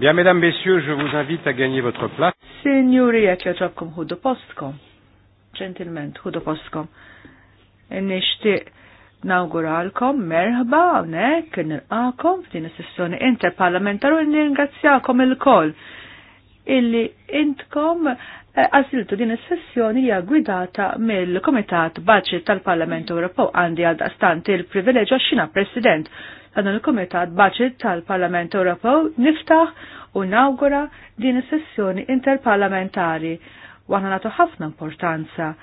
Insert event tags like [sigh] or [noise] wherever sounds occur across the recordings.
Bien, mesdames, messieurs, je vous invite à gagner votre place. Signori, jek joġobkom hudo postco. Gentlemen, hudo hudu postkom. Nishtiq nawguralkom, merħba, nek, nirqakom f'din is-sessjoni interparlamentar u nirringrazzjakom il-koll illi intkom Eh, għasiltu din is-sessjoni hija gwidata mill-Komitat Baċi tal-Parlament Ewropew għandi għal daqstant il-privileġġ xina President Għadna il-Komitat Baċi tal-Parlament Ewropew niftaħ u nawgura din is-sessjoni interparlamentari. Waħna nagħtu ħafna importanza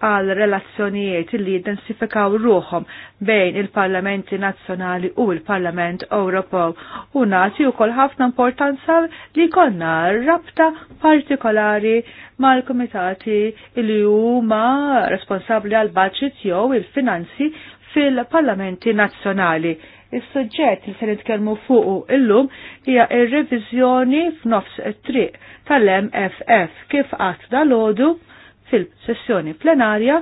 għal relazzjonijiet li jidensifikaw ruħom bejn il-Parlamenti Nazzjonali u il-Parlament Ewropew u nagħti wkoll ħafna importanza li konna rabta partikolari mal-kumitati li huma responsabbli għal budget jew il-finanzi fil-Parlamenti Nazzjonali. Is-suġġett li se nitkellmu fuqu illum hija r-reviżjoni f'nofs it-triq tal-MFF kif qatt dalodu fil-sessjoni plenarja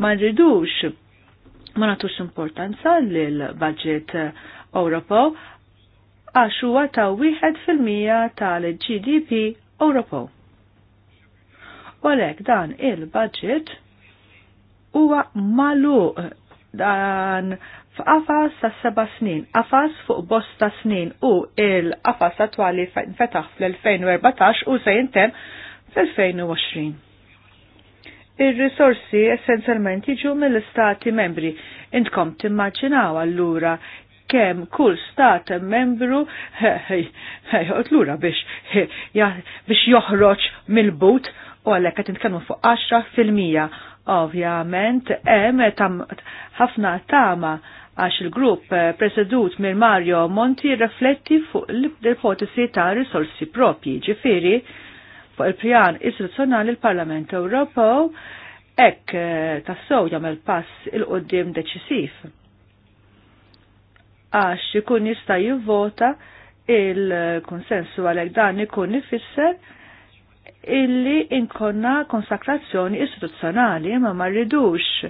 ma nridux ma natux importanza l budget Ewropew għax huwa ta' wieħed fil-mija tal-GDP Ewropew. U għalhekk dan il-budget huwa malu dan f'qafas ta' seba snin, qafas fuq bosta snin u il-qafas attwali fetaħ fl-2014 u se jintem fl-2020. Ir-risorsi essenzjalment jiġu mill-istati membri. Intkom timmaġinaw allura kemm kull stat membru jgħod lura biex biex joħroġ mill-but u għalhekk qed nitkellmu fuq 10 fil-mija. Ovvjament hemm ħafna tama għax il-grupp presedut mill Mario Monti rifletti fuq l-ipotesi ta' risorsi propji ġifieri fuq il-pjan istituzzjonali l-Parlament Ewropew hekk eh, tassew jagħmel pass il-qudiem deċisiv. Għax ikun jista' jivvota il-konsensu għalhekk dan ikun ifisser illi inkonna konsakrazzjoni istituzzjonali ma ma rridux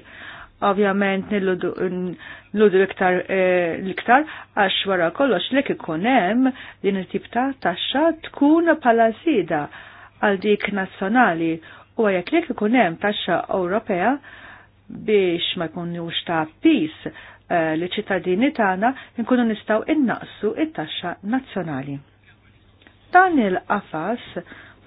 ovvjament nilludu iktar l-iktar eh, għax wara kollox lek ikun hemm din it-tip ta' taxxa tkun bħala żieda għal dik nazzjonali u għajek li ikun hemm taxxa Ewropea biex ma jkunux ta' pis eh, li ċittadini tagħna nkunu nistgħu innaqsu it-taxxa nazzjonali. Dan il-qafas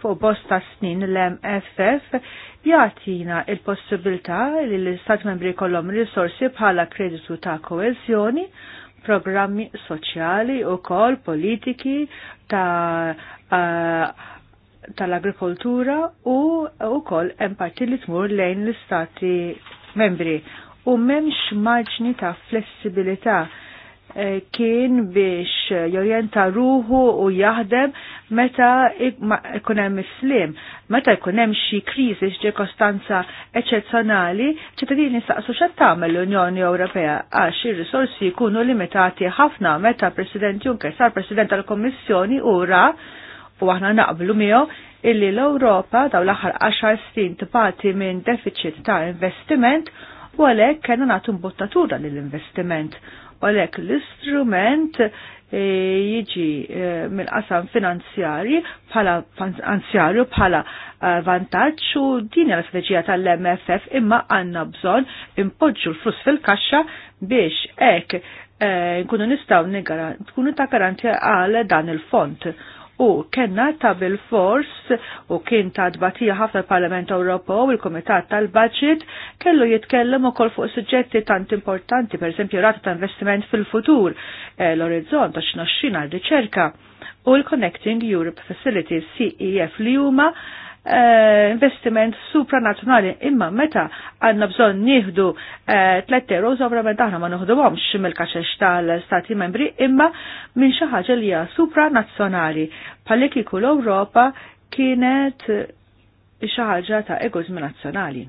fuq bosta snin l-MFF jagħtina il-possibilità li l-Istat membri jkollhom risorsi bħala kreditu ta' koeżjoni, programmi soċjali u kol politiki ta' uh, tal-agrikoltura u wkoll hemm parti li tmur lejn l-istati membri u m'hemmx marġni ta' flessibilità eh, kien biex jorjenta ruħu u jaħdem meta ikun hemm meta ikunem hemm xi kriżi kostanza eċezzjonali, ċittadini nistaqsu x'qed tagħmel l-Unjoni Ewropea għax ir-risorsi jkunu limitati ħafna meta President Juncker sar President tal-Kommissjoni ura u aħna naqblu miegħu illi l-Ewropa daw l-aħħar 10 snin tibati minn deficit ta' investiment u għalhekk kellna nagħtu mbottatura lill-investiment u għalhekk l-istrument e, jiġi e, mill-qasam finanzjari bħala finanzjarju bħala e, vantaġġ u din l strateġija tal-MFF imma għandna bżonn impoġġu l-flus fil-kaxxa biex hekk nkunu nistgħu tkunu ta' garantija għal dan il-font u kena ta' bil-fors u kien ta' dbatija ħafna l-Parlament Ewropew il-Komitat tal-Budget kellu jitkellem ukoll fuq suġġetti tant importanti, per esempio rata ta' investiment fil-futur, eh, l-orizzont ta' għal-riċerka u l-Connecting Europe Facilities CEF li huma Eh, investiment supranazzjonali. Imma meta għandna bżonn nieħdu eh, tlet euro, ovvjament aħna ma noħduhomx mill-kaxex tal-Stati membri, imma minn xi ħaġa li hija supranazzjonali. bħalik iku l-Ewropa kienet eh, xi ħaġa ta' egoizmu nazzjonali.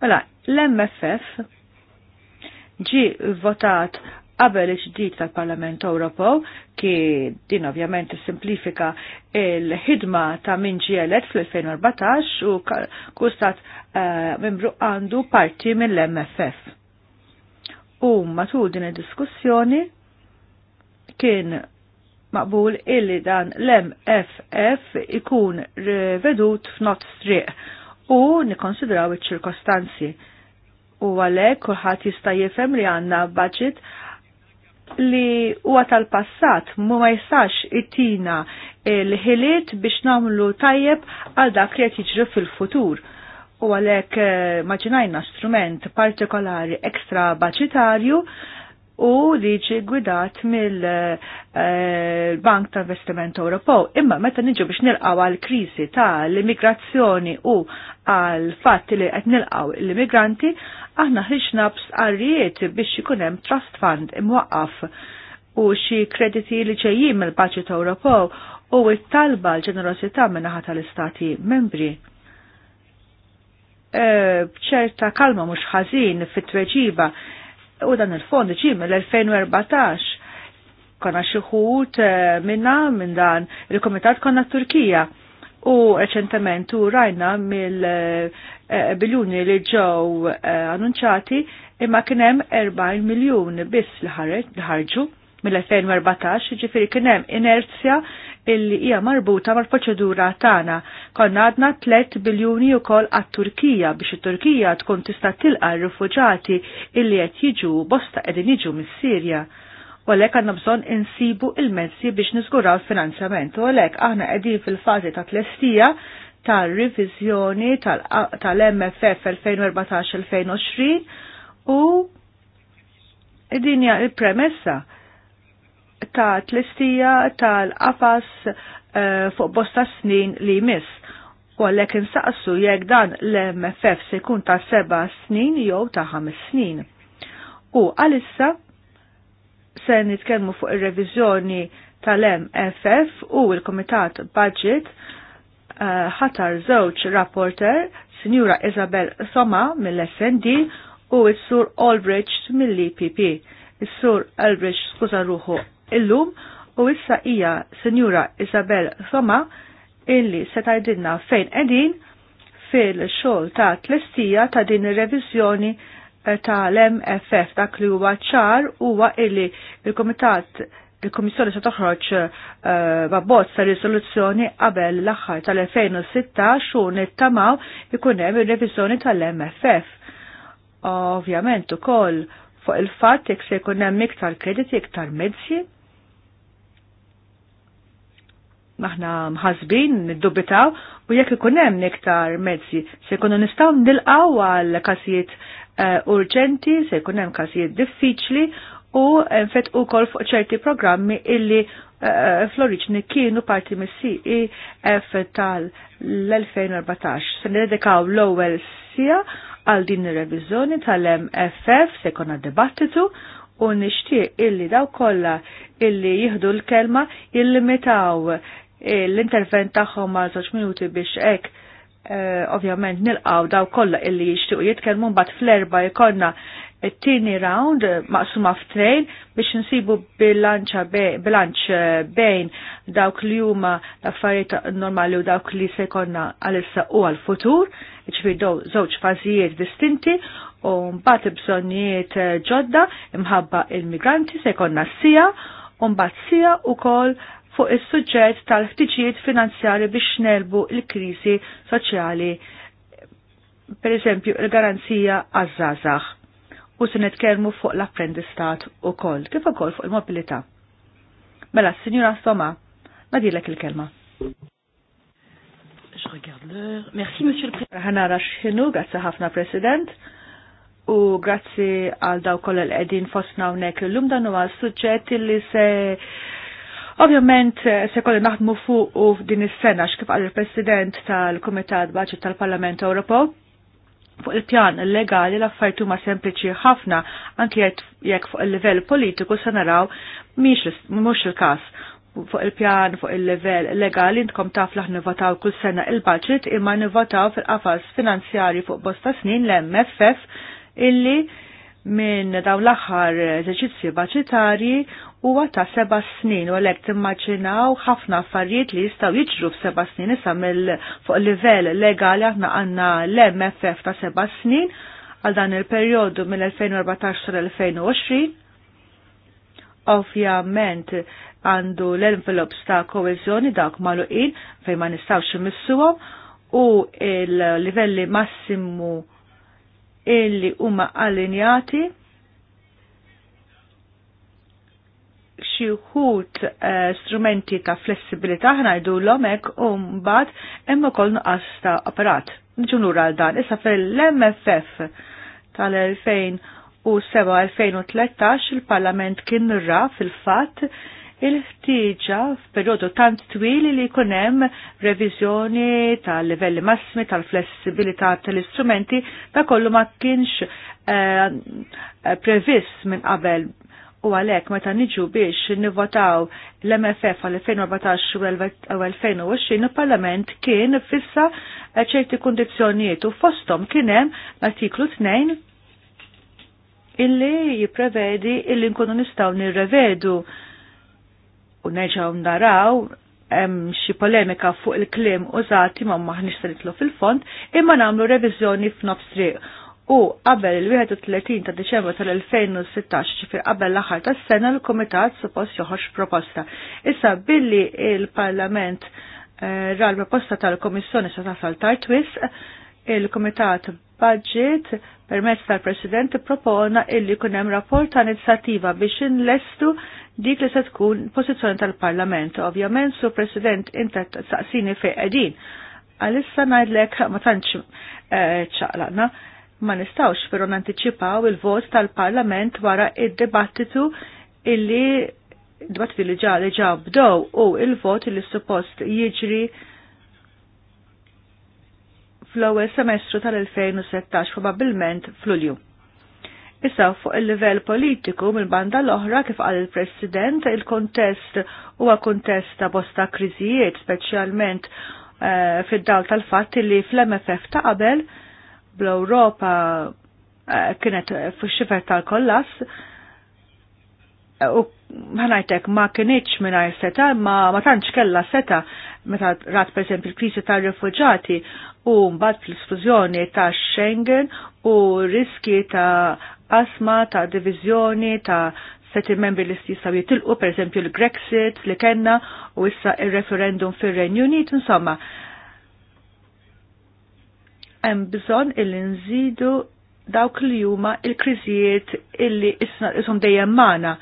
Mela, l-MFF ġi votat qabel iġdid tal-Parlament Ewropew ki din ovvjament simplifika il-ħidma ta' min ġielet fl-2014 u kustat uh, eh, membru għandu parti mill-MFF. U matul din id-diskussjoni kien maqbul illi dan l-MFF ikun vedut f'not striq u nikonsidraw iċ-ċirkostanzi u għalek kulħadd jista' jifhem li għandna budget li huwa tal-passat ma jistax it-tina l-ħiliet biex namlu tajjeb għal dak li qed jiġri fil-futur. U għalhekk eh, maġinajna strument partikolari ekstra baċitarju u li ġi gwidat mill-Bank eh, ta' Investiment Ewropew. Imma meta niġu biex nilqaw għal kriżi tal-immigrazzjoni u għal fatt li qed nilqaw l-immigranti, aħna ħriġna b'sqarrijiet biex ikun hemm trust fund imwaqqaf u xi krediti li ġejjin mill-Baġit Ewropew u t-talba l-ġenerosità minnaħa tal-istati membri eh, bċerta kalma mhux ħażin fit-tweġiba u dan il-fond ġim mill 2014 konna xieħut eh, minna minn dan il-Komitat konna Turkija u reċentement u rajna mill eh, biljoni li ġew eh, annunċati imma kienem 40 miljun biss li ħarġu mill-2014 ġifiri kienem inerzja illi hija marbuta mal-proċedura tagħna. Konna għadna 3 biljuni wkoll għat-Turkija biex it-Turkija tkun tista' tilqa' r rifuġati illi qed jiġu bosta qegħdin jiġu mis-Sirja u għalhekk għanna bżon insibu il-mezzi biex nizguraw finanzjament u għalhekk aħna qegħdin fil-fazi ta' tlestija tal-revizjoni tal-MFF 2014-2020 u id-dinja il-premessa ta' tlistija tal-qafas eh, fuq bosta snin li jmiss. U għallek insaqsu jekk dan l-MFF se jkun ta' seba snin jew ta' ħames snin. U għalissa se nitkellmu fuq ir-reviżjoni tal-MFF u l-Komitat Budget eh, ħatar uh, żewġ rapporter, Sinjura Isabel Soma mill-SND u s-Sur Albrecht mill-IPP. Is-Sur Albrecht skuża ruħu illum u issa hija Sinjura Isabel Thoma illi se tajdinna fejn qegħdin fil-xogħol ta' tlestija ta' din ir ta' tal-MFF dak li huwa ċar huwa illi il-Kumitat il-Komissjoni se toħroġ eh, babbozz ta' risoluzzjoni qabel l-aħħar tal-2016 u nittamaw ikun hemm ir-reviżjoni tal-MFF. Ovvjament ukoll fuq il-fatt jekk se jkun hemm iktar krediti iktar mezzi maħna mħazbin, niddubitaw, u jekk ikun hemm iktar mezzi se jkunu nistgħu nilqgħu għal każijiet eh, urġenti, se jkun hemm każijiet diffiċli u u ukoll fuq ċerti programmi illi eh, fl-oriġni kienu parti mis e f tal-2014. l Se nedekaw l-ewwel sija għal din ir revizjoni tal-MFF se jkun dibattitu u nixtieq illi daw kolla illi jihdu l-kelma jillimitaw l-intervent tagħhom għal żewġ minuti biex hekk eh, ovvjament nilqaw daw kollha illi jixtiequ jitkelmu mbagħad fl-erba jkollna it-tieni round maqsuma f'trejn biex nsibu bilanċ eh, bejn dawk li huma l-affarijiet normali u dawk li se jkollna għalissa u għal-futur, ġifieri daw żewġ fażijiet distinti u mbagħad bżonnijiet eh, ġodda imħabba il-migranti se jkollna sija u mbagħad sija wkoll fuq is-suġġett tal-ħtiġijiet finanzjari biex nelbu l-kriżi soċjali. Per eżempju, il-garanzija għaż u se nitkellmu fuq l-apprendistat ukoll, kif ukoll fuq il-mobilità. Mela, Sinjura Soma, nadilek il-kelma. Merci, Monsieur le Président. Ħanara x'ħinu, grazie ħafna, President u grazzi għal daw koll l-edin fosna unnek l-lum dan u għal suġġet li se Ovvjament eh, se kolli naħdmu fuq u din is-sena x'kif qal il-President tal-Kumitat Baċit tal-Parlament Ewropew fuq il-pjan legali l-affarijiet huma sempliċi ħafna anke jekk fuq il-livell politiku se naraw mhux il-każ fuq il-pjan, fuq il-level legali, intkom taf laħ nivotaw kull sena il-budget, imma nivotaw fil-qafas finanzjari fuq bosta snin l-MFF illi minn dawn l aħħar eżerċizzji budgetari huwa ta' seba snin u għalhekk timmaġinaw ħafna affarijiet li jistgħu jiġru f'seba' snin issa mill fuq livell legali aħna għandna l-MFF ta' seba' snin għal dan il-perjodu mill-2014 l 2020 Ovvjament għandu l-envelopes ta' koeżjoni dawk maluqin fejn ma nistgħux immissuhom, u l-livelli massimu illi huma allinjati xi wħud eh, strumenti ta' flessibilità ħnajdu l-omek u mbagħad hemm ukoll nuqqas ta' apparat. Nġun lura għal dan, issa fil-MFF tal-2007-2013 il-Parlament kien ra fil-fatt il-ħtieġa f'perjodu tant twil li jkun hemm reviżjoni tal-livelli massimi tal-flessibilità tal-istrumenti ta' kollu ma kienx eh, eh previst minn qabel U għalek, meta niġu biex nivvotaw l-MFF għal 2014 u 2020, il-Parlament kien fissa ċerti kondizjonijiet u fostom kienem l-artiklu 2 illi jiprevedi illi nkunu nistaw nirrevedu u neġaw naraw hemm xi polemika fuq il-klim użati ma maħniex se nitlu fil-fond imma nagħmlu reviżjoni f'nofs triq u qabel il-31 ta' Deċembru tal-2016 ġifi qabel l-aħħar tas-sena l-Kumitat suppost joħroġ proposta. Issa billi il-Parlament eh, ra l-proposta tal-Komissjoni se tasal tard il-Kumitat Budget permezz tal-President propona illi kun hemm rapport ta' inizjattiva biex inlestu dik li se tkun pożizzjoni tal-Parlament. Ovvjament, su President inta saqsini fejn qegħdin. Għalissa ngħidlek ma tantx eh, ċaqlaqna. Eh, Ma nistawx però nantiċipaw il-vot tal-Parlament wara id-dibattitu illi dibattitu li ġa li ġa u il-vot illi suppost jiġri fl-ewwel semestru tal-2016 probabbilment fl-Ulju. Issa fuq il-livell politiku mill-banda l-oħra kif qal il-President il-kontest huwa kontest ta' bosta kriżijiet speċjalment eh, fid-dal tal-fatt li fl-MFF ta' qabel bl-Europa eh, kienet fuq xifer tal-kollas eh, u ħanajtek ma kienieċ minna seta, ma, ma tantx kella seta, meta rat per esempio il-krisi tal-refugġati u mbagħad fl-isfużjoni ta' Schengen u riski ta' asma, ta' divizjoni, ta' seti membri li stisaw jitilqu per esempio il-Grexit li kenna u issa il-referendum fil-Renju Unit, insomma, hemm bżonn illi nżidu dawk li huma il-kriżijiet illi isna isom dejjem magħna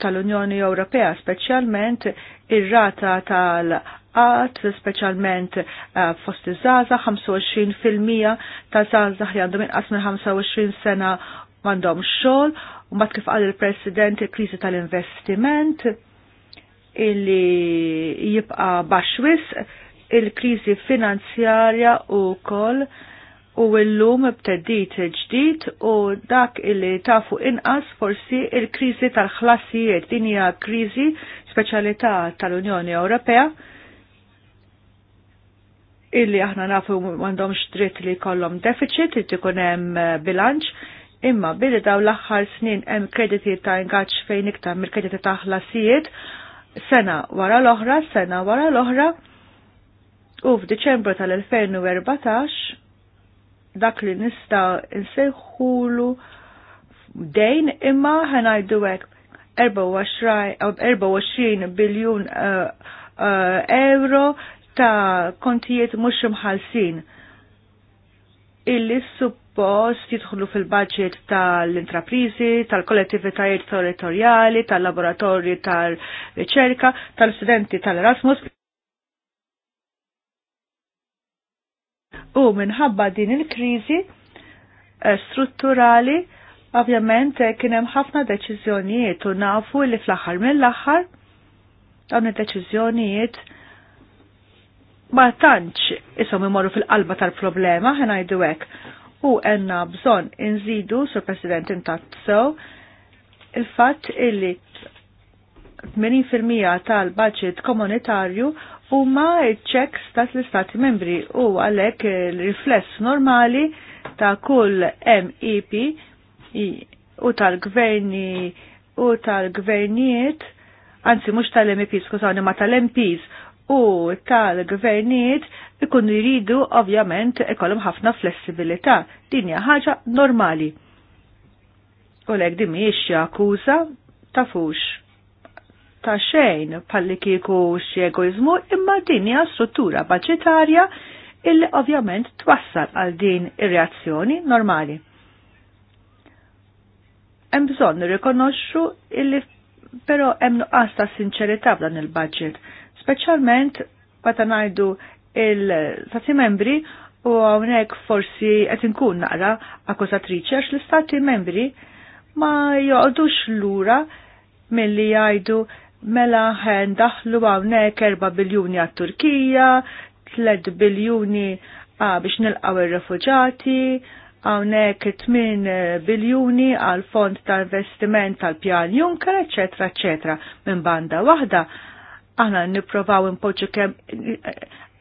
tal-Unjoni Ewropea, speċjalment ir-rata tal-qat, speċjalment eh, fost iż-żaza, 25% ta' żaza li għandhom inqas minn 25 sena m'għandhom xogħol, u mbagħad kif qal il-President il-kriżi tal-investiment illi jibqa' baxwis il-krizi finanzjarja u kol u l-lum b'teddit ġdid u dak illi tafu inqas forsi il-krizi tal-ħlasijiet din hija krizi speċjalità tal-Unjoni Ewropea illi aħna nafu m'għandhomx dritt li jkollhom deficit li ikun hemm eh, bilanċ imma billi daw l-aħħar snin hemm krediti ta' ingaġġ fejn iktar mill-krediti ta' ħlasijiet sena wara l-oħra, sena wara l-oħra U f'Diċembru tal-2014 dak li nista' nsejħulu dejn imma ħanajdu hekk 24 biljun eh, eh, euro ta' kontijiet mux mħalsin illi suppost jidħlu fil-budget tal-intraprizi, tal-kollettivitajiet territoriali, tal-laboratorji tal-riċerka, tal-studenti tal-Erasmus. U minħabba din il-kriżi eh, strutturali ovvjament eh, kien hemm ħafna deċiżjonijiet u nafu li fl-aħħar mill-aħħar dawn id-deċiżjonijiet ma tantx isom imorru fil-qalba tal-problema ħena hekk. U enna bżon inżidu, sur President intatso il-fatt illi 80% tal-budget komunitarju huma ċeks ta' l-Istati membri u għalek il-rifless normali ta' kull MEP u tal-gverni u tal-gvernijiet, anzi mhux tal-MEP, skusani, ma tal-MPs u tal-gvernijiet ikunu jridu ovvjament ikollhom ħafna flessibilità. Din hija ħaġa normali. U lek din mhijiex akkuża ta' fux ta' xejn palli kieku egoizmu imma din hija struttura baġitarja illi ovvjament twassal għal din ir-reazzjoni normali. Hemm bżonn nirrikonoxxu illi però hemm nuqqas ta' sinċerità f'dan il-budget, speċjalment meta ngħidu il-stati membri u hawnhekk forsi qed inkun naqra akkużatriċi għax l-istati membri ma joqgħodux lura milli jgħidu Mela ħen daħlu għawnek 4 biljuni għat Turkija, 3 biljuni biex nilqaw il-refugġati, għawnek 8 biljuni għal fond ta' investiment tal-pjan Juncker, eccetera, eccetera. Minn banda wahda, aħna niprovaw impoġġu kemm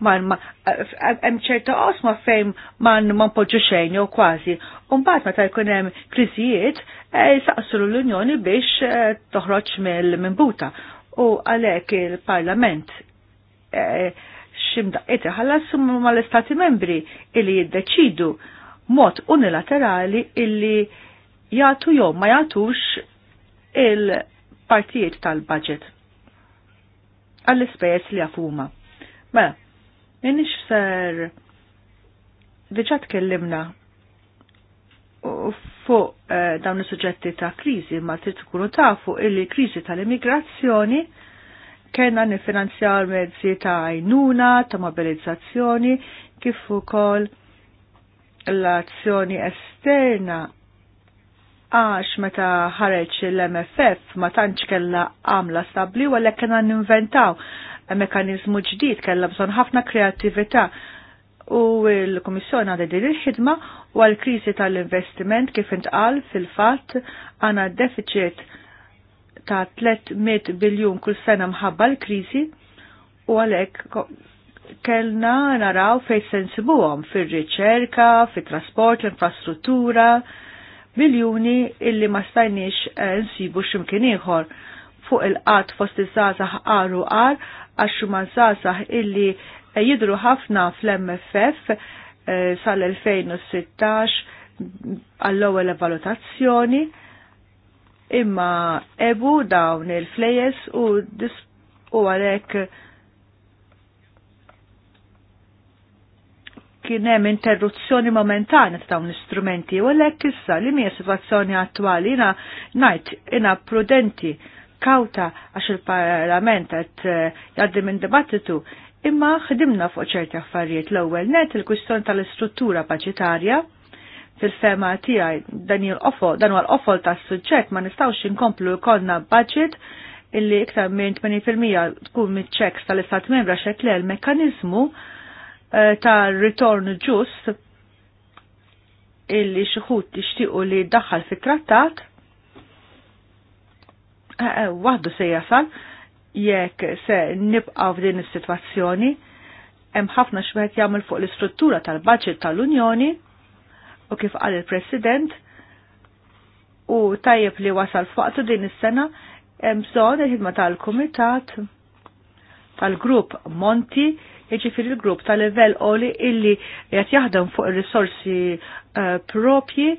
man hemm ċerta qosma fejn man ma npoġġu xejn jew kważi. mbagħad meta jkun hemm kriżijiet eh, saqsru l-Unjoni biex eh, toħroġ mill-minbuta. U għalhekk il-Parlament eh, ximdaqqiet ħallas mal-Istati membri illi jiddeċidu mod unilaterali illi jagħtu jew ma jagħtux il-partijiet tal-budget għall-ispejjeż li għafuma. Mela, Minix ser Diċat tkellimna fuq eh, dawn is-suġġetti ta' kriżi ma trid tkunu tafu illi kriżi tal-immigrazzjoni kena nifinanzjar mezzi ta' għajnuna, ta' mobilizzazzjoni, kif ukoll l-azzjoni esterna għax meta ħareġ l-MFF ma tantx kella għamla stabli u għalhekk kena ninventaw mekanizmu ġdid kellha bżonn ħafna kreattività u l kummissjoni għadha din il-ħidma u għal-kriżi tal-investiment kif intqal fil-fatt għandha deficit ta' 300 biljun kull sena mħabba l-kriżi u għalhekk kellna naraw fejn sensibuhom fir-riċerka, fit-trasport, l-infrastruttura, biljuni illi ma stajniex eh, nsibu x'imkien ieħor fuq il qatt fost iż-żgħażagħ għar u għar għax ma sasaħ illi eh, jidru ħafna fl-MFF eh, sal-2016 għall-ewwel valutazzjoni imma ebu dawn il-flejes u u għalhekk kien hemm interruzzjoni momentana ta' dawn l-istrumenti u għalhekk issa li mija situazzjoni attwali jina ngħid ina prudenti kawta għax il-parlament għed eh, jgħaddi minn dibattitu imma ħdimna fuq ċerti affarijiet l-ewwel net il-kwistjoni tal-istruttura paċitarja fil-fema tiegħi dan il-qofol dan huwa l-qofol tas-suġġett ma nistgħux inkomplu jkollna budget illi iktar minn 80% tkun mit-ċeks tal-istat membra xek le l mekkaniżmu eh, tar ritorn ġust illi xuħut tixtiqu li daħħal fit trattat waħdu se jasal jekk se nibqaw f'din is-sitwazzjoni hemm ħafna xwieħed jagħmel fuq l-istruttura tal-baġġet tal-Unjoni u kif qal il-President u tajjeb li wasal fuq din is-sena hemm bżonn il-ħidma tal-Kumitat tal-grupp Monti jiġifieri il grupp tal-livell qoli illi qed jaħdem fuq ir-risorsi eh, propji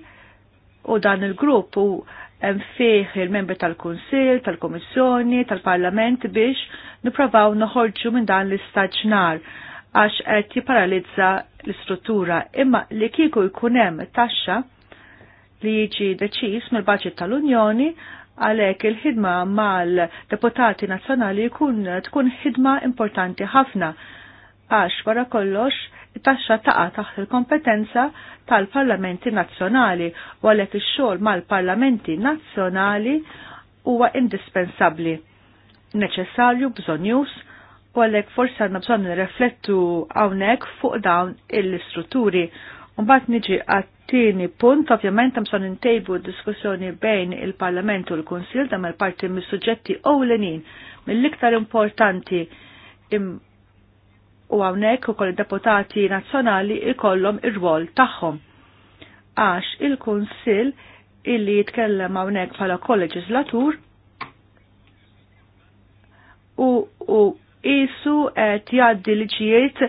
u dan il-grupp u hemm fih il-membri tal-Kunsil, tal kummissjoni tal-Parlament biex nipravaw noħorġu minn dan l-istaġnar għax qed jiparalizza l-istruttura imma li kieku jkun hemm taxxa li jiġi deċiż mill-baġit tal-Unjoni għalhekk il-ħidma mal-deputati nazzjonali jkun tkun ħidma importanti ħafna għax wara kollox it-taxxa taqa taħt il-kompetenza tal-parlamenti nazzjonali u għalhekk ix-xogħol mal-parlamenti nazzjonali huwa indispensabbli, neċessarju, bżonjus, u għalhekk forsi għandna bżonn nirreflettu hawnhekk fuq dawn il istrutturi Mbagħad niġi għat-tieni punt, ovvjament hemm bżonn intejbu diskussjoni bejn il-Parlament u l-Kunsill dam il-parti mis-suġġetti ewlenin mill-iktar importanti u hawnhekk ukoll deputati nazzjonali ikollom ir-rwol tagħhom. Għax il-Kunsill illi jitkellem hawnhekk bħala kolleġislatur u u isu qed jgħaddi liġijiet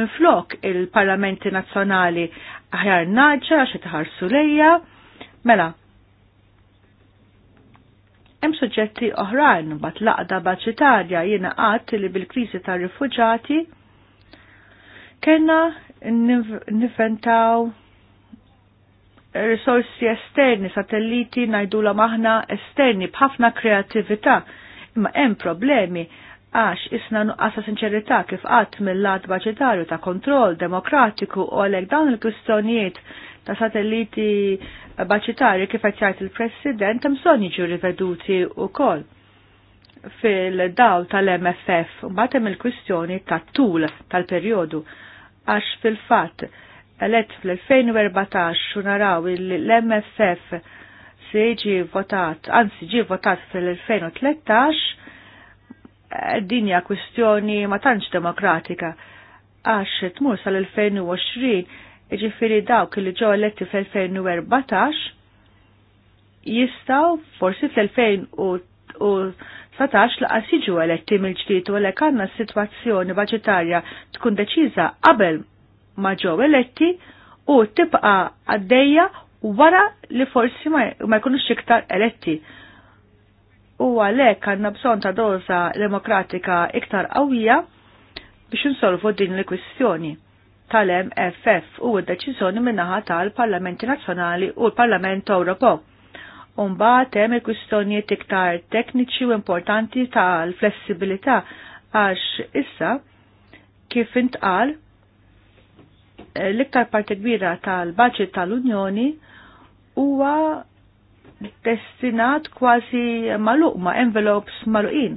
minflok il-parlamenti nazzjonali aħjar naġġa għax tħarsu lejja. Mela, Hemm suġġetti oħrajn bat laqda baċitarja jiena qatt li bil-kriżi tar-rifuġati kena nifentaw risorsi esterni, satelliti najdula maħna esterni bħafna kreativita. Imma hemm problemi għax isna nuqqasa sinċerità kif qatt mill-lat baġitarju ta' kontroll demokratiku u għalhekk dawn il-kwistjonijiet ta' satelliti baċitarju kif qed jgħid il-President hemm bżonn jiġu riveduti wkoll fil-dawl tal-MFF u hemm il kustjoni tat-tul tal-perjodu. tal periodu tal perjodu għax fil-fat elett fl-2014 u naraw l-MFF se ġi votat, anzi ġi votat fil-2013 eh, dinja kwistjoni ma tantx demokratika għax tmur sal-2020 ġifiri dawk li ġo eletti fl-2014 jistaw forsi fl-2013 satax laqa' jiġu eletti mill ġdijt u għalhekk għandna s-sitwazzjoni tkun deċiża qabel ma ġew eletti u tibqa' għaddejja wara li forsi ma jkunux iktar eletti. U għalhekk għandna bżonn ta' doza demokratika iktar qawwija biex insolvu din l kwistjoni tal-MFF u d-deċiżjoni minnaħa tal-Parlamenti Nazzjonali u l-Parlament Ewropew Umbat hemm il-kwistjonijiet iktar tekniċi u importanti tal-flessibilità għax issa kif intqal l-iktar parti kbira tal-budget tal-Unjoni huwa destinat kważi maluqma, envelopes maluqin.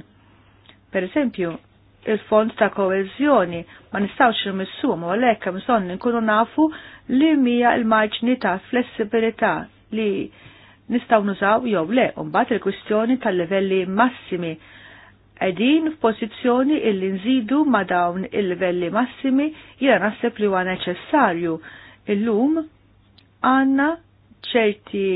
Per esempio, il-fond ta' koezjoni ma nistawx nimissumu għalhekk hemm bżonn nkunu nafu li mija l-marġni ta' flessibilità li nistaw nużaw jew le, mbagħad il-kwistjoni tal-livelli massimi qegħdin f'pożizzjoni illi nżidu ma' dawn il-livelli massimi jiena naħseb li huwa neċessarju. Illum għandna ċerti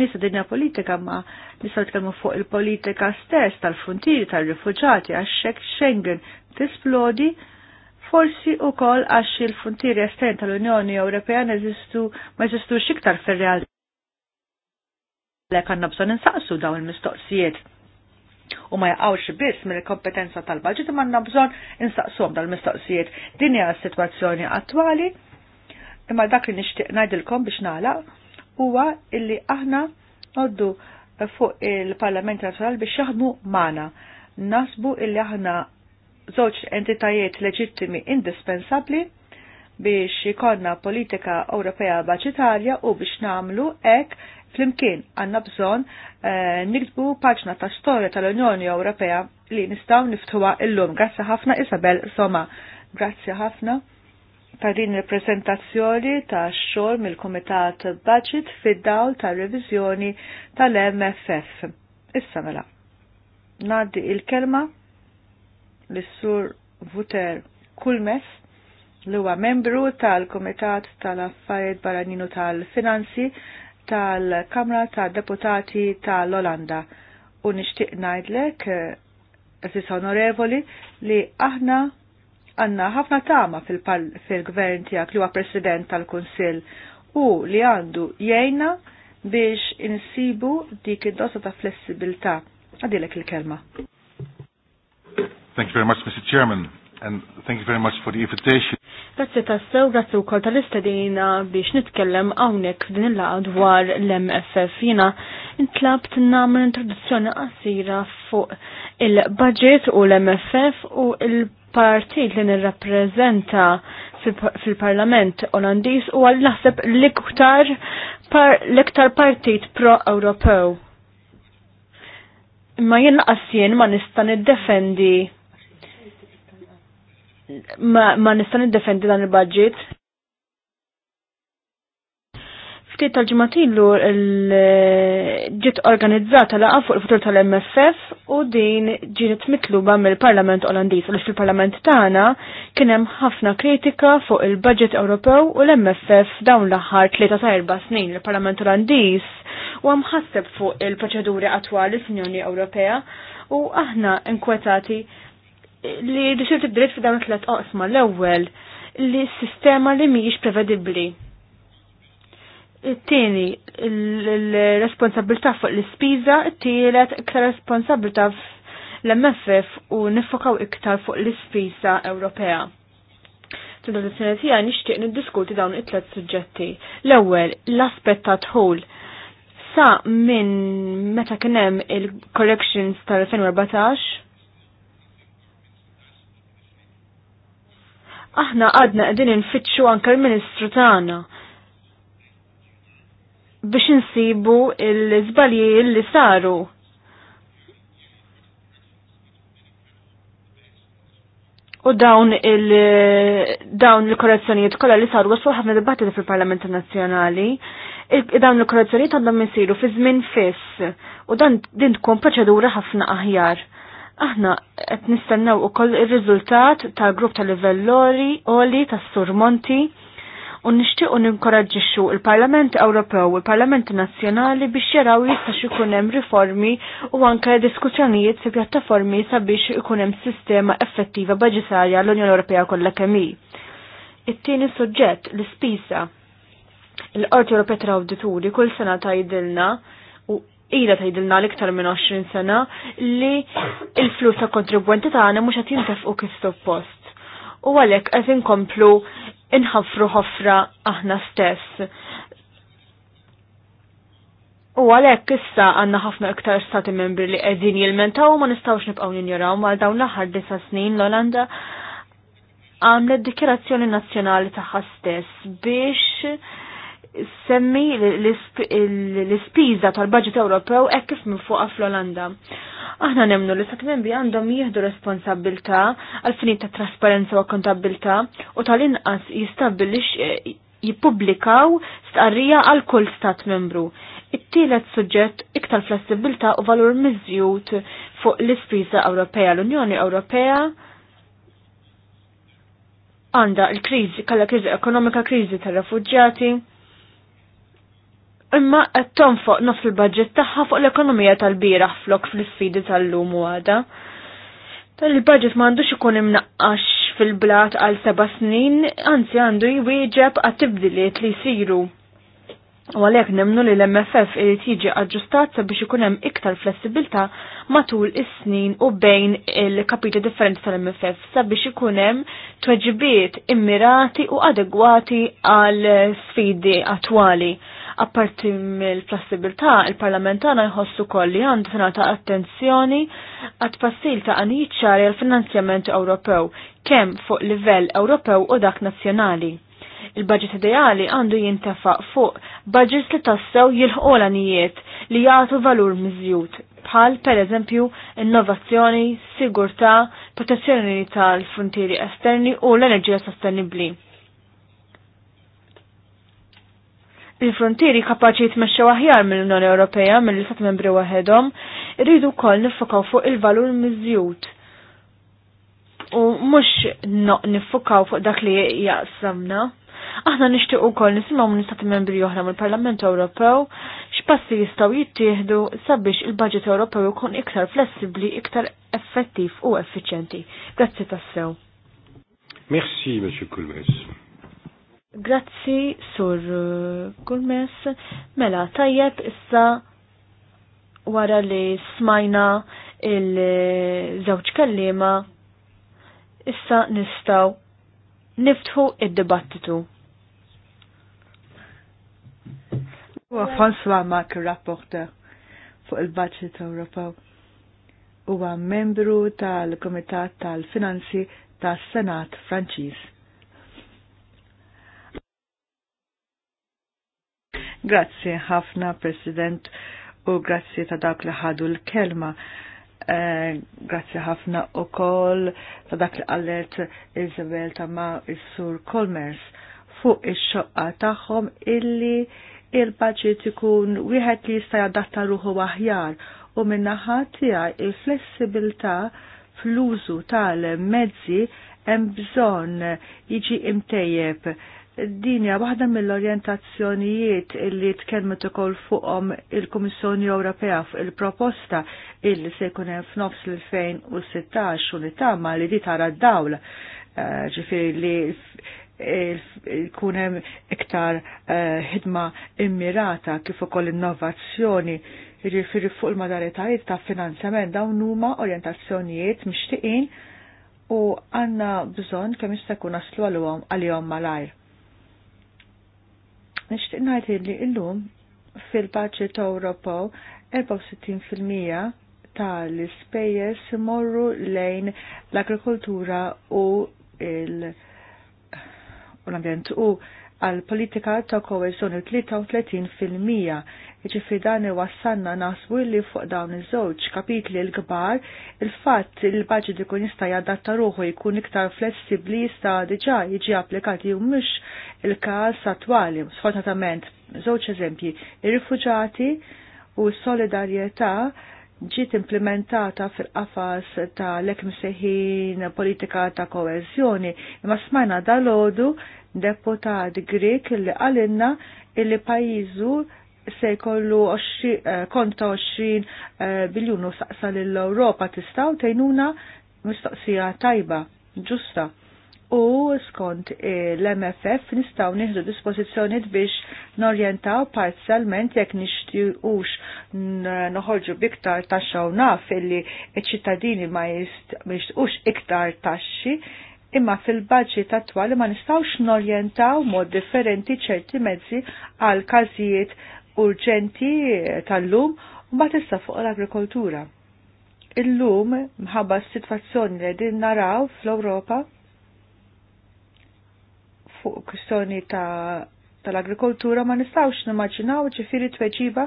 nisa dinja politika ma nisa tkellmu fuq il-politika stess tal-frontieri tal-rifuġati għax Schengen tisplodi forsi u kol għax il-frontieri estern tal-Unjoni Ewropea neżistu ma jeżistu xiktar fil-real Lek għanna bżon insaqsu dawn il-mistoqsijiet. U ma jaqawx biss mill-kompetenza tal-budget ma għanna bżon insaqsuhom dal-mistoqsijiet. Din hija s-sitwazzjoni attwali imma dak li nixtieq ngħidilkom biex nagħlaq huwa illi aħna noddu fuq il-Parlament Nazzjonali biex jaħdmu mana. Nasbu illi aħna żewġ entitajiet leġittimi indispensabbli biex jkollna politika Ewropea Baġitarja u biex namlu ek Flimkien għanna bżon eh, nikdbu paġna ta' storja tal-Unjoni Ewropea li nistaw niftuwa illum. Grazzi ħafna Isabel Soma. Grazzi ħafna ta' din il-prezentazzjoni ta' xogħol mill-Kumitat Budget fid-dawl ta' revizjoni tal-MFF. Issa mela. Naddi il-kelma l-Sur Vuter Kulmes li huwa membru tal-Kumitat tal-Affarijiet Barraninu tal-Finanzi tal-Kamra tad deputati tal-Olanda u nixtieq ngħidlek, eżis eh, onorevoli, li aħna għanna ħafna tama fil-gvern fil tijak li huwa president tal-Kunsill u li għandu jgħina biex insibu dik id-dosa ta' flessibilità. Għadilek il-kelma. Thank you very much, Mr. Chairman and thank you very much for the invitation. Grazzi tassew, grazie u kol tal-istadina biex nitkellem għawnek f'din il-laqa dwar l-MFF. Jina intlabt namel introduzzjoni għasira fuq il-budget u l-MFF u il-partit li nirrapprezenta fil-parlament olandis u għal naħseb l-iktar l-iktar partit pro-Ewropew. Imma jien laqas ma ma nista' niddefendi ma, ma nista' niddefendi dan il-budget. Ftit tal l eh, ġiet organizzata laqa fuq il-futur tal-MFF u din ġiet mitluba mill-Parlament Olandiż Għalix fil-Parlament tagħna kien hemm ħafna kritika fuq il-budget Ewropew u l-MFF dawn l-aħħar tlieta ta' erba' snin l parlament Olandiż u mħasseb fuq il-proċeduri attwali fl-Unjoni Ewropea u aħna inkwetati li riċerti b'dritt f'dawn it-tlet oqsma l-ewwel li s-sistema li mhijiex prevedibbli. It-tieni l-responsabilità fuq l-ispiża, tielet iktar responsabilità l-MFF u nifokaw iktar fuq l-ispiża Ewropea. Fil-tradizzjoni tiegħi nixtieq niddiskuti dawn it-tlet suġġetti. L-ewwel l-aspett ta' tħul sa minn meta kien hemm il-corrections tal-2014 aħna għadna qegħdin infittxu anke l-Ministru tagħna biex insibu l-żbalji li saru. U dawn il dawn il-korrezzjonijiet kollha li saru waslu ħafna dibattiti fil-Parlament Nazzjonali, dawn il-korrezzjonijiet għandhom isiru fi żmien fiss u dan din tkun proċedura ħafna aħjar. Aħna qed nistennew ukoll ir-riżultat tal-grupp tal livell oli tas-Sur Monti u nixtiequ ninkoraġġixxu il-Parlament Ewropew u l-Parlament Nazzjonali biex jaraw jistax ikun hemm riformi u anke diskussjonijiet fi pjattaformi sabiex ikun hemm sistema effettiva baġisarja l-Unjoni Ewropea kollha kemm hi. It-tieni suġġett l-ispisa. Il-Qorti Ewropea tal-Awdituri kull sena tgħidilna ila tgħidilna l-iktar minn 20 sena li il-flus ta' kontribwenti tagħna mhux qed jintefqu kif suppost. U għalhekk qed inkomplu inħafru ħafra aħna stess. U għalhekk issa għandna ħafna iktar stati membri li qegħdin jilmentaw ma nistgħux nibqgħu ninjoraw għal dawn l-aħħar disa snin l-Olanda għamlet dikirazzjoni nazzjonali tagħha stess biex semmi l-ispiża tal-budget Ewropew hekk kif minn fuqha fl-Olanda. Aħna nemnu li sat membri għandhom jieħdu responsabilta għal finit ta' trasparenza u akkontabilta u tal-inqas jistabbilix eh, jippubblikaw stqarrija għal kull stat membru. It-tielet suġġett iktar flessibilta u valur miżjut fuq l-ispiża Ewropea. L-Unjoni Ewropea għandha l kriżi kalla kriżi ekonomika, kriżi tal-refugġati, imma qed tonfoq nofs il-budget tagħha fuq l-ekonomija tal-bira flok fl-isfidi tal-lum u għada. Dan il-budget m'għandux ikun imnaqqax fil-blat għal seba' snin, anzi għandu jwieġeb għat tibdiliet li jsiru. U għalhekk nemnu li l-MFF irid jiġi aġġustat sabiex ikun hemm iktar flessibilità matul is-snin u bejn il-kapitli differenti tal-MFF sabiex ikun hemm tweġibiet immirati u adegwati għal sfidi attwali. Apparti mill-flessibilità, il-parlamentana jħossu kolli għandu ta' attenzjoni għat passil ta' għanijiet ċari għal finanzjament Ewropew, kemm fuq livell Ewropew u dak nazzjonali. Il-budget ideali għandu jintefaq fuq budgets li tassew jilħola nijiet li jagħtu valur miżjud bħal per eżempju innovazzjoni, sigurtà, protezzjoni tal-frontieri esterni u l-enerġija sostenibbli il-frontieri kapaċi jitmexxew aħjar mill-Unjoni Ewropea mill-istat membri waħedhom, irridu wkoll nifokaw fuq il-valur miżjud. U mhux nifokaw fuq dak li jaqsamna. Aħna nixtiequ wkoll nisimgħu minn istati membri oħra mill-Parlament Ewropew x'passi jistgħu jittieħdu sabiex il-budget Ewropew ikun iktar flessibbli, iktar effettiv u effiċjenti. Grazzi tassew. Merci, Monsieur Kulmes. Grazzi, sur Kulmes. Uh, mela, tajjeb issa wara li smajna il-żewġ kallima, issa nistaw niftħu id-dibattitu. Huwa François Mark, rapporter fuq il-Budget Ewropew. Huwa membru tal-Kumitat tal-Finanzi tas-Senat Franċiż Grazzi ħafna, President, u grazzi ta' dak li ħadu l-kelma. Grazie eh, grazzi ħafna u koll ta' dak li għallet Isabel ta' ma' il-sur Colmers fuq il-xoqqa tagħhom illi il-budget ikun wieħed li jista' jadatta ruħu aħjar u minnaħa tiegħi il-flessibilità fl-użu tal-mezzi hemm bżonn jiġi imtejjeb dinja waħda mill-orientazzjonijiet illi tkellmet ukoll fuqhom il-Kummissjoni Ewropea fil-proposta illi se jkun hemm f'nofs l-2016 u li tama li di tara d-dawl eh, ġifieri li jkun hemm iktar eh, ħidma immirata kif ukoll innovazzjoni jiġifieri fuq il-modalitajiet ta' finanzjament dawn huma orientazzjonijiet mixtieqin u għanna bżonn kemm jista' jkun aslu għalihom għalihom malajr Nixtieq ngħid li llum fil-budget Europo 64% tal-ispejjeż imorru lejn l-agrikoltura u l-ambjent u għal politika ta' koesjoni 33% Ġifri dan iwassanna nasbu li fuq dawn iż-żewġ kapitli l-kbar il-fatt il baġi ikun jista' jadatta ruħu jkun iktar flessibbli jista' diġà jiġi applikati u mhux il-każ attwali. Sfortunatament, żewġ eżempji, ir-rifuġati u s-solidarjetà ġiet implementata fil-qafas ta' lekm seħin politika ta' koezjoni, imma smajna dal-ħodu deputat Grek li għalinna illi pajizu se jkollu eh, kont ta' 20 eh, biljunu saqsa l-Europa tistaw tejnuna mistoqsija tajba, ġusta. U skont eh, l-MFF nistaw nieħdu dispożizzjoniet biex norjentaw parzialment jekk nixtiqux noħorġu biktar taxxa u naf illi ċ-ċittadini ma jistqux iktar taxxi imma fil-budget attwali ma nistawx norjentaw mod differenti ċerti mezzi għal każijiet urġenti tal-lum u ma tista fuq l-agrikoltura. Illum mħabba s-situazzjoni li din naraw fl-Europa fuq kwistjoni tal-agrikoltura ma nistawx nimmaġinaw ċifiri tweġiba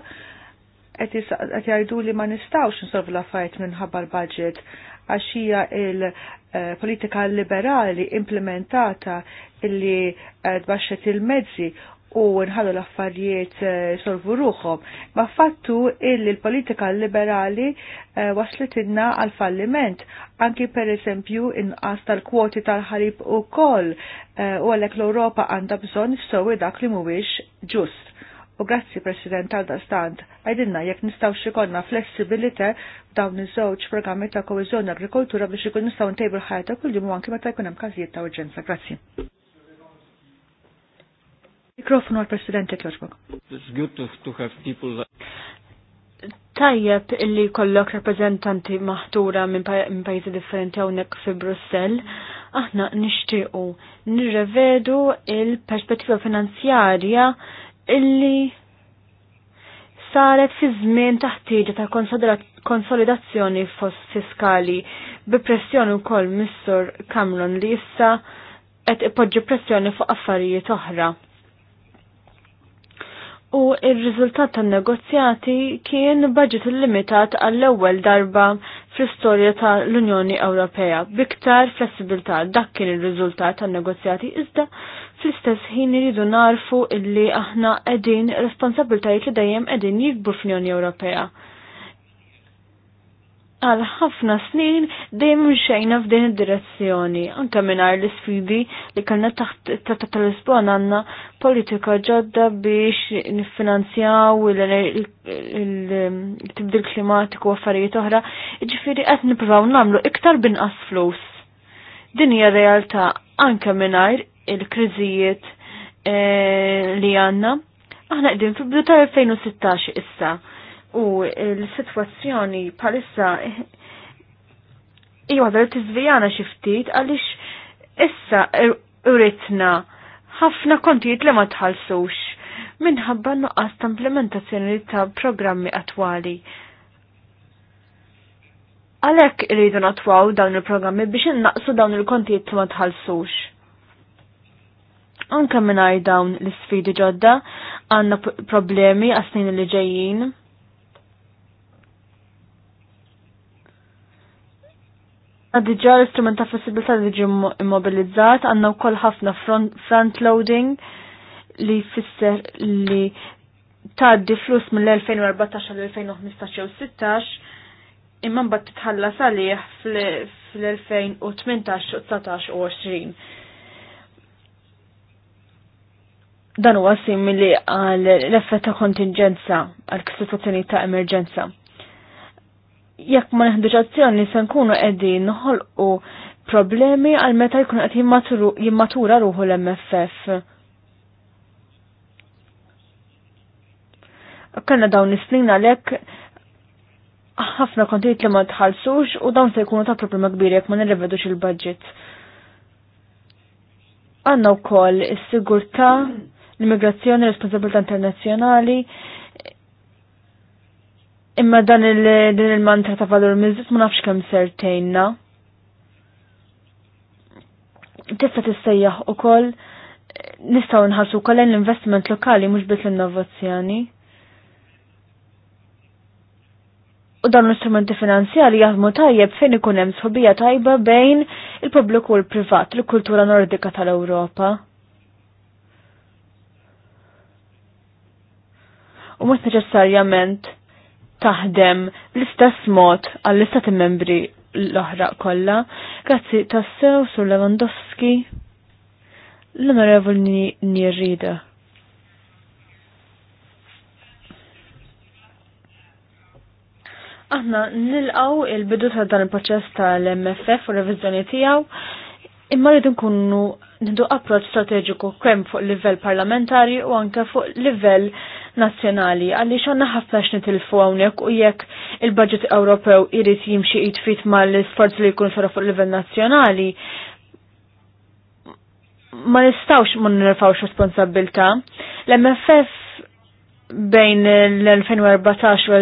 qed jgħidu li ma nistawx nsolvu l-affarijiet minħabba l-budget għax hija il-politika eh, liberali implementata illi eh, tbaxxet il-mezzi u nħallu l-affarijiet eh, solvu ruħom. Ma fattu illi l-politika liberali eh, waslet idna għal falliment, anki per eżempju inqas tal-kwoti tal-ħarib u kol eh, u għalek l-Europa għanda bżon sowi dak li mhuwiex ġust. U grazzi President għal stand, għajdinna jek nistaw xikonna flessibilite dawn iż-żewġ programmi ta' koezjoni agrikoltura biex ikun nistaw ntejbu l-ħajja ta' kull jum anki meta jkun hemm każijiet ta' urġenza. Grazzi. Mikrofonu għal-President Kjoċbok. It's good to have people that... Tajjeb illi kollok rappresentanti maħtura minn pajjiżi differenti hawnhekk fi Brussell, aħna nixtiequ nirrevedu il-perspettiva finanzjarja illi saret fi żmien taħtieġa ta' konsolidazzjoni fiskali bi pressjoni wkoll Mr. Cameron li issa qed ipoġġi pressjoni fuq affarijiet oħra u il-riżultat tan-negozjati kien budget illimitat għall-ewwel darba fl-istorja tal-Unjoni Ewropea biktar flessibilità dak kien ir-riżultat tan-negozjati iżda fl-istess ħin iridu narfu illi aħna qegħdin responsabiltajiet li dejjem qegħdin jikbu fl-Unjoni Ewropea għal ħafna snin dejjem xejna f'din id-direzzjoni, anke mingħajr l-isfidi li kellna taħt ta' tal-Lisbon għandna politika ġodda biex niffinanzjaw il-tibdil klimatiku u affarijiet oħra, jiġifieri qed nippruvaw nagħmlu iktar binqas flus. Din hija realtà anke mingħajr il-kriżijiet eh, li għandna. Aħna qegħdin fi bidu ta' 2016 issa u l-sitwazzjoni palissa hija għadar li izvijana xi ftit għaliex issa er- uritna ħafna kontijiet li ma tħalsux minħabba nuqqas ta' implementazzjoni ta' programmi attwali. Għalhekk rridu natwaw dawn il-programmi biex innaqsu dawn il-kontijiet li ma tħallsux. Anke mingħajr dawn l-isfidi ġodda għandna problemi għasnin li ġejjin Diġa l-istrument ta' flessibilità ġi immobilizzat, għanna u koll ħafna front-loading li fisser li taddi flus mill-2014 għal-2015 u 16 imman bat titħallas għalih fl-2018 u 19 u 20. Dan huwa simili għal l-effett ta' kontingenza għal situazzjoni ta' emerġenza jekk ma neħdux azzjoni se nkunu qegħdin noħolqu problemi għal meta jkun qed jimmatura ruħu l-MFF. Kanna dawn is-snin għalhekk ħafna kontijiet li ma tħallsux u dawn se jkunu ta' problema kbir jekk ma nirrevedux il-budget. Għanna wkoll is-sigurtà, l-immigrazzjoni, l-responsabilità internazzjonali, Imma dan il-din il-mantra ta' valur mizzit ma nafx kemm sertejna. Tista' tissejjaħ ukoll nistgħu nħarsu wkoll l-investiment lokali mhux bit l-innovazzjoni. U dan l-istrumenti finanzjali jaħdmu tajjeb fejn ikun hemm sħobija tajba bejn il-pubbliku u l-privat, l kultura nordika tal-Ewropa. U mhux neċessarjament taħdem l-istess mod għall-istati membri l-oħra kollha. Grazzi tassew sur Lewandowski l-onorevoli nirrida. Aħna nilqaw il-bidu ta' dan il-proċess tal-MFF u revizjoni tiegħu imma rridu nkunu nidu approċċ strateġiku kemm fuq livell parlamentari u anke fuq livell nazzjonali għaliex għandna ħafna il-fu hawnhekk u jekk il-budget Ewropew irid jimxie jitfit mal sforz li jkun sara fuq livell nazzjonali ma nistawx ma nirfawx responsabilta. L-MFF bejn l-2014 u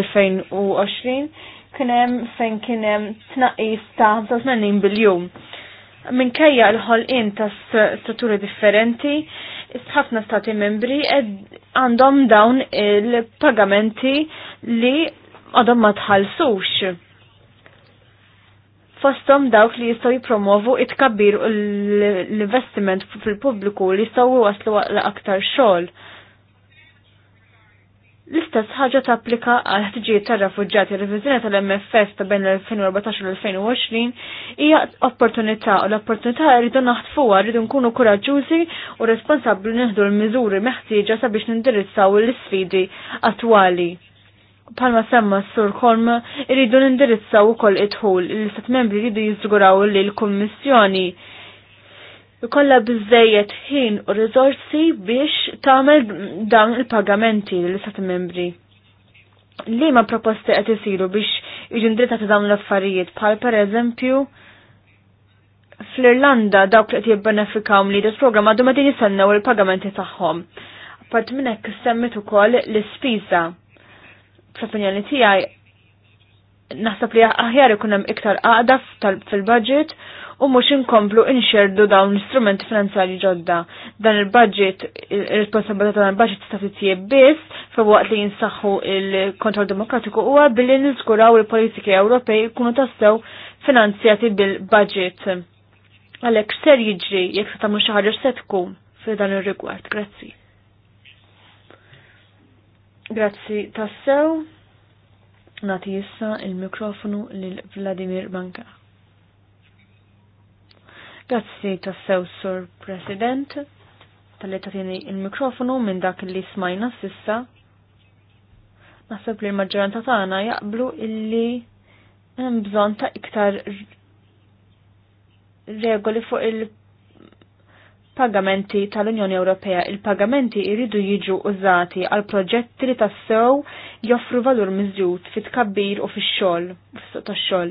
l-2020 kienem fejn kienem tnaqis ta' 80 biljum kajja l in ta' strutturi differenti, ħafna stati membri għandhom dawn il-pagamenti li għadhom ma tħallsux. Fostom dawk li jistaw jipromovu it-kabbir l-investiment fil-pubbliku li jistaw waslu għal aktar xogħol L-istess ħaġa tapplika għal ħtiġijiet tar r-reviżjoni tal mfs ta' bejn l-2014 u l-2020 hija opportunità u l-opportunità rridu naħtfuha rridu nkunu kuraġġużi u responsabbli neħdu l-miżuri meħtieġa sabiex nindirizzaw l-isfidi attwali. Palma semma s-sur Kolm irridu nindirizzaw ukoll idħul l-istat membri rridu jiżguraw li l-Kummissjoni ikolla bizzejiet ħin u rizorsi biex tagħmel dan il-pagamenti l istati membri. Li ma proposti qed isiru biex iġindrita ta' dawn l-affarijiet bħal pereżempju fl-Irlanda dawk li qed jibbenefikaw li dis programm għadhom qegħdin jistennew il-pagamenti tagħhom. Apart minn hekk semmit ukoll l-ispiża. Fl-opinjoni tiegħi naħseb li aħjar ikun hemm iktar qaqda fil-budget u mhux inkomplu inxerdu dawn l-istrumenti finanzjarji ġodda. Dan il-budget, il-responsabilità dan il-budget statizie bis, biss waqt li jinsaħħu il-kontroll demokratiku huwa billi niżguraw il-politiki Ewropej jkunu tassew finanzjati bil-budget. Għalhekk ser jiġri jekk sa tamu xi ħaġa se tkun dan ir-rigward. Grazzi. Grazzi tassew. Nati jissa il-mikrofonu lil Vladimir Banka. Grazzi tassew sur President tal-li il-mikrofonu minn dak li smajna sissa. Naħseb li l-maġġoranza tagħna jaqblu illi hemm bżonn ta' iktar regoli fuq il-pagamenti tal-Unjoni Ewropea. Il-pagamenti jridu jiġu użati għal proġetti li tassew joffru valur miżjud fit-tkabbir u fix-xogħol, fis-suq tax-xogħol.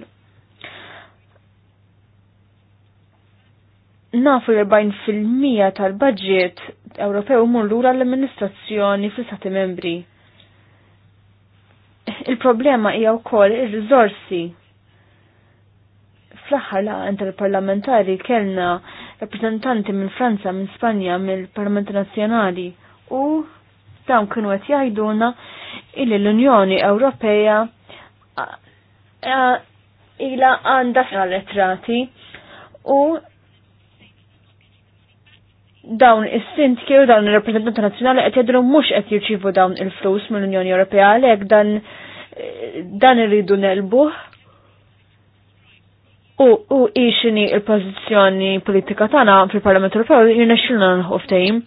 nafu fil 40 tal-budget Ewropew mur l-amministrazzjoni fl-Stati membri. Il-problema hija wkoll ir-riżorsi. Fl-aħħar laqa parlamentari kellna rappreżentanti minn Franza, minn Spanja, mill-Parlament Nazzjonali u dawn kienu qed jgħiduna illi l-Unjoni Ewropea ila għandha saret rati u dawn is-sindki u dawn ir-rappreżentanti nazzjonali qed jidhru mhux qed jirċievu dawn il-flus mill-Unjoni Ewropea għalhekk dan dan irridu nelbuh. U u ixini il-pożizzjoni politika tagħna fil-Parlament Ewropew jirnexxilna l ftehim.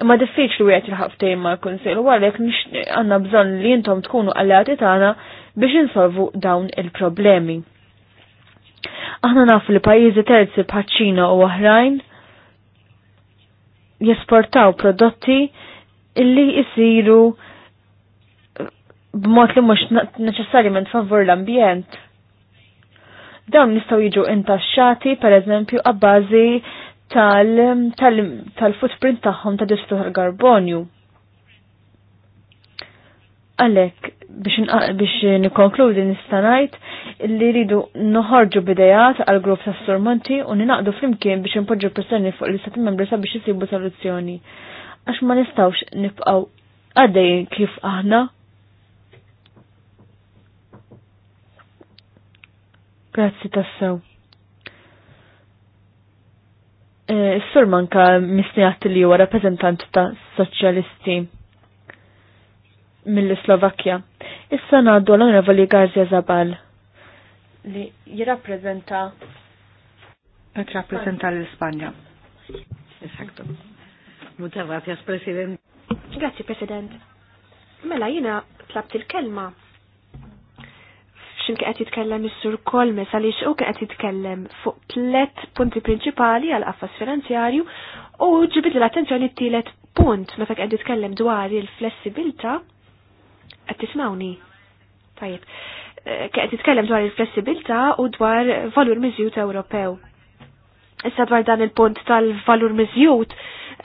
Imma diffiċli wieħed il ftehim mal-Kunsill u għalhekk għandna bżonn li intom tkunu alleati tagħna biex insolvu dawn il-problemi. Aħna nafu li pajjiżi terzi bħaċ-Ċina u oħrajn jesportaw prodotti illi jisiru b'mod li mhux neċessarjament favur l-ambjent. Dawn nistgħu jiġu intaxxati pereżempju għabbażi tal-footprint tagħhom ta' distu tal-karbonju. Għalhekk biex nikonkludi nista' ngħid li rridu noħorġu bidejat għal grupp ta' stormonti u ninaqdu flimkien biex impoġġu pressjoni fuq l-istati membri sabiex jisibu soluzzjoni. Għax ma nistawx nibqaw għaddej kif aħna. Grazzi tassew. E, Sur manka misnijat li huwa rappresentant ta' soċjalisti mill-Slovakkja. Issa ngħaddu l-Onorevoli Garzja Zabal li jirrapprezenta Qed rappresenta l-Ispanja. Esatto. Muta gracias, President. Grazie, President. Mela jina tlabt il-kelma. Ximki qed jitkellem is-Sur Kolmes għaliex u kien qed jitkellem fuq tlet punti prinċipali għal qafas finanzjarju u ġibit l-attenzjoni t-tielet punt meta qed jitkellem dwar il-flessibilità qed tismawni. Tajib qed titkellem dwar il-flessibilità u dwar valur mizjut Ewropew. Issa dwar dan il-punt tal-valur mizjut,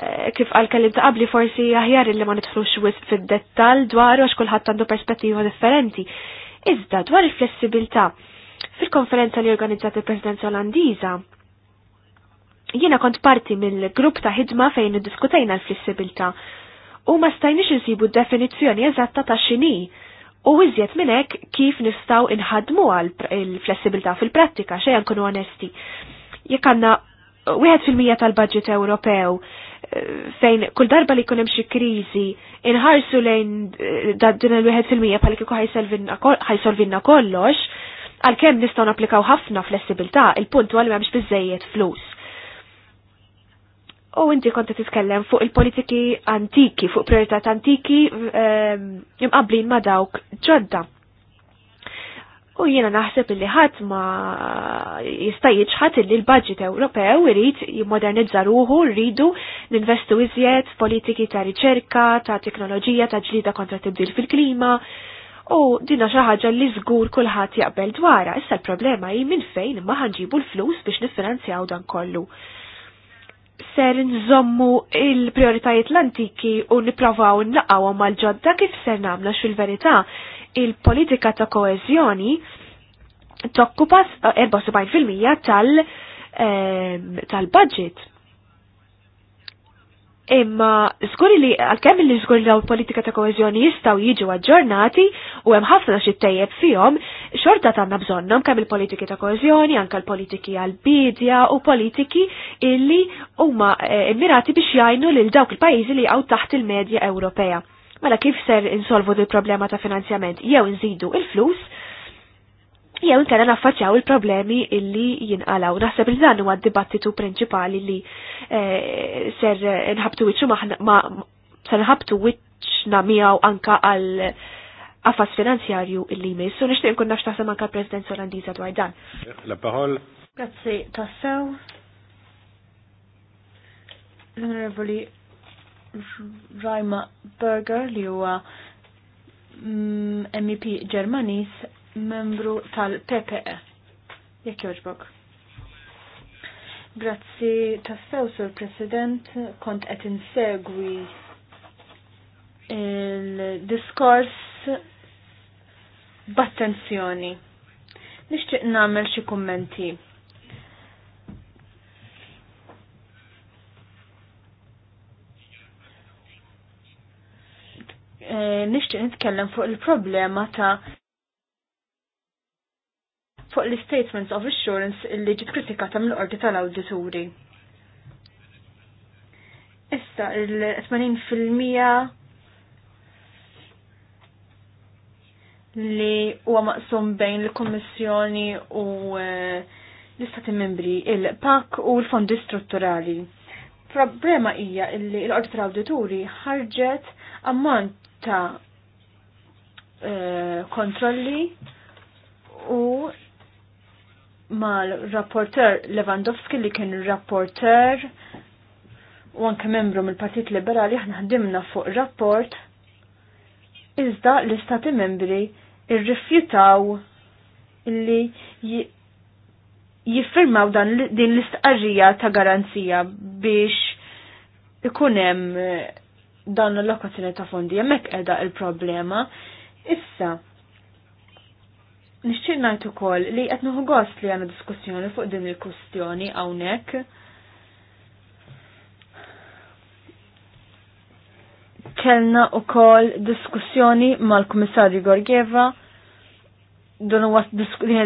eh, kif għal kellim ta' qabli forsi aħjar li ma nidħlux wisq fid-dettall dwar għax kulħadd għandu perspettiva differenti. Iżda dwar il-flessibilità fil-konferenza li organizzat il-Presidenza Olandiża jiena kont parti mill-grupp ta' ħidma fejn diskutajna l-flessibilità u ma stajniex nsibu d-definizzjoni eżatta ta' xini U iżjed minn hekk kif nistgħu inħadmu għal il-flessibilità fil-prattika xejn nkunu onesti. Jekk għandna uh, wieħed fil-mija tal-budget Ewropew uh, fejn kull darba li jkun hemm xi kriżi inħarsu lejn uh, din il-wieħed fil-mija bħal ħajsolvinna kollox, għalkemm nistgħu napplikaw ħafna flessibilità, il-punt huwa li m'hemmx biżejjed flus. U inti konta titkellem fuq il-politiki antiki, fuq prioritat antiki jimqablin ehm, ma dawk ġodda. U jiena naħseb li ħadd ma jista' jiġħad li l-budget Ewropew irid jimmodernizza ruħu, rridu ninvestu iżjed f'politiki ta' riċerka, ta' teknoloġija, ta' ġlida kontra tibdil fil-klima. U dinna xi ħaġa li żgur kulħadd jaqbel dwarha, issa l-problema hi minn fejn imma ħanġibu l-flus biex niffinanzjaw dan kollu ser nżommu il-prioritajiet l-antiki u nipravaw nlaqawhom mal-ġodda kif ser nagħmlu fil-verità il-politika ta' koeżjoni tokkupa 74% tal- eh, tal-budget. Imma żgur li għalkemm li żgur li politika ta' koeżjoni jistgħu jiġu aġġornati u hemm ħafna xi tejjeb fihom, xorta tagħna bżonnhom kemm il-politiki ta' koeżjoni, anke l-politiki għall-bidja u politiki illi huma eh, immirati biex jgħinu lil dawk il-pajjiżi li jgħu taħt il-medja Ewropea. Mela kif ser insolvu il problema ta' finanzjament jew nżidu il-flus, jew inkella naffaċċjaw il-problemi illi jinqalaw. Naħseb li dan huwa d-dibattitu prinċipali li Eh, ser nħabtu wiċċu ma ser nħabtu wiċċna miegħu anka għal affas finanzjarju illi mis. So nixtieq nkun nafx taħsem anka l-President Solandiza dwar dan. La parol. Grazzi tassew. l honorevoli Raima Berger li huwa MEP mm, Ġermanis membru tal-PPE. Jekk joġbok. Grazzi tassew, Sur President, kont qed insegwi il-diskors b'attenzjoni. Nixtieq nagħmel xi kummenti. Eh, nixtieq nitkellem fuq il-problema ta' fuq l-Statements of Assurance illi ġiet tam l qorti tal-awdituri. Issa il-80% li huwa maqsum bejn il-Kommissjoni u eh, l-Istati Membri, il-PAK u l-Fondi Strutturali. Problema hija li l-Qorti tal-Awdituri ħarġet ammont ta' eh, kontrolli u mal-rapporter Lewandowski li kien rapporter u anke membru mill-Partit Liberali aħna ħdimna fuq rapport iżda l-istati membri irrifjutaw li jiffirmaw dan din l-istqarrija ta' garanzija biex ikunem eh, dan l-lokazzjoni ta' fondi. hemmhekk qiegħda il-problema. Issa, Nixtieq ngħid ukoll li qed noħu gost li għana diskussjoni fuq din il-kwistjoni hawnhekk. Kellna kol diskussjoni mal-Kummissarju Gorgieva dan huwa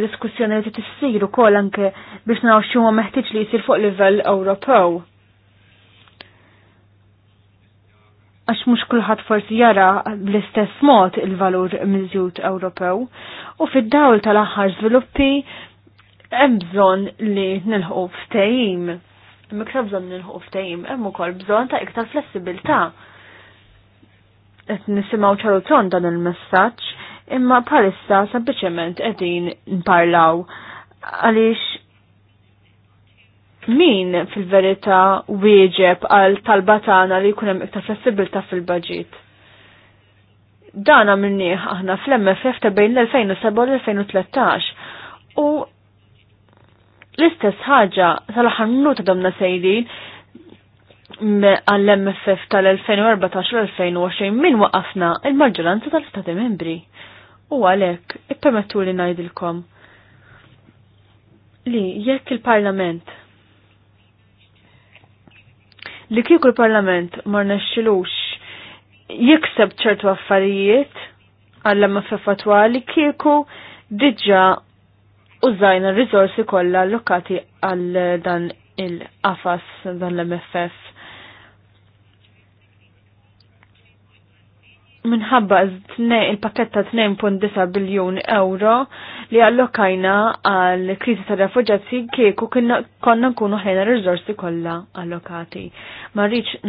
diskussjoni li tissir ukoll anke biex naraw xi meħtieġ li jsir fuq livell Ewropew. għax mux kullħat forsi jara bl-istess mod il-valur miżjut Ewropew u fid-dawl tal-aħħar żviluppi hemm bżonn li nilħu ftehim. Miktar bżonn nilħu ftehim, hemm ukoll bżonn ta' iktar flessibilità. Qed nisimgħu ċaruton dan il-messaġġ imma bħalissa sempliċement qegħdin nparlaw għaliex min fil-verità wieġeb għal talba tagħna li jkun hemm iktar flessibilità fil-baġit. Dan għamilnieh aħna fl-MFF ta' bejn l-2007 u l-2013 u l-istess ħaġa tal-aħħar minuta domna sejdin għall-MFF tal-2014 l-2020 min waqafna il-maġġoranza tal-Stati membri. U għalek, ippermettu li najdilkom li jekk il-Parlament li kieku l-Parlament ma rnexxilux jikseb ċertu affarijiet għall MFF attwali kieku diġà użajna r kolla kollha allokati għal dan il-qafas dan l-MFF. minħabba il-pakket ta' 2.9 biljun euro li allokajna għal kriżi ta' refugjati kieku konna nkunu ħajna r-rizorsi kollha allokati. Ma rridx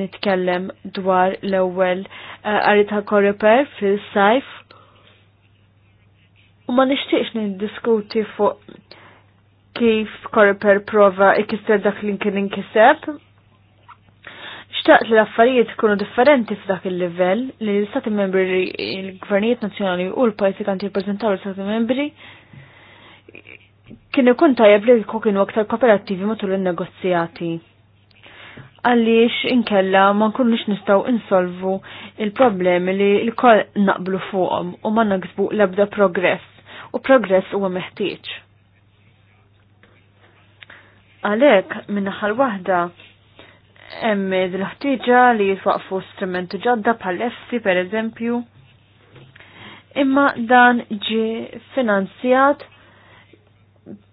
nitkellem dwar l-ewwel eh, qari ta' fil fis-sajf. U ma nixtieqx niddiskuti fuq kif Koreper prova ikisser dak l-inkin inkiseb xtaqt li l-affarijiet kunu differenti f'dak il-livell li l-Stati membri, il-Gvernijiet Nazzjonali u l pajsi kanti jirpreżentaw l-Stati membri kien ikun tajab li kienu aktar kooperattivi matul in-negozjati għaliex inkella ma nkunux nistaw insolvu il-problemi li l-koll naqblu fuqhom u ma naqsbu l-ebda progress u progress huwa meħtieġ. Għalhekk minnaħal waħda hemm l-ħtieġa li jitwaqfu strumenti ġodda bħal essi per eżempju. Imma dan ġi finanzjat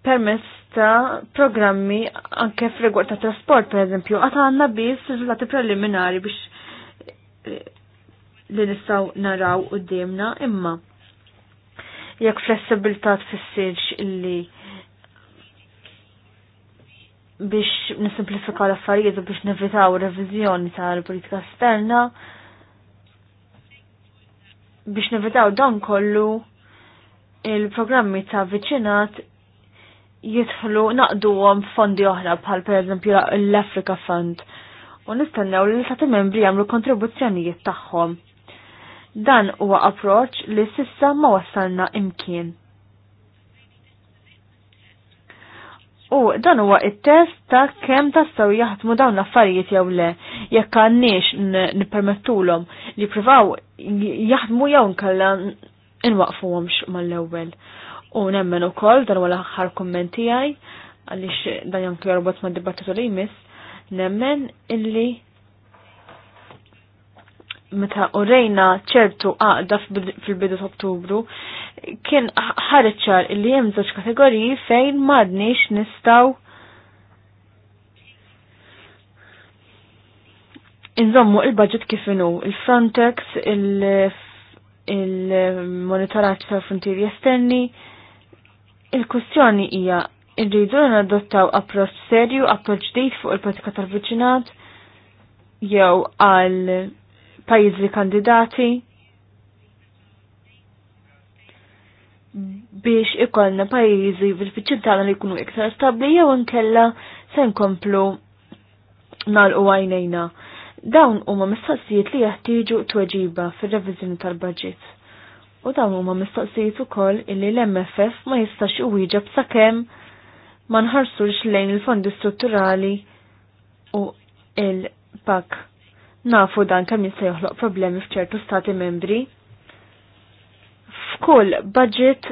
permess ta' programmi anke f'rigward ta' trasport, per eżempju, għata għanna biss riżultati preliminari biex eh, li nistaw naraw u demna, imma jekk flessibilità tfissirx illi biex nisimplifika l-affarijiet u biex nevitaw revizjoni tal-politika esterna biex nevitaw dan kollu il-programmi ta' viċinat jidħlu naqdu għom fondi oħra bħal per eżempju l-Africa Fund u nistennew li l-istati membri jagħmlu kontribuzzjonijiet tagħhom. Dan huwa approċ li sissa ma wassalna imkien. U dan huwa it-test ta' kemm tassew jaħdmu dawn l-affarijiet jew le, jekk għandniex nippermettulhom li provaw jaħdmu jew nkella inwaqfuhomx mal-ewwel. U nemmen ukoll dan huwa l-aħħar kumment tiegħi għaliex dan janku jorbot mad-dibattitu li jmiss, nemmen illi meta urejna ċertu għaqda fil-bidu ta' ottubru, kien ħareċċar li hemm żewġ kategoriji fejn m'għadniex nistgħu Inżommu il-budget kif inhu il-Frontex, il monitorat tal-frontieri esterni. Il-kwestjoni hija rridu nadottaw approċċ serju, approċ dejt fuq il-politika tal-viċinat jew għal pajizi kandidati biex ikollna pajizi fil-fiċċin li jkunu iktar stabbli jew nkella se nkomplu u għajnejna. Dawn huma mistoqsijiet li jeħtieġu tweġiba fir-reviżjoni tal-budget. U dawn huma mistoqsijiet ukoll illi l-MFF ma jistax iwieġeb sakemm ma nħarsulx lejn il-fondi strutturali u il-pak Nafu dan kemm jista' joħloq problemi f'ċertu stati membri. F'kull budget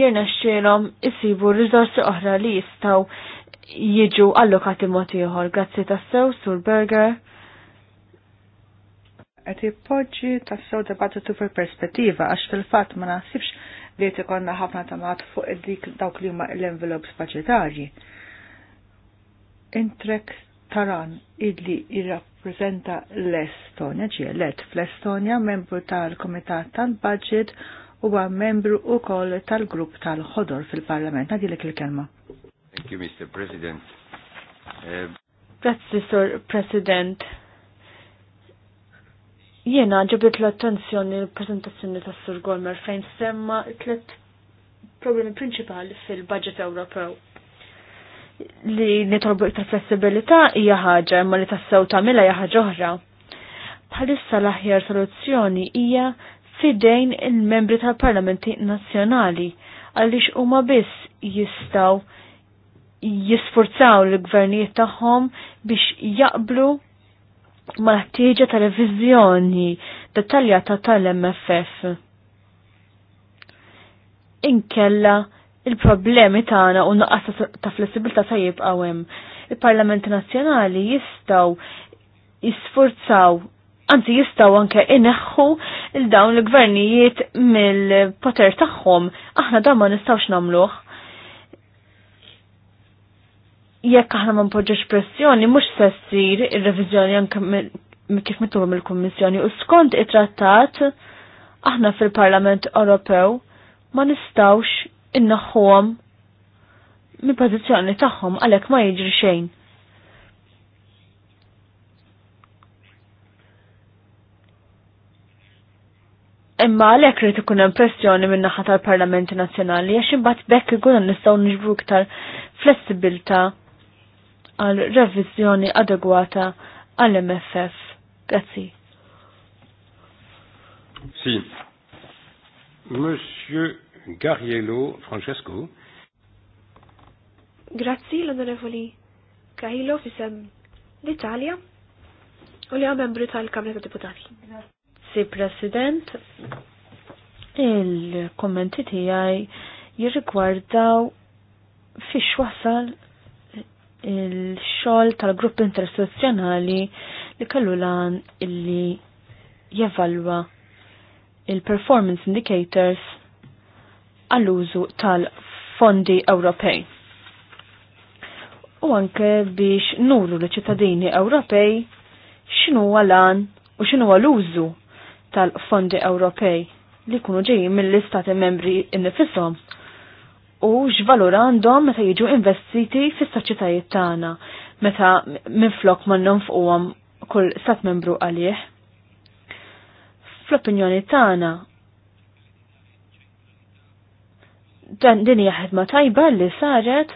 jiena xxielhom isibu riżorsi oħra li jistgħu jiġu allokati mod ieħor. Grazzi tassew, Sur Burger. Qed jippoġġi tassew debattitu fil perspettiva għax fil-fatt ma naħsibx li ikollna ħafna tamat fuq dik dawk li huma l-envelopes budgetarji. Intrek taran idli ir jirrappreżenta l-Estonja, ġie let fl-Estonja, membru tal-Komitat tal-Budget huwa membru ukoll tal-Grupp tal-Ħodor fil-Parlament. Nadilek il-kelma. Thank you, Mr. President. Eh, Grazzi, Sir President. Jena ġibit l-attenzjoni l-prezentazzjoni tas Sur Golmer fejn semma tlet problemi prinċipali fil-budget Ewropew li nitolbu iktar flessibilità hija ħaġa imma li tassew tagħmilha hija ħaġa oħra. Bħalissa l-aħjar soluzzjoni hija fidejn il-membri tal-parlamenti nazzjonali għaliex huma biss jistgħu jisforzaw l-gvernijiet tagħhom biex jaqblu mal-ħtieġa ta' reviżjoni dettaljata tal-MFF. Inkella il-problemi tagħna u nuqqas ta' flessibilità se jibqgħu hemm. Il-Parlamenti Nazzjonali jistgħu jisforzaw anzi jistgħu anke ineħħu il dawn il-gvernijiet mill-poter tagħhom. Aħna dan ma nistgħux nagħmluh. Jekk aħna ma npoġġex pressjoni mhux se ssir ir-reviżjoni anke kif mitluba mill-Kummissjoni u skont it-trattat aħna fil-Parlament Ewropew ma nistawx innaħħuhom mill pożizzjoni tagħhom għalhekk ma jiġri xejn. Imma għalhekk rid ikun hemm pressjoni min naħa tal-Parlamenti Nazzjonali għax imbagħad bekk ikun nistgħu niġbru iktar flessibilità għal revizjoni adegwata għall-MFF. Grazzi. Si. Monsieur Garriello Francesco. Grazzi l-onorevoli Garriello fisem l-Italja u li membru tal-Kamra ta' Deputati. Si President, il-kommenti tijaj jirrikwardaw fiex wasal il-xol tal-grupp intersezzjonali li kellu lan illi jevalwa il-performance indicators għall-użu tal-fondi Ewropej. U anke biex nuru l ċittadini Ewropej x'inhu għalan u x'inhu l-użu tal-fondi Ewropej li kunu ġejjin mill-istati membri innifisom u x'valur għandhom meta jiġu investiti fis-soċjetajiet tagħna meta minflok ma nonfquhom kull stat membru għalih. Fl-opinjoni tagħna dan din hija ma' tajba li saret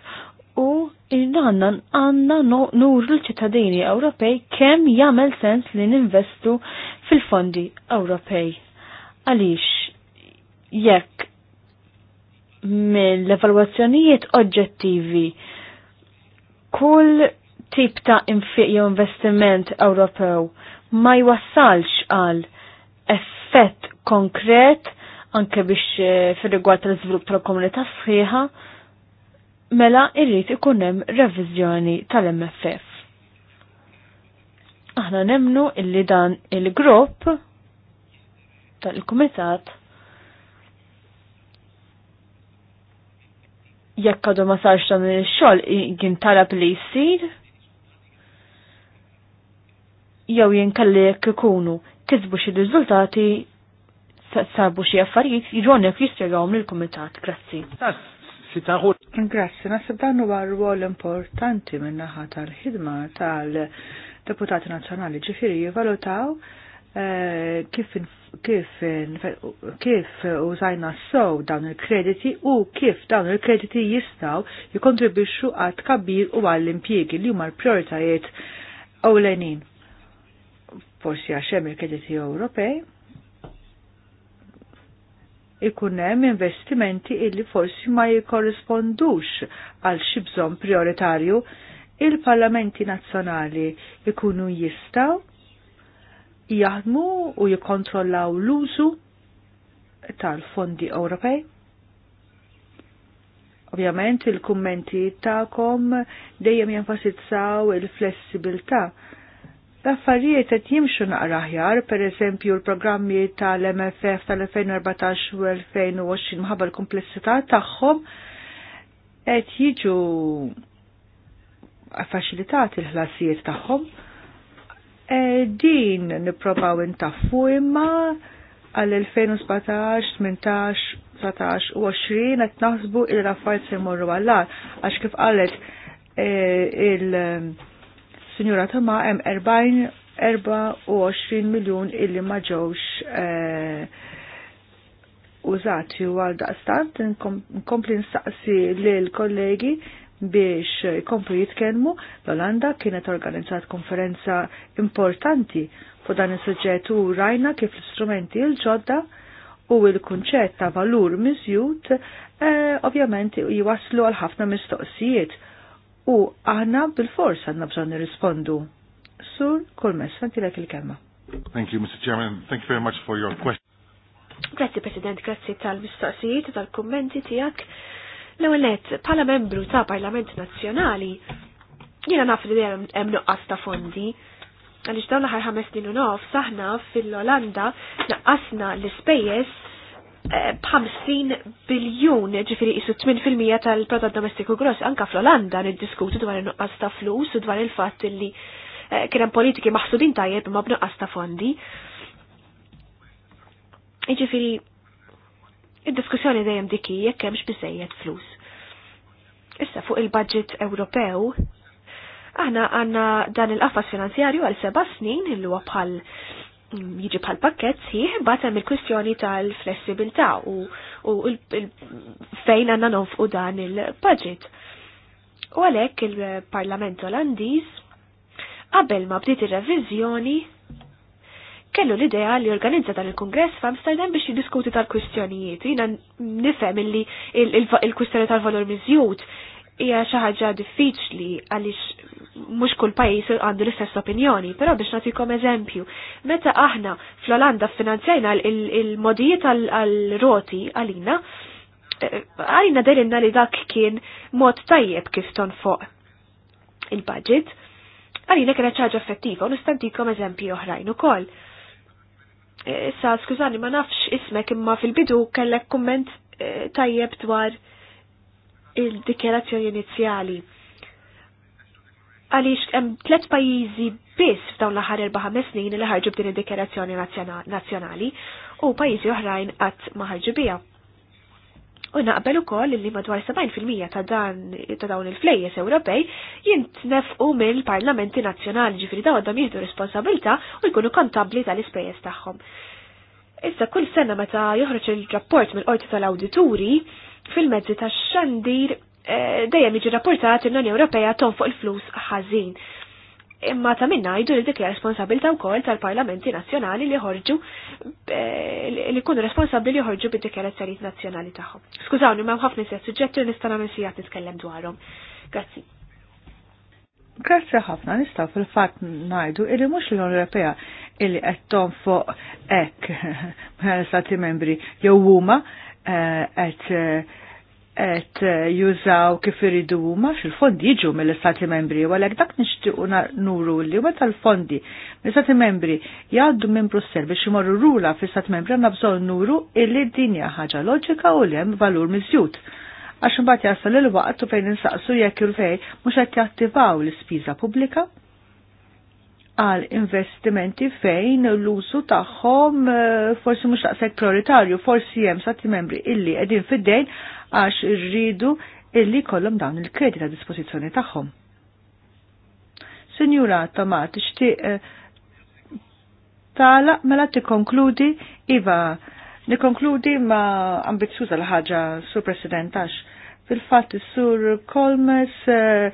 u għanna għanna nur l-ċittadini Ewropej kemm jagħmel sens li ninvestu fil-fondi Ewropej. Għaliex jekk mill-evalwazzjonijiet oġġettivi kull tip ta' infiq jew investiment Ewropew ma jwassalx għal effett konkret anke biex eh, fir-rigward tal izvilup tal-komunità sħiħa, mela irrid ikun hemm reviżjoni tal-MFF. Aħna nemnu illi dan il-grupp tal-kumitat jekk għadu ma sarx dan il-xogħol jien talab li jsir jew kalli jekk ikunu kisbu xi riżultati sabu xie affarijiet jironek jispjegawhom lill-kumitat. Grazzi. Grazzi, nasib dan huwa rwol importanti minn naħa tal-ħidma tal-deputati nazzjonali ġifieri jivalutaw eh, kif kif kif użajna sow dawn il-krediti u kif dawn il-krediti jistaw jikontribixxu għat kabir u għall impjiegi li huma l-prioritajiet ewlenin. Forsi għax hemm il-krediti Ewropej ikunem investimenti illi forsi ma jikorrispondux għal xi bżonn prioritarju, il-parlamenti nazzjonali ikunu jistaw jaħdmu u jikontrollaw l-użu tal-fondi Ewropej. Ovvjament il-kummenti ta'kom dejjem jenfasizzaw il-flessibilta' L-affarijiet qed jimxu naqra aħjar, pereżempju l-programmi tal-MFF tal-2014 u 2020 mħabba l-komplessità tagħhom qed jiġu faċilitat il-ħlasijiet tagħhom. E din nipprovaw intaffu imma għal-2017, 18, u 20 qed naħsbu il affarijiet se jmorru għall għax kif qalet e, il- Signora Tama, hemm 24 miljun illi ma ġewx eh, użati u għal daqstant nkompli nistaqsi l kollegi biex komplu jitkelmu l-Olanda kienet organizzat konferenza importanti fuq dan is-suġġett u rajna kif l-istrumenti l-ġodda u l-kunċett ta' valur miżjud eh, ovvjament jwaslu għal ħafna mistoqsijiet u aħna bil-fors għanna bżon nirrispondu. Sur, kol għanti tilek il-kelma. Thank you, Mr. Chairman. Thank you very much for your question. Grazie, President. Grazie tal-mistoqsijiet, tal-kommenti tijak. L-għalet, pala membru ta' Parlament Nazjonali, jena naf li hemm nuqqas ta' fondi, għalix dawn l-ħar ħames snin u nof, saħna fil-Olanda naqqasna l-spejjes 50 eh, biljun, ġifiri isu 8% tal-prodott domestiku gross, anka fl-Olanda niddiskutu dwar il-nuqqas ta' flus u dwar il-fat li eh, kienem politiki maħsudin tajjeb ma' b'nuqqas ta' fondi. Ġifiri, id-diskussjoni dejjem dikki jekk hemmx biżejjed flus. Issa fuq il-budget Ewropew, aħna għanna dan il-qafas finanzjarju għal seba' snin il-lu bħal jiġi bħal pakket sħiħ hemm il-kwistjoni tal-flessibilità u, fejn għanna nofqu dan il-budget. U għalek il-Parlament Olandiż qabel ma bdiet ir-reviżjoni kellu l-idea li organizza dan il-kongress f'Amsterdam biex jiddiskuti tal-kwistjonijiet. Jina nifhem illi il-kwistjoni tal-valur miżjud hija xi ħaġa diffiċli għaliex mux kull pajis għandu l-istess opinjoni, pero biex natikom eżempju, meta aħna fl-Olanda finanzjajna il-modijiet għal-roti għalina, eh, għalina delinna li dak kien mod tajjeb kif ton fuq il-budget, għalina kienet ċaġa effettiva, u nistantikom eżempju oħrajn ukoll. Eh, issa, skużani, ma nafx ismek imma fil-bidu kellek komment eh, tajjeb dwar il-dikjerazzjoni inizjali għaliex hemm tliet pajjiżi biss f'dawn l-aħħar erba' ħames snin li ħarġu b'din id-dikjerazzjoni nazzjonali u pajjiżi oħrajn qatt ma ħarġu biha. U naqbel ukoll li madwar 70% ta' dan ta' dawn il-flejjes Ewropej jintnefqu mill-parlamenti nazzjonali ġifri dawn għadhom jieħdu responsabilità u jkunu kontabbli tal-ispejjeż tagħhom. Issa kull sena meta joħroġ il-rapport mill-qorti tal-awdituri fil-mezzi tax-xandir Eh, dejjem jiġi rapportat l-Unjoni Ewropea tonfoq il-flus ħażin. Imma ta' minna jdu li dik responsabilta wkoll tal-parlamenti nazzjonali li ħorġu eh, li jkunu responsabbli li ħorġu bid dikjarazzjonijiet nazzjonali tagħhom. Skużawni, ma' ħafna se suġġetti li nista' nagħmel sigħat nitkellem dwarhom. Grazzi. Grazzi ħafna nistgħu fil-fatt ngħidu li mhux l-Unjoni Ewropea illi qed tonfoq hekk bħala [laughs] stati membri jew huma eh, qed et jużaw kif iridu huma fil-fondi jiġu mill-Istati Membri, u għalhekk dak nixtiequ nuru li meta tal-fondi mill-Istati Membri jgħaddu minn Brussel biex imorru rula fl-Istati Membri għandna bżonn nuru illi din hija ħaġa loġika u li hemm valur miżjud. Għax imbagħad jasal il-waqt u fejn insaqsu jekk il fej mhux qed jattivaw l-ispiża pubblika għal investimenti fejn l-usu tagħhom eh, forsi mhux taqsek prioritarju, forsi hemm sati membri illi qegħdin fid-dejn għax rridu illi kollhom dawn il-kredit għad dispozizjoni tagħhom. Sinjura Tomat, tixtieq eh, tala mela tikkonkludi iva nikkonkludi ma ambizjuza l-ħaġa sur President għax fil-fatt is-sur Kolmes eh,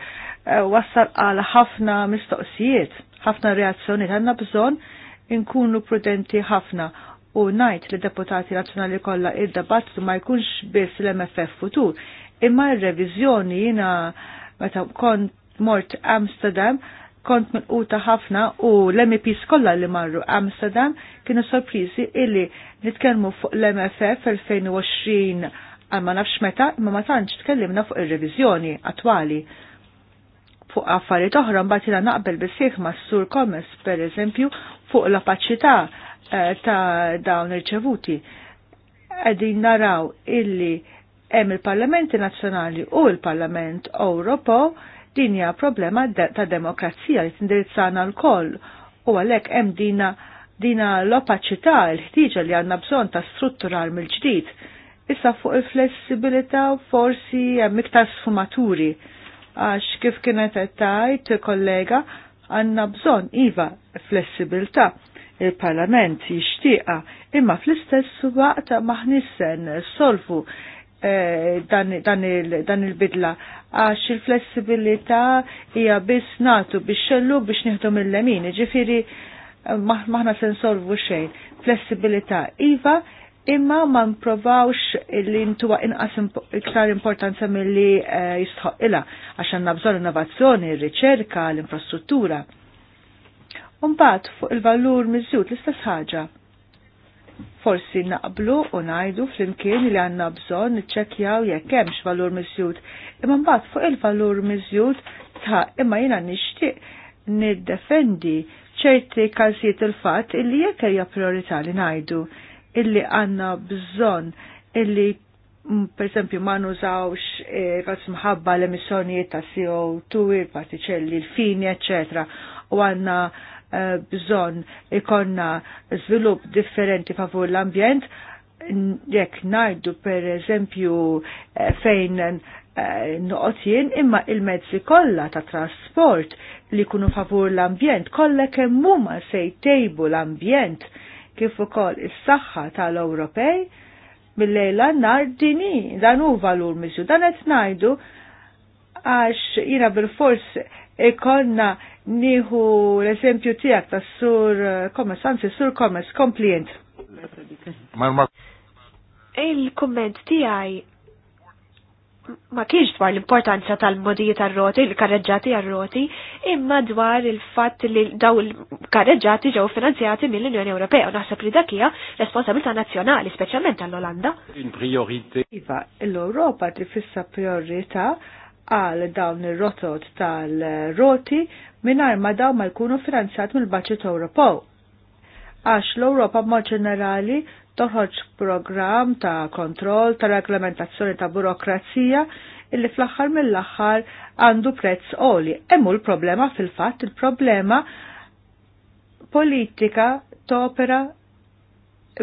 wassal għal ħafna mistoqsijiet ħafna reazzjoni għandna bżonn inkunu prudenti ħafna u najt li deputati nazzjonali kollha id-debattu ma jkunx biss l-MFF futur, imma r-reviżjoni jiena meta kont mort Amsterdam kont minquta ħafna u l mps kollha li marru Amsterdam kienu sorpriżi illi nitkellmu fuq l-MFF 2020 għal ma nafx meta imma ma tantx tkellimna fuq ir-reviżjoni attwali fuq affarijiet oħra mbagħad jiena naqbel bis-sieħ mas-sur Komes pereżempju fuq l-opaċità eh, ta' dawn irċevuti. Qegħdin naraw illi hemm il-Parlamenti Nazzjonali u l-Parlament Ewropew din hija problema ta' demokrazija li tindirizzana l-koll u għalhekk hemm dina dina l-opaċità l-ħtiġa li għandna bżonn ta' strutturar mill-ġdid. Issa fuq il-flessibilità forsi hemm iktar sfumaturi għax kif kienet tajt kollega għanna bżon iva flessibilta il-parlament jixtieqa imma fl-istess waqt maħnissen solfu eh, dan il-bidla għax il-flessibilità hija biss natu biex xellu biex nieħdu mill lemini ġifiri eh, maħna se nsolvu xejn. Flessibilità iva imma ma nprovawx li ntuwa inqas iktar importanza mill-li eh, jistħoq ila, għaxan nabżon innovazzjoni, riċerka, l-infrastruttura. Umbat fuq il-valur mizzjut l-istess ħaġa. Forsi naqblu u najdu fl-imkien li għanna bżon nċekjaw jekk kemx valur miżjud, imma mbagħad fuq il-valur miżjud ta' imma jiena nixtieq niddefendi ċerti każijiet il-fatt illi jekk hija priorità li ngħidu illi għanna bżon illi mm, per esempio ma nużawx għas e, mħabba l-emissjonijiet ta' CO2, il-partiċelli, il-fini, eccetera, u għanna e, bżon ikonna zvilup differenti favur l-ambjent, jekk najdu per eżempju e, fejn noqotjien imma il-mezzi kollha ta' trasport li kunu favur l-ambjent kollha kemm huma se jtejbu l-ambjent kif ukoll is-saħħa tal-Ewropej mill-lejla nar dini, dan hu valur misju, dan qed ngħidu għax ira bil-fors ikonna nieħu l-eżempju tiegħek tas sur Kommes, anzi sur Kommes, komplient. Il-komment tiegħi ma kienx dwar l-importanza tal-modijiet għal-roti, l-karreġġati għal-roti, imma dwar il-fatt li daw l-karreġġati ġew finanzjati mill-Unjoni Ewropea. Naħseb li dakija responsabilità nazzjonali, speċjalment għall olanda In priorité. Iva, l-Europa tifissa priorità għal dawn ir-rotot tal-roti mingħajr ma dawn ma jkunu finanzjat mill baċet Ewropew. Għax l-Ewropa mod ġenerali toħorġ program ta' kontroll, ta' reglamentazzjoni ta' burokrazija illi fl-axar mill-axar għandu prezz oli. Emmu l-problema fil-fat, il-problema politika topera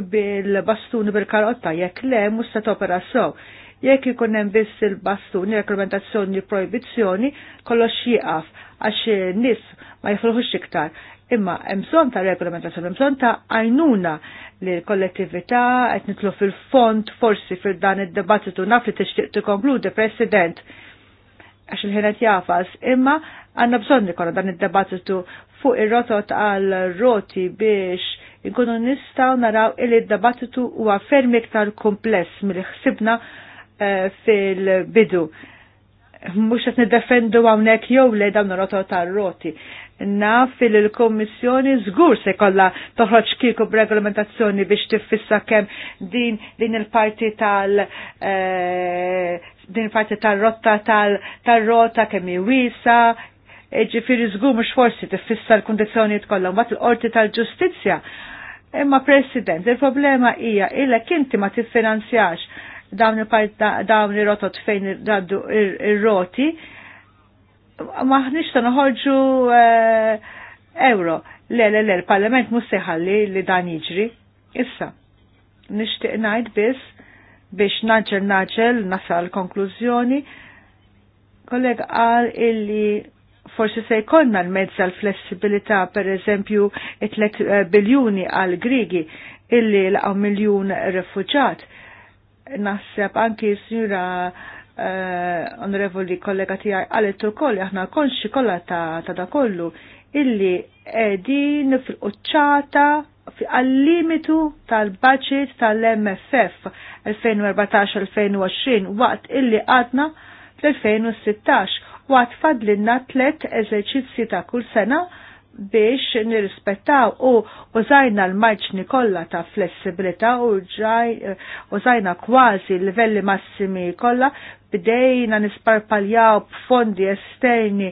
bil-bastuni bil-karotta, jekk le mhux se topera so. Jekk ikun hemm biss il-bastuni, reglamentazzjoni, proibizzjoni, kollox jieqaf għax nis ma jifruħux iktar. Imma emson ta' regolamentazzjoni, emson ta' għajnuna li l-kollettività qed nitlu fil-font forsi fil-dan id-debattitu naf li tixtieq tikkonkludi President għax il-ħinet jafas, imma għanna bżon nikolla dan id-debattitu fuq ir-rotot għal roti biex inkunu nistaw naraw il id-debattitu huwa ferm iktar kompless mill-ħsibna eh, fil-bidu. Mux qed niddefendu hawnhekk jew le dawn ir-rotot għal roti naf fil-Kommissjoni żgur se toħroċ toħroġ kieku b'regolamentazzjoni biex tiffissa kemm din din il-parti tal eh, din il parti tal-rotta tal-rota tal kemm iwisa, ġifiri żgur mhux forsi tiffissa l-kundizzjoni tkollha mbagħad l qorti tal-ġustizzja. Imma President, il-problema hija illa kinti ma tiffinanzjax dawn il-rotot fejn ir-roti, maħnix ta' noħorġu eh, euro. Le, le, le, l-parlament mussiħalli li dan jiġri. Issa, nishtiq najt bis biex naġel naġel nasal konklużjoni. Kollega għal illi forsi se jkollna l-mezza l-flessibilità, per eżempju, 3 eh, biljuni għal Grigi illi l-għaw miljon refuġat. Nasseb anki s Eh, onorevoli kollega tijaj għalet ukoll aħna konxi kollha ta' da kollu illi edin fil-qoċċata għal-limitu tal-budget tal-MFF 2014-2020 waqt illi għadna fl-2016 waqt fadlinna tlet eżerċizzi ta' kull sena biex nirrispettaw u użajna l-marċni kollha ta' flessibilità u ġaj eh, użajna kważi livelli massimi kollha bdejna nisparpaljaw b'fondi esterni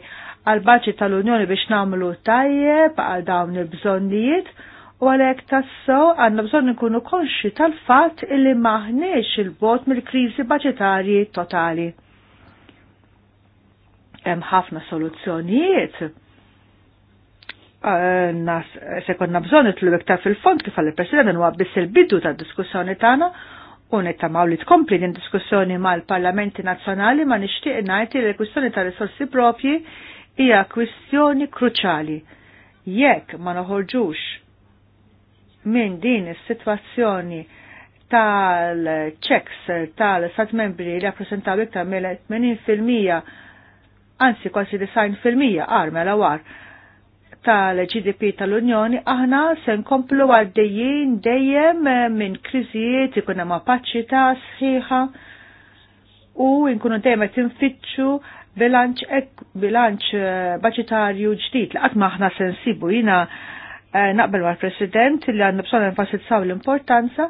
għal baċi tal-Unjoni biex namlu tajjeb għal dawn il-bżonnijiet u għalek tasso għanna bżonn nkunu konxi tal-fat illi maħnex il-bot mill-krizi budgetarji totali. Hemm ħafna soluzzjonijiet nas se konna bżon itlu iktar fil-fond kif għalli president huwa biss il-bidu ta' diskussjoni tagħna u nittamaw li tkompli din diskussjoni mal-Parlamenti Nazzjonali ma nixtieq ngħid li l-kwistjoni ta' risorsi propji hija kwistjoni kruċali. Jekk ma noħorġux minn din is-sitwazzjoni tal-checks tal-sat membri li rappresentaw iktar mill-80% anzi kważi 90% għar mela war tal-GDP tal-Unjoni, aħna se nkomplu għaddejjin dejjem eh, minn kriżijiet ikun hemm apaċità sħiħa u nkunu dejjem qed infittxu bilanċ ek, bilanċ eh, baċitarju ġdid li qatt ma aħna sensibu jina eh, naqbel mal-President li għandna bżonn enfasizzaw l-importanza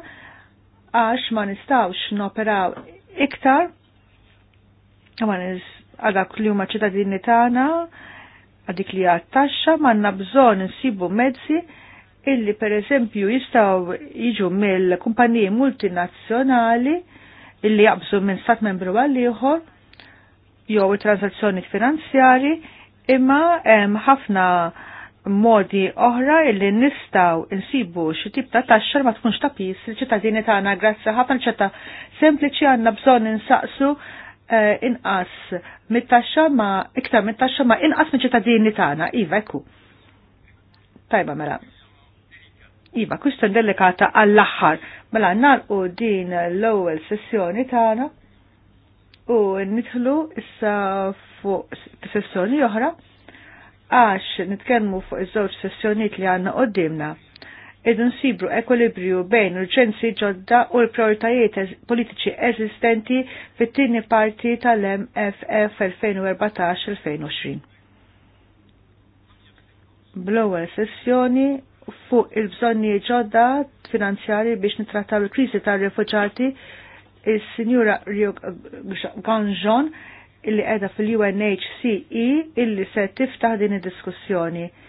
għax ma nistawx noperaw iktar għadak li huma ċittadini tagħna għadik li għattaxa manna bżon nsibu mezzi illi per eżempju jistaw jiġu mill-kumpaniji multinazzjonali illi jaqbżu minn stat membru għalliħor ieħor jew transazzjoni finanzjari imma hemm ħafna modi oħra illi nistaw nsibu xi tip ta' taxxar ma tkunx ta' pis il-ċittadini tagħna grazzi ħafna ċetta sempliċi għandna bżonn insaqsu Eh, inqas mit-taxxa ma iktar mit-taxxa ma inqas minn ċittadini tagħna, iva ekku. Tajba mela. Iva, kustan delikata għall-aħħar. Mela nalqu din l-ewwel sessjoni tagħna u nidħlu issa fuq sessjoni oħra għax nitkellmu fuq iż-żewġ sessjonijiet li għandna qudiemna irdu nsibru ekwilibrju bejn urġenzi ġodda u l-prioritajiet politiċi eżistenti fit-tieni parti tal-MFF 2014-2020. Bl-ewwel sessjoni fuq il-bżonni ġodda finanzjari biex nitrattaw il-kriżi tar-refuġati il sinjura Rio Ganjon illi qiegħda fil-UNHCE illi se tiftaħ din id-diskussjoni. Il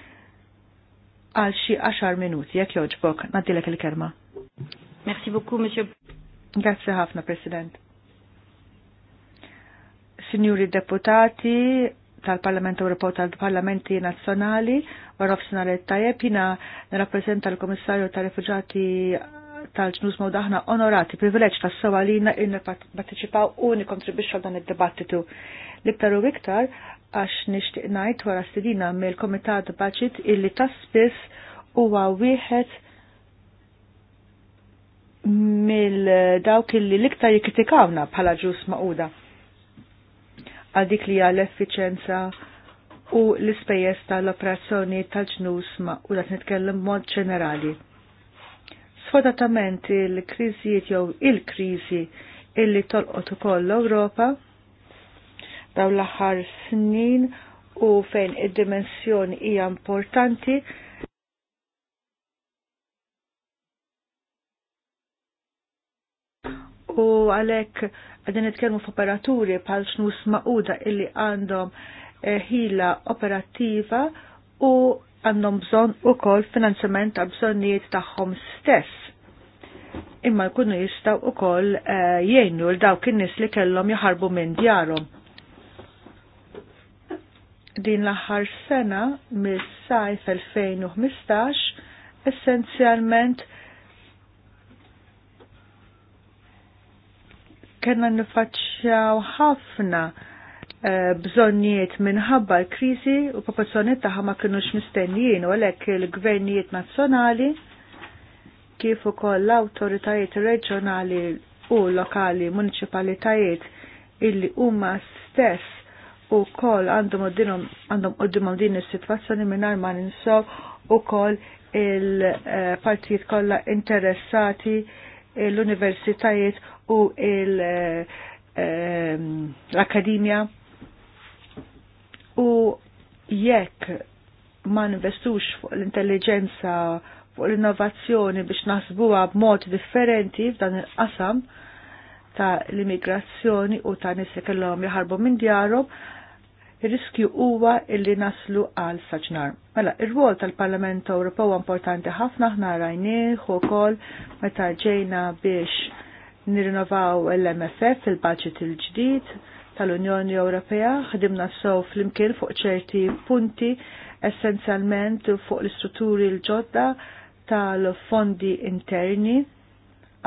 għal xi 10 minuti jekk joġbok nadilek il-kelma. Merci beaucoup, Monsieur. Grazie ħafna, President. Signori deputati tal-Parlament Ewropew tal-Parlamenti Nazzjonali, wara f'sinaret tajjeb jiena nirrappreżenta l-Komissarju tal-Rifuġati tal-ġnus aħna onorati, privileġ ta' s li jina in-partiċipaw u nikontribiċa dan id-debattitu. L-iktar u iktar għax nixtieq ngħid wara stidina mill-Komitat Baġit illi ta' u huwa wieħed mill-dawk illi l-iktar jikkritikawna bħala ġus maquda għal dik li l effiċenza u l-ispejjeż tal-operazzjoni tal-ġnus maquda nitkellem mod ġenerali. Sfortunatament il-kriżijiet jew il-kriżi illi tolqot ukoll l-Ewropa dawn l-aħħar snin u fejn id-dimensjoni hija importanti u għalek għadin nitkellmu f'operaturi bħal xnus maquda illi għandhom eh, ħila operattiva u għandhom bżon u kol finanzjament ta' bżonnijiet tagħhom stess. Imma jkunu jistaw u kol eh, jgħinu l-dawk in-nies li kellhom jaħarbu minn djarhom din l-aħħar sena mis-sajf 2015 essenzjalment kena nifaċċjaw ħafna e, eh, bżonniet minħabba l-krizi u proporzjoniet taħħa ma kienux mistennijin u għalhekk il-gvernijiet nazzjonali kif ukoll l-awtoritajiet reġjonali u lokali municipalitajiet illi huma stess u kol għandhom għandhom qoddimhom din is-sitwazzjoni mingħajr ma ninsaw ukoll il-partijiet kollha interessati l-universitajiet u l ehm, akademia u jekk ma ninvestux fuq l-intelligenza fuq l-innovazzjoni biex naħsbuha b'mod differenti f'dan il-qasam ta' l-immigrazzjoni u ta' nisse kellhom jħarbu minn djarhom, il-riskju huwa illi naslu għal saċnar. Mela, ir-rwol tal-Parlament Ewropew importanti ħafna ħna rajnieh ukoll meta ġejna biex nirrinnovaw l-MFF il-budget il-ġdid tal-Unjoni Ewropea, ħdimna sew flimkien fuq ċerti punti essenzjalment fuq l-istrutturi l-ġodda tal-fondi interni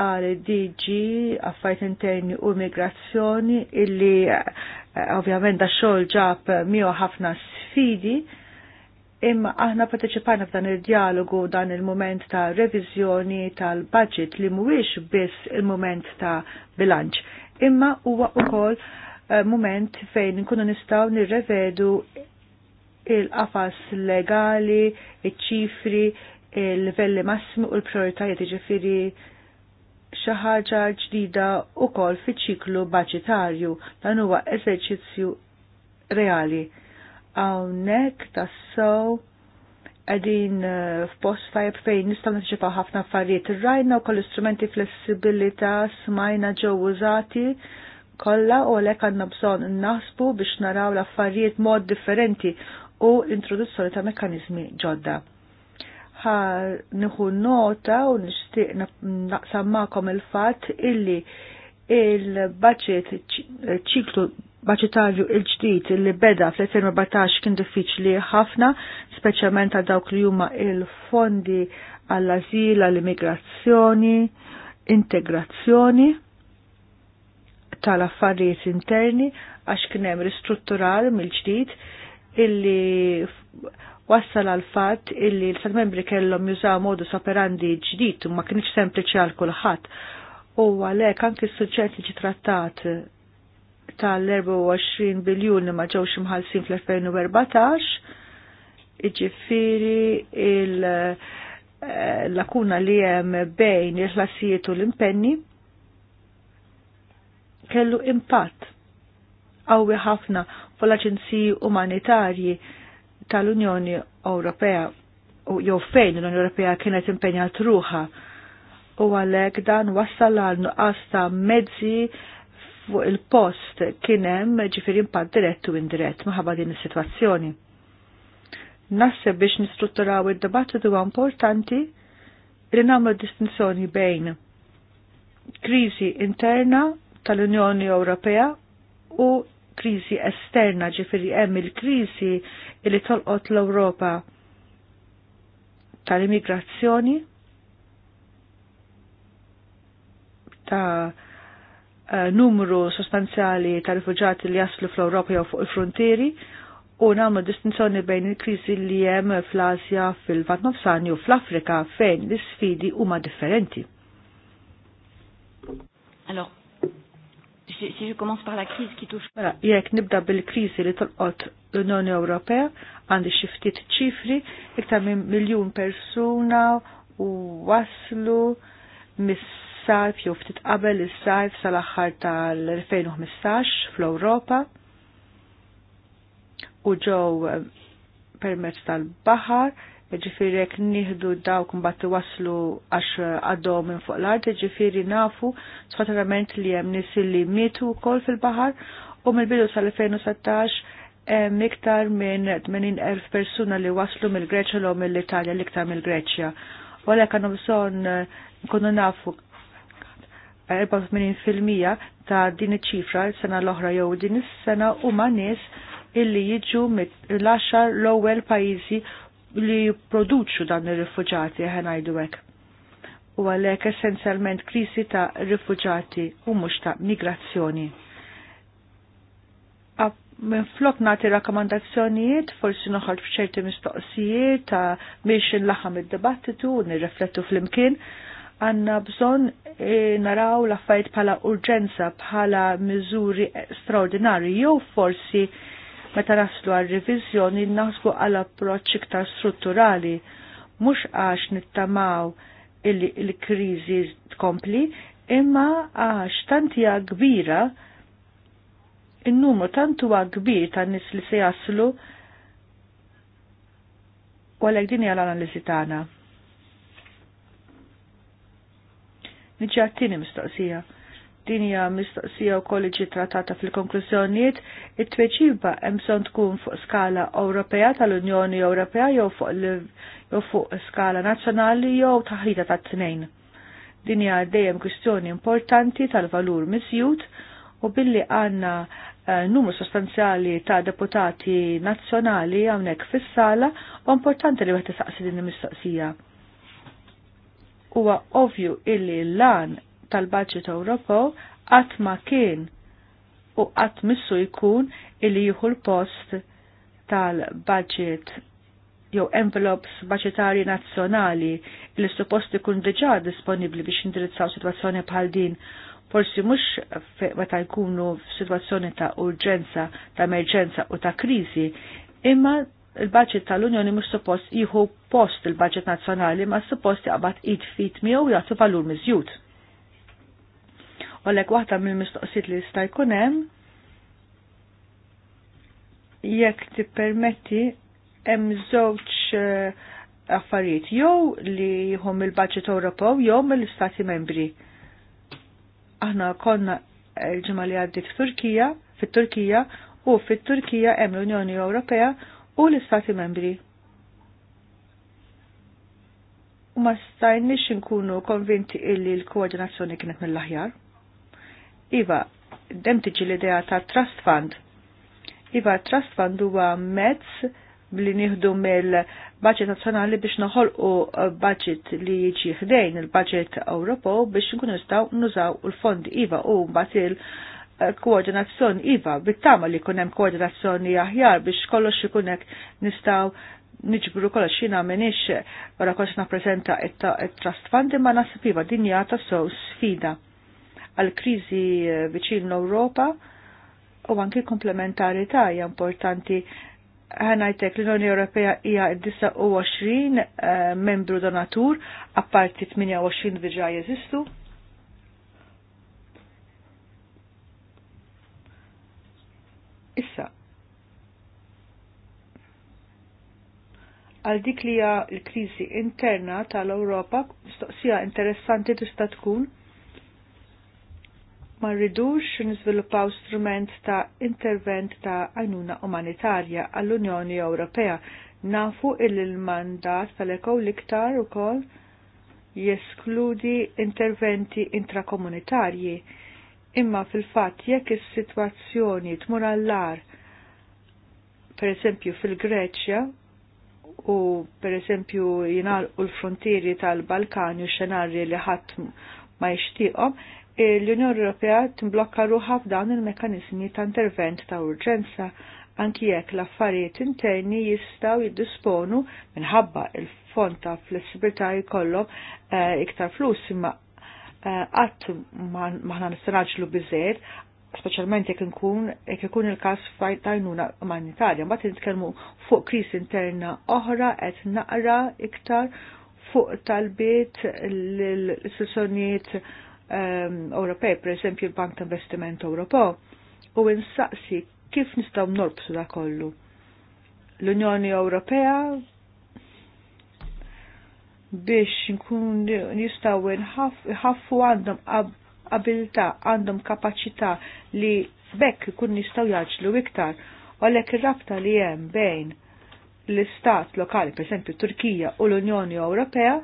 għal DG affajt interni u migrazzjoni illi eh, ovvjament da xogħol ġab miegħu ħafna sfidi imma aħna parteċipajna f'dan il-dialogu dan il-moment ta' reviżjoni tal-budget li mhuwiex biss il-moment ta' bilanċ imma huwa wkoll eh, moment fejn nkunu nistgħu nirrevedu il-qafas legali, iċ-ċifri, il-livelli massimi u l-prioritajiet ġifiri xi ħaġa ġdida wkoll fiċ-ċiklu baġitarju dan huwa eżerċizzju reali. Hawnhekk tassew qegħdin eh, f'post tajb fejn nistgħu niċċipaw ħafna affarijiet. Irrajna wkoll istrumenti flessibilità smajna ġew użati kollha u għalhekk għandna bżonn naħsbu biex naraw l-affarijiet mod differenti u l-introduzzjoni ta' mekkaniżmi ġodda ħar nħu nota u nishtiq naqsammakom il-fat illi il-budget ċiklu budgetarju il-ġdid li beda fl-2014 kien diffiċli ħafna, speċjalment għal dawk li huma il-fondi għall-azil, għall-immigrazzjoni, integrazzjoni tal-affarijiet interni għax kien hemm ristrutturar mill-ġdid illi wassal għal fat illi l sat membri kellhom jużaw modus operandi ġdid u ma kienx sempliċi għal kulħadd. U għalhekk anke s sujġet li ġitrattat trattat tal-24 biljun li ma ġewx imħallsin fl-2014, iġifiri il-lakuna eh, li hemm bejn il-ħlasijiet u l-impenni kellu impatt għawi ħafna fuq l-aġenziji umanitarji tal-Unjoni Ewropea u jew fejn l-Unjoni Ewropea kienet impenjat ruħa u għalhekk dan wassal għal nuqqas ta' mezzi fuq il-post kien hemm ġifieri impatt dirett u indirett maħabba din is-sitwazzjoni. Nasseb biex nistrutturaw id-dibattitu huwa importanti li nagħmlu distinzjoni bejn kriżi interna tal-Unjoni Ewropea u kriżi esterna ġifiri hemm il-kriżi illi tolqot l-Ewropa tal-immigrazzjoni ta' eh, numru sostanzjali ta' rifugjati li jaslu fl-Ewropa jew fuq il-frontieri u nagħmlu distinzjoni bejn il-kriżi li hemm fl-Asja, fil vatnofsani u fl-Afrika fejn l-isfidi huma differenti. Alors, si, je commence par la crise qui touche. Mela, jekk nibda bil-kriżi li tolqot l-Unjoni Ewropea għandi xi ftit ċifri iktar minn miljun persuna u waslu mis-sajf jew ftit qabel is-sajf sal-aħħar tal-2015 fl-Ewropa u ġew eh, permezz tal-baħar ġifiri jek nieħdu dawk mbagħad waslu għax għadhom minn fuq l-art, ġifiri nafu sfortunatament li hemm nisilli li mietu wkoll fil-baħar u mill-bidu sal-2016 hemm iktar minn 80,000 persuna li waslu mill-Greċja l mill-Italja l-iktar mill-Greċja. U għalhekk għandhom bżonn eh, nkunu nafu 84% ta' din iċ-ċifra l-sena l-oħra jew din is-sena huma nies illi jiġu mill axar l-ewwel pajjiżi li jipproduċu dan ir-rifuġati ħanajdu hekk. U għalhekk essenzjalment krisi ta' rifuġati u mhux ta' migrazzjoni. Minn flok nagħti rakkomandazzjonijiet, forsi noħol f'ċerti mistoqsijiet ta' biex inlaħam id-dibattitu u nirreflettu fl-imkien, għanna bżon e, eh, naraw laffajt bħala urġenza bħala miżuri straordinari jew forsi meta naslu għal revizjoni nasbu għal approċċ iktar strutturali, mhux għax nittamaw il-kriżi tkompli, imma għax tantija kbira in-numru tantu kbir tan nies li se jaslu u għalhekk din hija l-analiżi tagħna. Niġi għattini mistoqsija din hija mistoqsija wkoll ġi trattata fil-konklużjonijiet, it-tweġiba hemm tkun fuq skala Ewropea tal-Unjoni Ewropea jew fuq fuq skala nazzjonali jew taħlita tat-tnejn. Din hija dejjem kwistjoni importanti tal-valur misjut u billi għandna eh, numru sostanzjali ta' deputati nazzjonali hawnhekk fis-sala u importanti li wieħed isaqsi din il-mistoqsija. Huwa ovvju illi l-lan tal-Baġit Ewropew qatt ma kien u qatt missu jkun illi jieħu l-post tal-budget jew envelopes budgetari nazzjonali li suppost ikun diġà disponibbli biex indirizzaw sitwazzjoni bħal din forsi mhux meta jkunu f'sitwazzjoni ta' urġenza, ta' emerġenza u ta' kriżi, imma il-budget tal-Unjoni mhux suppost jieħu post il-budget nazzjonali ma suppost jaqbad id fit miegħu jagħtu valur miżjud. Għalek waħda mill-mistoqsit li jista' jkun hemm jekk tippermetti hemm żewġ eh, affarijiet jew li jhom il-Baġġet Ewropew jew mill-Istati Membri. Aħna konna l-ġimgħa li għaddi f'Turkija, fit-Turkija u fit-Turkija hemm l-Unjoni Ewropea u l-Istati Membri. U ma stajniex inkunu konvinti illi l-koordinazzjoni kienet mill-aħjar. Iva, dem tiġi l-idea ta' trust fund. Iva, trust fund huwa mezz li nieħdu mill-budget nazzjonali biex noħolqu uh, budget li jiġi ħdejn il-budget Ewropew biex nkunu nistgħu nużaw il-fondi iva u mbagħad il-koordinazzjoni uh, iva bit-tama li jkun hemm koordinazzjoni aħjar biex kollox ikun hekk nistgħu niġbru kollox xina minix wara kollox napprezenta it-trust fund imma nasib iva dinja ta' sew sfida għal kriżi eh, viċin l-Ewropa u anki komplementarità hija importanti ħanajtek l-Unjoni Ewropea hija 29 eh, membru donatur, apparti 28 diġà jeżistu. Issa. Għal dik li hija l-kriżi interna tal-Ewropa, mistoqsija interessanti tista' tkun ma rridux nizviluppaw strument ta' intervent ta' għajnuna umanitarja għall-Unjoni Ewropea. Nafu il-mandat tal-ekow liktar u kol jeskludi interventi intrakomunitarji. Imma fil-fat jekk is-sitwazzjoni tmur allar, per eżempju fil-Greċja, u per eżempju jinal u l-frontieri tal-Balkani u xenarji li ħadd ma jixtieqhom, l-Unjoni Ewropea timblokka ruħa f'dawn il-mekanizmi ta' intervent ta' urġenza anki jekk l-affarijiet interni jistgħu jiddisponu minħabba il-fond ta' flessibilità jkollhom eh, iktar flus imma eh, qatt eh, maħna nistanaġlu biżejjed speċjalment jekk ikun jekk ikun il-każ fajtajnuna umanitarja, mbagħad nitkellmu fuq kriż interna oħra qed naqra iktar fuq talbiet l-istituzzjonijiet Um, Ewropej, per esempio l-Bank Investiment Ewropo, u insaqsi kif nistgħu norbsu da kollu. L-Unjoni Ewropea biex nkun nistaw nħaffu għandhom abilta, għandhom kapacità li bekk kun nistaw jaġlu iktar. u Għalek il-rabta li jem bejn l-istat lokali, per esempio Turkija u l-Unjoni Ewropea,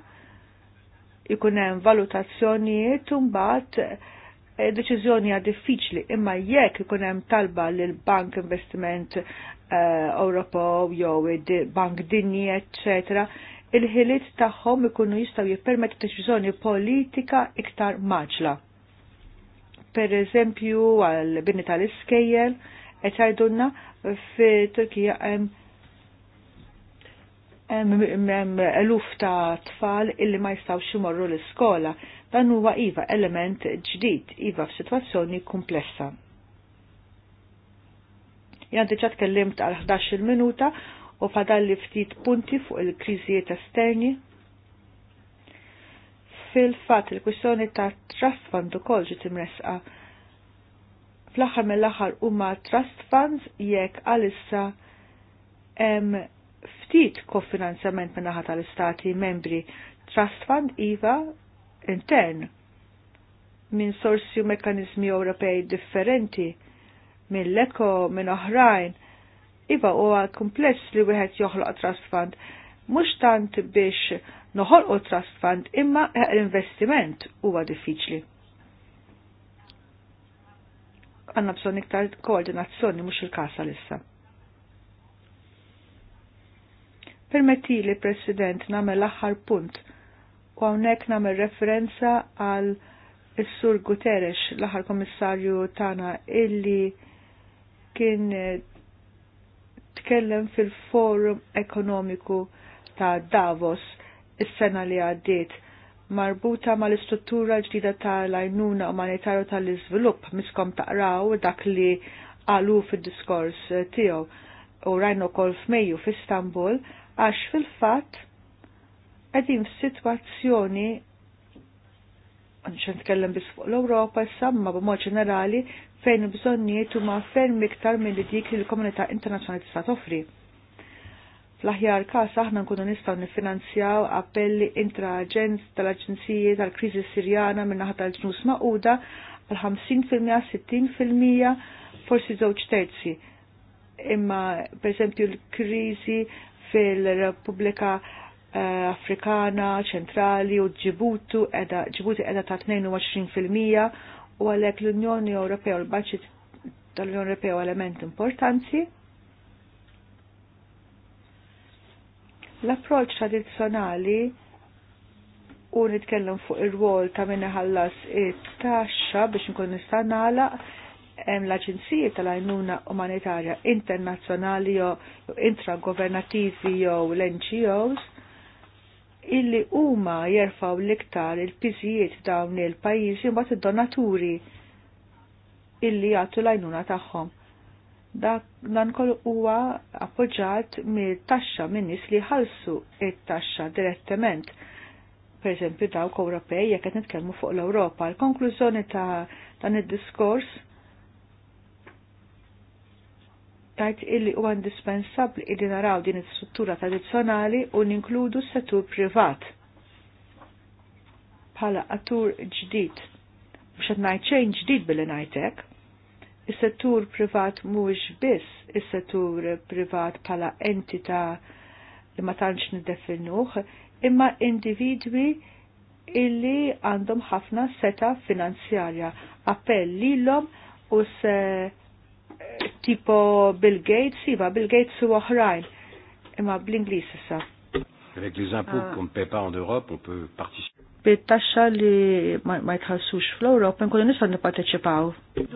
ikun hemm valutazzjonijiet u mbagħad eh, deċiżjoni għad diffiċli imma jekk ikun hemm talba l bank investiment Europo eh, jew bank dinji etc. il-ħiliet tagħhom ikunu jistgħu jippermettu deċiżjoni politika iktar maġla. Per eżempju għal bini tal-iskejjel, qed jgħidulna fi Turkija hemm eluf ta' tfal illi ma jistgħux imorru l-iskola. Dan huwa iva element ġdid, iva f'sitwazzjoni komplessa. Jan diġa tkellimt għal 11 minuta u fadalli ftit punti fuq il-kriżijiet esterni. Fil-fat il-kwistjoni ta' trust fund ukoll ġiet imresqa. Fl-aħħar mill-aħħar huma trust funds jekk għalissa hemm ftit kofinanzjament minn naħa tal-istati membri Trust Fund IVA intern minn sorsi u mekkanizmi Ewropej differenti minn l-eko minn oħrajn iva huwa kumpless li wieħed joħloq trust fund mhux tant biex noħolqu trust fund imma l-investiment huwa diffiċli. Għanna bżonn iktar koordinazzjoni mhux il-kasa lissa. Permetti li President namel aħħar punt u għawnek namel referenza għal il-Sur Guterres, l-aħħar komissarju tana, illi kien eh, tkellem fil-forum ekonomiku ta' Davos is-sena li għaddiet marbuta mal istruttura ġdida tal-għajnuna umanitarju tal-izvilupp miskom taqraw dak li għalu fil-diskors tiegħu u rajnu kol f'Mejju f'Istanbul għax fil-fatt qegħdin f'sitwazzjoni għanċan tkellem bis fuq l-Europa, samma b'mod ġenerali fejn bżonniet huma ferm iktar minn li dik li l-komunità internazzjonali tista' toffri. Fl-aħjar każ aħna nkunu nistgħu niffinanzjaw appelli intra-aġenz tal aġenzijiet tal-kriżi Sirjana minn naħa tal-ġnus maquda għal 50%, 60% forsi żewġ terzi. Imma pereżempju l-kriżi fil-Repubblika eh, Afrikana ċentrali u Ġibutu edha Ġibuti edha ta' 22% u għalhekk l-Unjoni Ewropea u l-Baċit tal-Unjoni Ewropea element importanti. L-approċ tradizzjonali u nitkellem fuq ir-rwol ta' minna ħallas it-taxxa biex nkun nista' nagħlaq hemm l-Aġenziji tal-Għajnuna Umanitarja Internazzjonali jew intragovernativi jew l-NGOs illi huma jerfaw l-iktar il-piżijiet dawn il-pajjiżi mbagħad id-donaturi illi jagħtu l-għajnuna tagħhom. Dak dan kollu huwa appoġġjat mit-taxxa minn nies li ħalsu it-taxxa direttament per esempio dawk Ewropej jekk qed nitkellmu fuq l-Ewropa. L-konklużjoni ta' dan id-diskors tajt illi u indispensabli illi naraw din is-struttura tradizzjonali u ninkludu settur privat Pala attur ġdid. Mux ngħid xejn ġdid billi ngħidlek. Is-settur privat mhuwiex biss is-settur privat bħala entità li ma tantx niddefinuh, imma individwi illi għandhom ħafna seta finanzjarja. Appell lilhom u se tipo Bill Gates, iva Bill Gates u oħrajn, imma bl-Inglis issa. Avec les impôts ah. qu'on ne paie pas en Europe, on peut participer. Bit-taxxa li ma jitħassux fl-Ewropa nkunu nistgħu nipparteċipaw.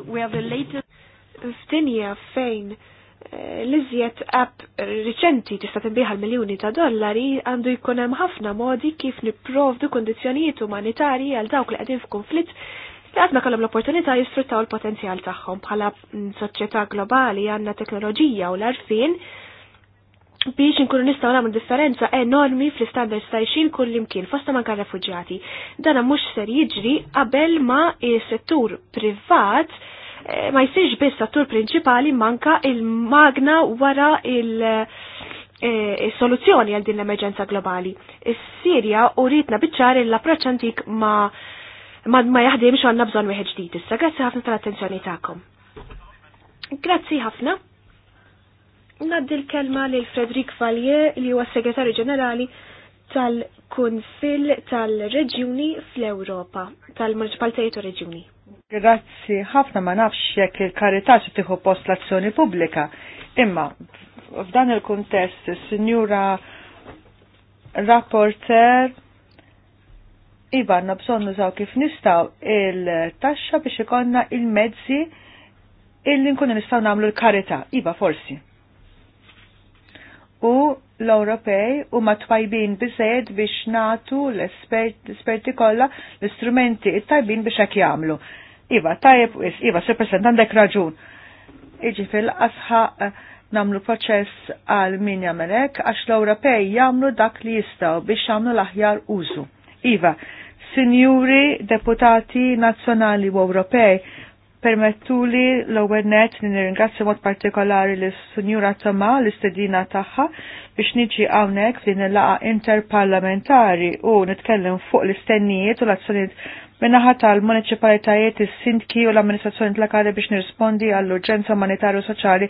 We have the latest f'dinja fejn eh, l-iżjed app riċenti tista' tinbiħal miljuni ta' dollari għandu jkun hemm ħafna modi kif nipprovdu kondizzjonijiet umanitarji għal dawk li qegħdin f'konflitt li għadna kellhom l-opportunità jisfruttaw l potenzjal tagħhom bħala soċjetà globali għandna teknoloġija u l-arfin biex inkunu nistgħu nagħmlu differenza enormi fl-istandards ta' ixin kull imkien fosta manka refuġjati. Dan mhux ser jiġri qabel ma s-settur privat eh, ma jsirx biss settur prinċipali manka il-magna wara il- eh, soluzzjoni għal din l-emerġenza globali. Is-Sirja u ritna biċċar l-approċċ antik ma' ma, ma jaħdimx għanna bżon wieħed ġdid issa. Grazzi ħafna tal-attenzjoni tagħkom. Grazzi ħafna. Naddi l-kelma lil Fredrik Valje li huwa segretarju ġenerali tal-Kunfil tal-Reġjuni fl-Ewropa, tal-Municipalitajiet u Reġjuni. Grazzi ħafna ma nafx jekk il-karità se tieħu post l-azzjoni pubblika. Imma f'dan il-kuntest, sinjura rapporter Iva, għanna zaw nużaw kif nistaw il-taxxa biex ikonna il-mezzi illi nkunu nistaw namlu l-karita. Iva, forsi. U l-Ewropej u matwajbin bizzed biex natu l-esperti kolla l-istrumenti it-tajbin biex għak jamlu. Iva, tajb, iva, se għandek raġun. Iġi fil-asħa eh, namlu proċess għal min jamelek għax l-Ewropej jamlu dak li jistaw biex jamlu l-aħjar użu. Iva, Sinjuri deputati nazzjonali u Ewropej, permettuli l-ewwel li nirringrazzja mod partikolari lis signura Tama l-istedina tagħha biex niġi hawnhekk f'din il interparlamentari u nitkellem fuq l-istennijiet u l-azzjonijiet minnaħa tal-municipalitajiet, is-sindki u l-amministrazzjoni tlakali biex nirrispondi għall-urġenza umanitarju soċjali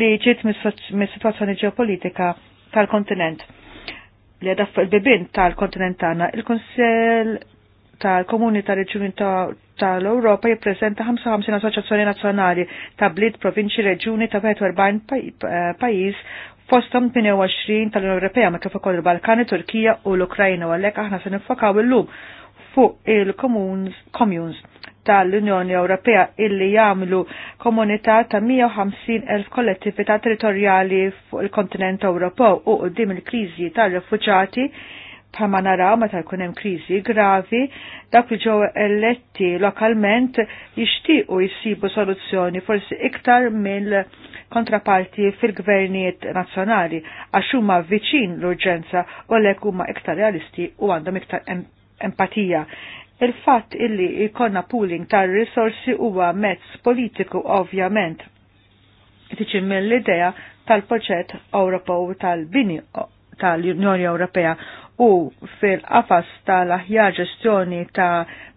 li ġiet mis-sitwazzjoni ġeopolitika tal-kontinent li għadha fuq il-bibin tal kontinentana il konsell tal-Komuni tal-Reġjuni tal-Ewropa jippreżenta 55 assoċjazzjoni nazzjonali ta' bliet, provinċi, reġjuni ta' 41 eh, pajjiż fostom 28 tal-Unjoni Ewropea ma kif ukoll il-Balkani, Turkija u l-Ukrajna u għalhekk aħna se nifokaw illum fuq il-communes tal-Unjoni Ewropea illi jagħmlu komunità ta' 150,000 kollettività territorjali fuq il-kontinent Ewropew u qudiem il-kriżi tar-refuġati bħalma naraw meta jkun hemm kriżi gravi, dak li ġew eletti lokalment jixtiequ jsibu soluzzjoni forsi iktar mill kontraparti fil-gvernijiet nazzjonali għax huma viċin l-urġenza u lek huma iktar realisti u għandhom iktar empatija. Il-fatt illi ikonna pooling tar-risorsi huwa mezz politiku ovvjament. Tiġi mill-idea tal poċet Ewropew tal-bini tal-Unjoni Ewropea u fil-qafas tal-aħjar ġestjoni ta'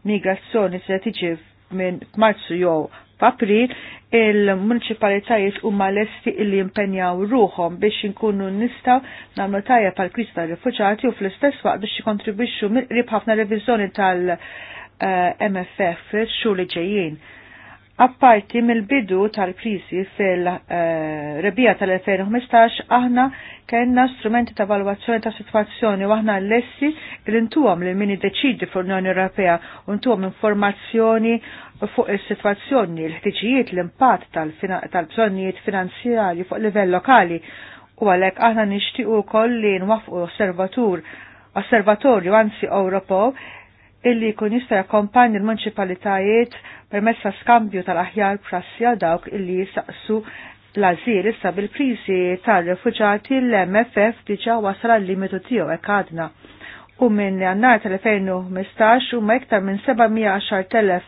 migrazzjoni se tiġi minn Marzu jew papri il-municipalitajiet huma lesti illi jimpenjaw ruhom biex inkunu nistaw nagħmlu tajja pal kriż tal-rifuġati u fl-istess waqt biex jikontribwixxu mill-qrib ħafna reviżjoni tal-MFF xhur li ġejjin. Apparti mill-bidu tal-krisi fil-rebija tal-2015, aħna kellna strumenti ta' valwazzjoni ta' situazzjoni u aħna l-lessi l-intuwam l-mini deċidi fl-Unjoni Ewropea, untuwam informazzjoni fuq is-sitwazzjoni, l-ħtiġijiet, l-impatt tal-bżonnijiet finanzjali fuq livell lokali u għalhekk aħna nixtiequ wkoll li nwafqu osservatur osservatorju anzi Ewropew illi jkun jista' jakkompanja l-munċipalitajiet permezz ta' skambju tal-aħjar prassi għal dawk illi jistaqsu l-azil issa bil-kriżi tar-refuġati l-MFF diġà wasal l limitu tiegħu hekk għadna u minn jannar tal-2015 u ma iktar minn 710.000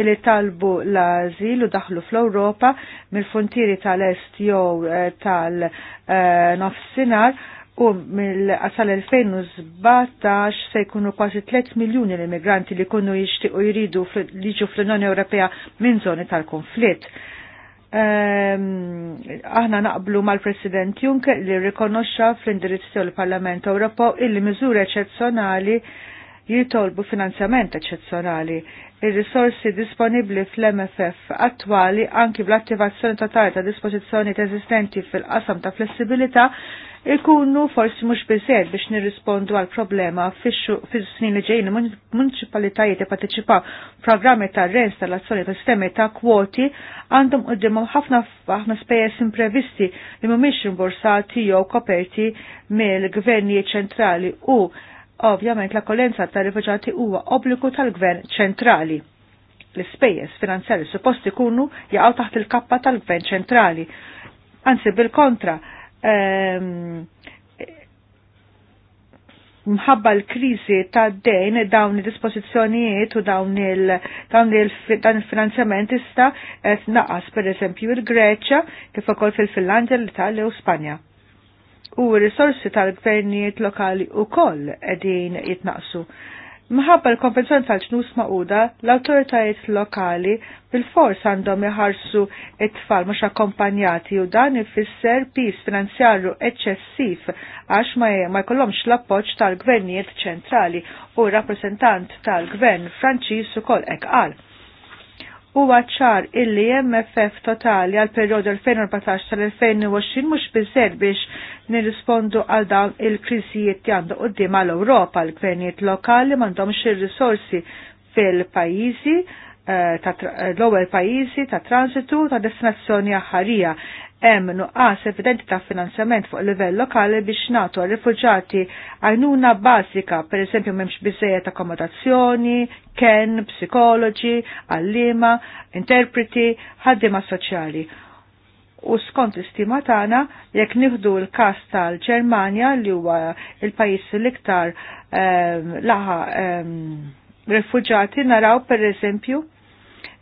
illi talbu l-azil u daħlu fl-Europa mill-funtieri tal-Est jew eh, tal-Nofsinar eh, u mill-qasal 2017 se jkunu kważi 3 miljuni l-immigranti li kunu jixtiequ jridu liġu fl-Unjoni Ewropea minn zoni tal-konflitt Ehm, aħna naqblu mal-President Juncker li rikonoxxa fl-indirizz tal-Parlament Ewropew illi miżuri eċezzjonali jitolbu finanzjament eċezzjonali. Ir-risorsi disponibbli fl-MFF attwali anki bl-attivazzjoni totali ta' dispożizzjoni eżistenti fil-qasam ta' flessibilità ikunu forsi mhux biżgħet biex nirrispondu għal problema fis-snin li ġejjin municipalitajiet munċipalitajiet jipparteċipaw programmi ta' reinstallazzjoni ta' sistemi ta' kwoti għandhom qudiemhom ħafna ħafna spejjeż imprevisti li mhumiex imborsati jew koperti mill-gvernijiet ċentrali u ovvjament l-akkolenza ta' rifuġati huwa obbligu tal-gvern ċentrali l-ispejjeż finanzjari suppost ikunu jaqgħu taħt il-kappa tal-Gvern ċentrali. Anzi bil-kontra, Ehm, mħabba l-krizi ta' d-dejn dawn il-dispozizjonijiet u dawn il-finanzjament ista' naqas per eżempju il-Greċja kif ukoll fil-Finlandja, l-Italja u Spanja. U r-risorsi tal-gvernijiet lokali u koll edin jitnaqsu. Mħabba l-konvenzjoni tal-ġnus maquda, l-autoritajiet lokali bil-fors għandhom iħarsu it-tfal mhux akkompanjati u dan ifisser pis finanzjarru eċċessiv għax ma jkollhomx l-appoġġ tal-gvernijiet ċentrali u rappresentant tal-gvern Franċiż ukoll hekk qal huwa ċar illi MFF totali għal perjodu 2014 tal-2020 mhux biżżejjed biex nirrispondu għal dawn il-kriżijiet li għandu quddiem għal Ewropa l-gvernijiet lokali m'għandhomx ir-risorsi fil-pajjiżi eh, l-ewwel pajjiżi ta' transitu ta' destinazzjoni aħħarija hemm nuqqas evidenti ta' finanzjament fuq livell lokali biex nagħtu għar-rifuġati għajnuna bażika, pereżempju m'hemmx biżejjed akkomodazzjoni, ken, psikoloġi, għallima, interpreti, ħaddiema soċjali. U skont l-istima tagħna, jekk nieħdu l-każ tal-Ġermanja li huwa l-pajjiż l-iktar ehm, laħa ehm, rifuġati naraw pereżempju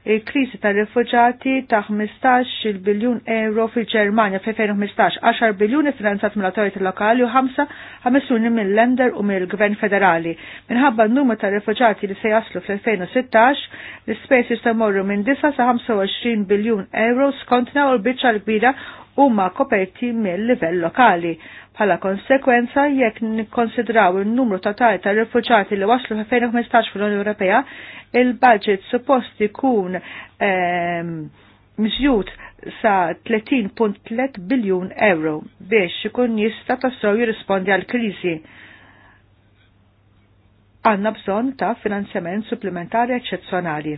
il krisi tal rifuġati ta' 15 biljun euro fil-Ġermanja fil-2015, 10 biljuni finanzat mill-autoriti lokali u 5 ħamissuni mill-lender u mill-Gvern federali. Minħabba n-numru ta' rifuġati li se jaslu fil-2016, l-ispejs jistamorru minn 9 sa' 25 biljun euro skontna u l-bicċa l-kbira huma koperti mill-livell lokali. Bħala konsekwenza jekk nikkonsidraw il-numru totali ta' rifuġati li waslu fe 2015 fl-Unjoni Ewropea, il-budget suppost ikun mżjut ehm, sa 30.3 biljun euro biex ikun jista' tassew jirrispondi għal kriżi. Għanna bżonn ta' finanzjament supplementari eccezzjonali.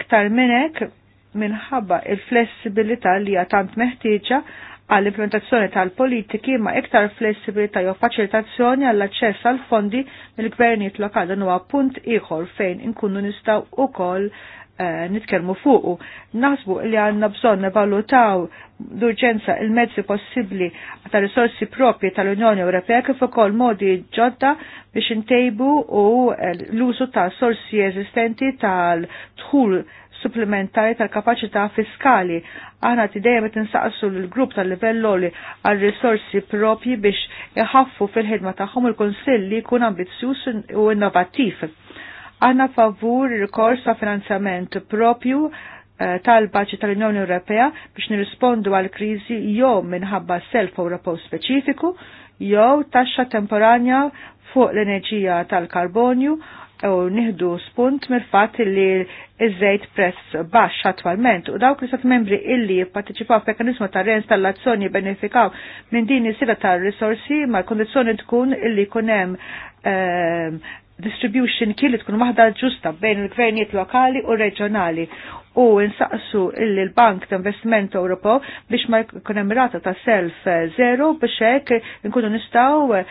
Iktar minn hekk minħabba il-flessibilità li hija tant meħtieġa għall-implementazzjoni tal-politiki ma' iktar flessibilità jew faċilitazzjoni għall-aċċess għal fondi mill-gvernijiet lokali dan huwa punt ieħor fejn inkunu nistgħu ukoll eh, nitkellmu fuqu. Naħsbu li għandna bżonn nevalutaw urġenza il-mezzi possibbli ta' risorsi propri tal-Unjoni Ewropea kif ukoll modi ġodda biex intejbu u l-użu ta' sorsi eżistenti tal-dħul supplementari tal-kapacità fiskali. Aħna tidejjem qed insaqsu l-grupp tal-livelloli għal risorsi propji biex jħaffu fil-ħidma tagħhom il konsill li jkun ambizjus u innovattiv. Aħna favur rikors ta' finanzjament propju eh, tal-baċi tal-Unjoni Ewropea biex nirrispondu għal kriżi jew minħabba self Ewropew speċifiku jew taxxa temporanja fuq l-enerġija tal-karbonju u nieħdu spunt mill-fatt li iż-żejt press baxx attualment u dawk li sat membri illi jipparteċipaw f'mekanizmu ta' reinstallazzjoni jibbenefikaw minn din is-sira ta' risorsi ma' kondizzjoni tkun illi jkun hemm ehm, distribution kien tkun waħda ġusta bejn il-gvernijiet lokali u reġjonali u insaqsu il-Bank ta' Investiment Europo biex ma jkun hemm rata ta' self zero biex hekk nkunu nistgħu eh,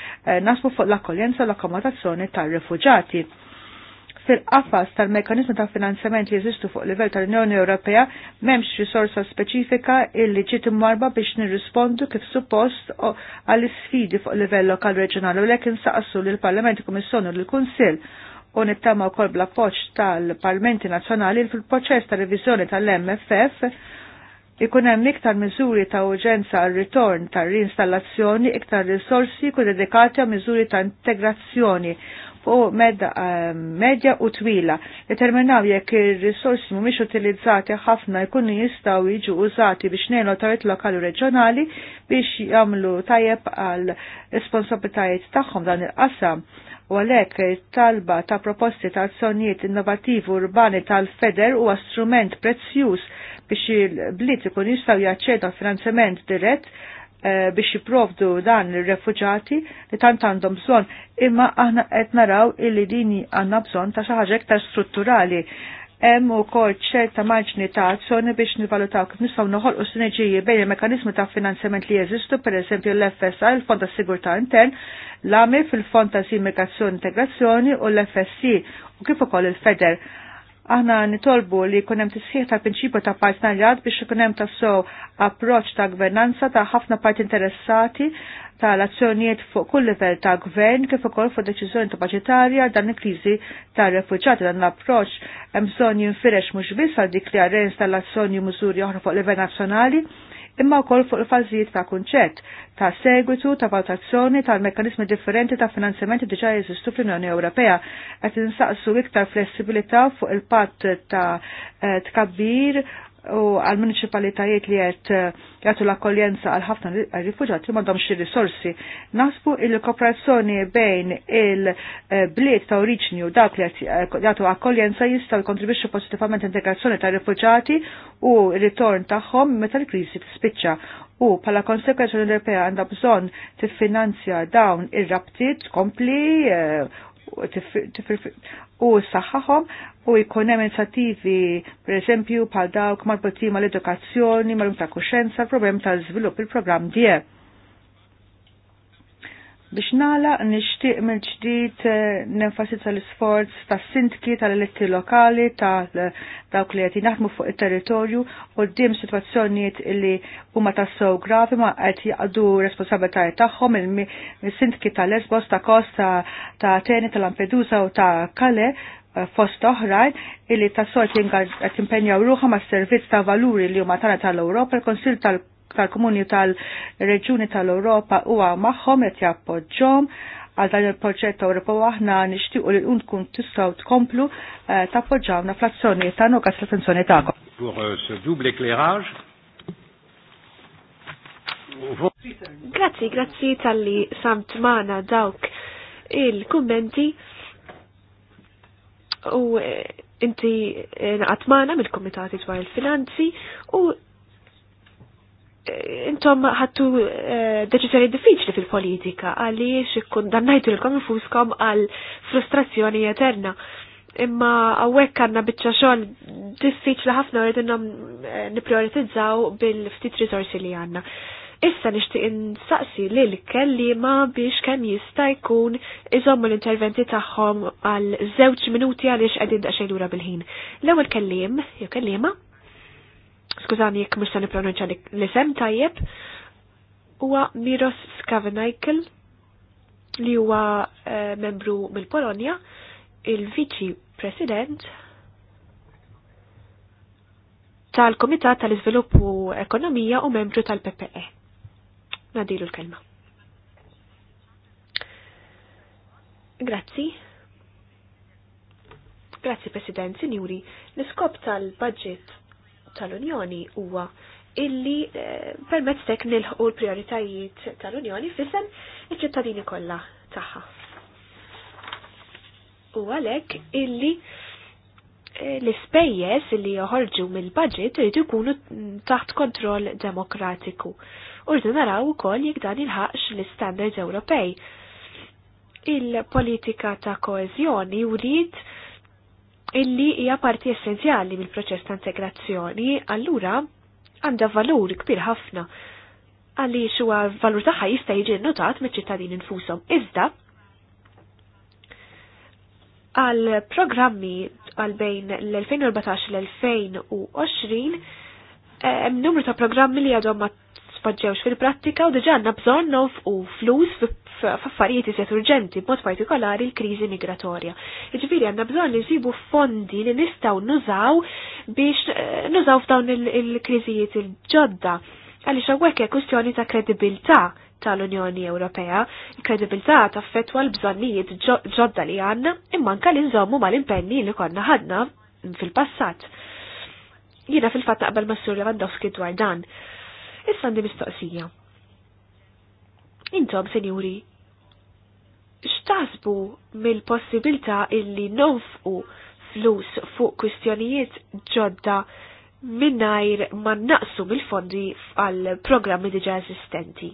nasbu fuq l-akkoljenza u l-akkomodazzjoni tar-refuġati fil-qafas tal-mekanizmu ta' finanzjament li jeżistu fuq livell tal-Unjoni Ewropea m'hemmx risorsa speċifika illi ġiet imwarba biex nirrispondu kif suppost għall sfidi fuq livell lokal reġjonali u lekin saqsu lill parlament Kummissjoni u l-Kunsill u nittama wkoll bl-appoġġ tal-Parlamenti Nazzjonali fil-proċess ta' reviżjoni tal-MFF ikun hemm iktar miżuri ta' urġenza għal ritorn tar reinstallazzjoni iktar risorsi kun dedikati għal miżuri ta' integrazzjoni fuq eh, medja u twila. Determinaw jekk ir-risorsi mhumiex utilizzati ħafna jkunu jistgħu jiġu użati biex ngħinu tariet lokali u reġjonali biex jagħmlu tajjeb għal responsabilitajiet tagħhom dan il-qasam u għalek talba ta' proposti ta' azzjonijiet innovativi urbani tal-feder u strument prezzjuż biex il-blit ikun jistaw jaċċeda finanzjament dirett Eh, biex jiprovdu dan il-refuġati li tant għandhom bżonn, imma aħna qed naraw illi dini għandna bżonn ta' xi ħaġa iktar strutturali. Hemm ukoll ċerta marġni ta' azzjoni biex nivalutaw kif nistgħu noħolqu sinerġiji bejn il-mekanizmi ta' finanzjament li jeżistu, pereżempju l-FSA, il-Fond ta' Sigurtà Intern, l-AMI fil-Fond ta' Simikazzjoni e Integrazzjoni u l-FSC u kif ukoll il-Feder Aħna nitolbu li jkun hemm sħiħ tal-prinċipju ta' partnerjat biex ikun hemm so approċċ ta' gvernanza ta' ħafna parti interessati tal-azzjonijiet fuq kull livell ta' gvern kif ukoll fuq deċiżjoni ta' budġetarja dan il-kriżi ta' refuġjati dan l-approċċ hemm bżonn jinfirex mhux biss għal dik li għal reinstallazzjoni mużuri oħra fuq livell nazzjonali imma wkoll fuq il fazijiet ta' kunċett, ta' segwitu, ta' valutazzjoni, tal-mekkanizmi differenti ta' finanzjamenti diġà jeżistu fl-Unjoni Ewropea. Qed insaqsu iktar flessibilità fuq il-patt ta' eh, tkabbir u għal municipalitajiet li qed eh, jagħtu l-akkoljenza għal ħafna rifugġati ma m'għandhomx il risorsi Nasbu il kooperazzjoni bejn il-bliet ta' oriġni u dawk li qed eh, jagħtu akkoljenza jistaw jkontribwixxu pozitivament integrazzjoni ta' rifugġati u ritorn tagħhom meta l-kriżi tispiċċa u pala konsekwenza l għanda għandha bżonn tiffinanzja dawn ir-rabtiet kompli eh, u s saħħaħom u jkun hemm inizjattivi pereżempju bħal dawk marbutin mal-edukazzjoni, mal-lum ta' kuxenza, problem ta' żvilupp il-programm DIE Biex nala nixtieq mill ġdid eh, nenfasizza l-isforz tas sintki tal-eletti lokali ta' eh, dawk li qed jinaħdmu fuq it-territorju u d-dim situazzjonijiet li huma tassew gravi ma qed jaqdu responsabilità tagħhom il-sintki tal-Lesbos ta' Kosta ta' Teni ta' Lampedusa u ta' Kale eh, fost oħrajn illi ta' sort jimpenjaw ruħa ma' servizz ta' valuri li huma tana tal tal-Komuni tal-Reġuni tal-Europa huwa magħhom qed jappoġġhom għal dan il-proġett Ewropew aħna nixtiequ li nkun tkun tistgħu tkomplu eh, tappoġġawna fl-azzjonijiet tagħna u kas-attenzjoni tagħkom. Pour euh, ce double éclairage. Grazzi, grazzi tal-li samt mana dawk il-kummenti u eh, inti eh, naqatmana mill-Komitati dwar il-Finanzi u intom ħattu eh, deċizjoni diffiċli fil-politika għaliex ikkundannajtu l konfuskom infuskom għal frustrazzjoni eterna. Imma għawek għanna bieċa xol diffiċli ħafna u rridinnom eh, niprioritizzaw bil-ftit risorsi li għanna. Issa nishtiq insaqsi li l-kelli ma biex kem jista' jkun iżommu l-interventi tagħhom għal żewġ minuti għaliex qegħdin għedin lura bil-ħin. L-ewwel kellim, jew kellima, skużani jekk mhux se nippronunċja l-isem tajjeb, huwa Miros Skavenajkel li huwa eh, membru mill-Polonja, il-Viċi President tal-Komitat tal-Iżvilupp u Ekonomija u membru tal-PPE. Nadilu l-kelma. Grazzi. Grazzi President, Sinjuri, l-iskop tal-budget tal-Unjoni huwa illi eh, permezz tek nilħu l-prioritajiet tal-Unjoni fisem iċ-ċittadini kollha tagħha. U għalhekk illi eh, l-ispejjeż li joħorġu mill-budget irid ikunu taħt kontroll demokratiku. Urdu naraw ukoll jekk dan ilħaqx l-istandards Ewropej. Il-politika ta' koeżjoni wrid illi hija parti essenzjali mill-proċess ta' integrazzjoni, allura għandha valur kbir ħafna għaliex huwa valur tagħha jista' jiġi nnotat miċ-ċittadin infushom. Iżda għal programmi għal bejn l-2014 l-2020 eh, hemm numru ta' programmi li għadhom ma jitpoġġewx fil-prattika u diġa għandna bżonn u flus f'affarijiet iżjed urġenti b'mod partikolari l-kriżi migratorja. Jiġifieri għandna bżonn li nsibu fondi li nistgħu nużaw biex eh, nużaw f'dawn il-kriżijiet il-ġodda. Għaliex hawnhekk hija ta' kredibilità tal-Unjoni Ewropea, il-kredibilità fetwa l-bżonnijiet ġodda li għanna, immanka li nżommu mal-impenni li konna ħadna fil-passat. Jiena fil-fat naqbel Massur Lewandowski dwar dan. Issa għandi mistoqsija. Intom, senjuri, x'taħsbu mill-possibilità illi nofqu flus fuq kwistjonijiet ġodda minnajr ma naqsu mill-fondi għal programmi diġa esistenti.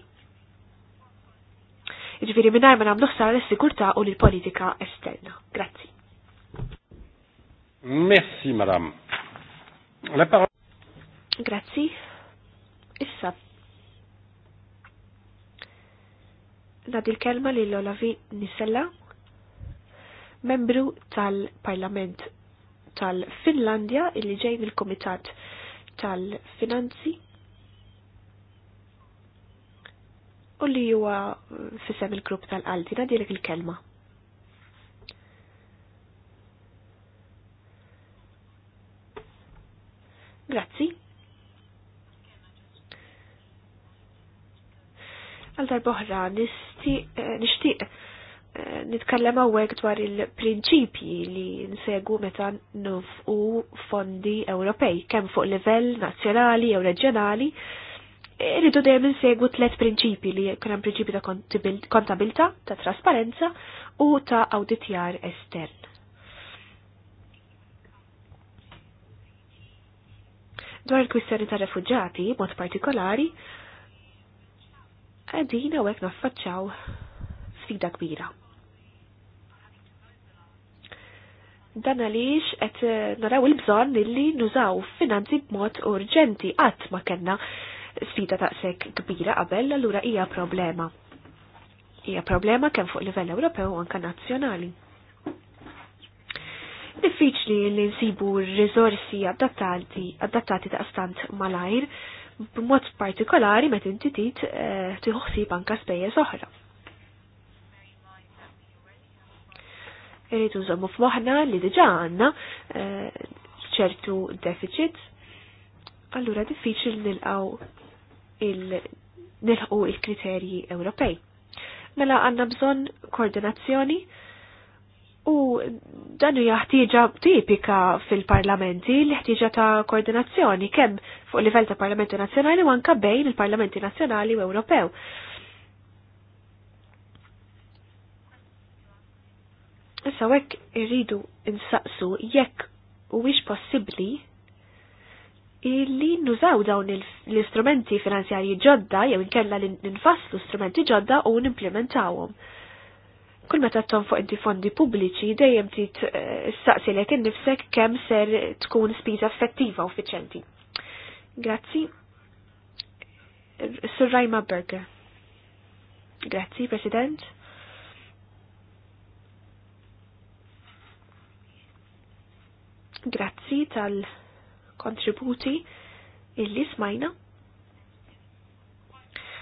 Iġviri minnajr ma namlu ħsara l-sigurta u l-politika esterna. Grazzi. Merci, madam. Grazzi. Issa, nad il-kelma li l-Olavi Nisella, membru tal-Parlament tal-Finlandja illi ġej mill-Komitat tal-Finanzi u li huwa fisem il-grupp tal-Aldi, nadilek il-kelma. Grazzi. Għal darboħra nixtieq eh, eh, nitkellem hawnhekk dwar il-prinċipji li nsegu meta nufqu fondi Ewropej, kemm fuq livell nazzjonali jew reġjonali. Rridu dejjem insegwu tliet prinċipji li kien hemm prinċipji ta' kontabilità, ta' trasparenza u ta' awditjar estern. Dwar il-kwistjoni ta' refugġati, mod partikolari, għadin għawek naffaċċaw sfida kbira. Dan għaliex qed eh, naraw il-bżonn illi nużaw finanzi b'mod urġenti qatt ma kellna sfida taqsek kbira qabel allura hija problema. Hija problema kemm fuq livell Ewropew u anke nazzjonali. Diffiċli li nsibu r rizorsi adattati adattati ta' stant malajr b'mod partikolari meta inti tit eh, tiħossib anka spejjeż oħra. Irritu nżommu f'moħħna li diġà għandna eh, ċertu deficit, allura diffiċil nilqaw il nilħu il-kriterji Ewropej. Mela għandna bżonn koordinazzjoni U dan hija ħtieġa tipika fil-parlamenti li ħtieġa ta' koordinazzjoni kemm fuq livell ta' Parlamenti Nazzjonali u anke bejn il-Parlamenti Nazzjonali u Ewropew. Issa hekk irridu nsaqsu jekk huwiex possibbli illi nużaw dawn l-istrumenti finanzjarji ġodda jew inkella li nfasslu strumenti ġodda u nimplementawhom. implementawhom Kull meta tom fuq inti fondi pubbliċi dejjem trid issaqsi eh, lek innifsek kemm ser tkun spiża effettiva u effiċenti. Grazzi. Sir Raima Berger. Grazzi, President. Grazzi tal-kontributi illi smajna.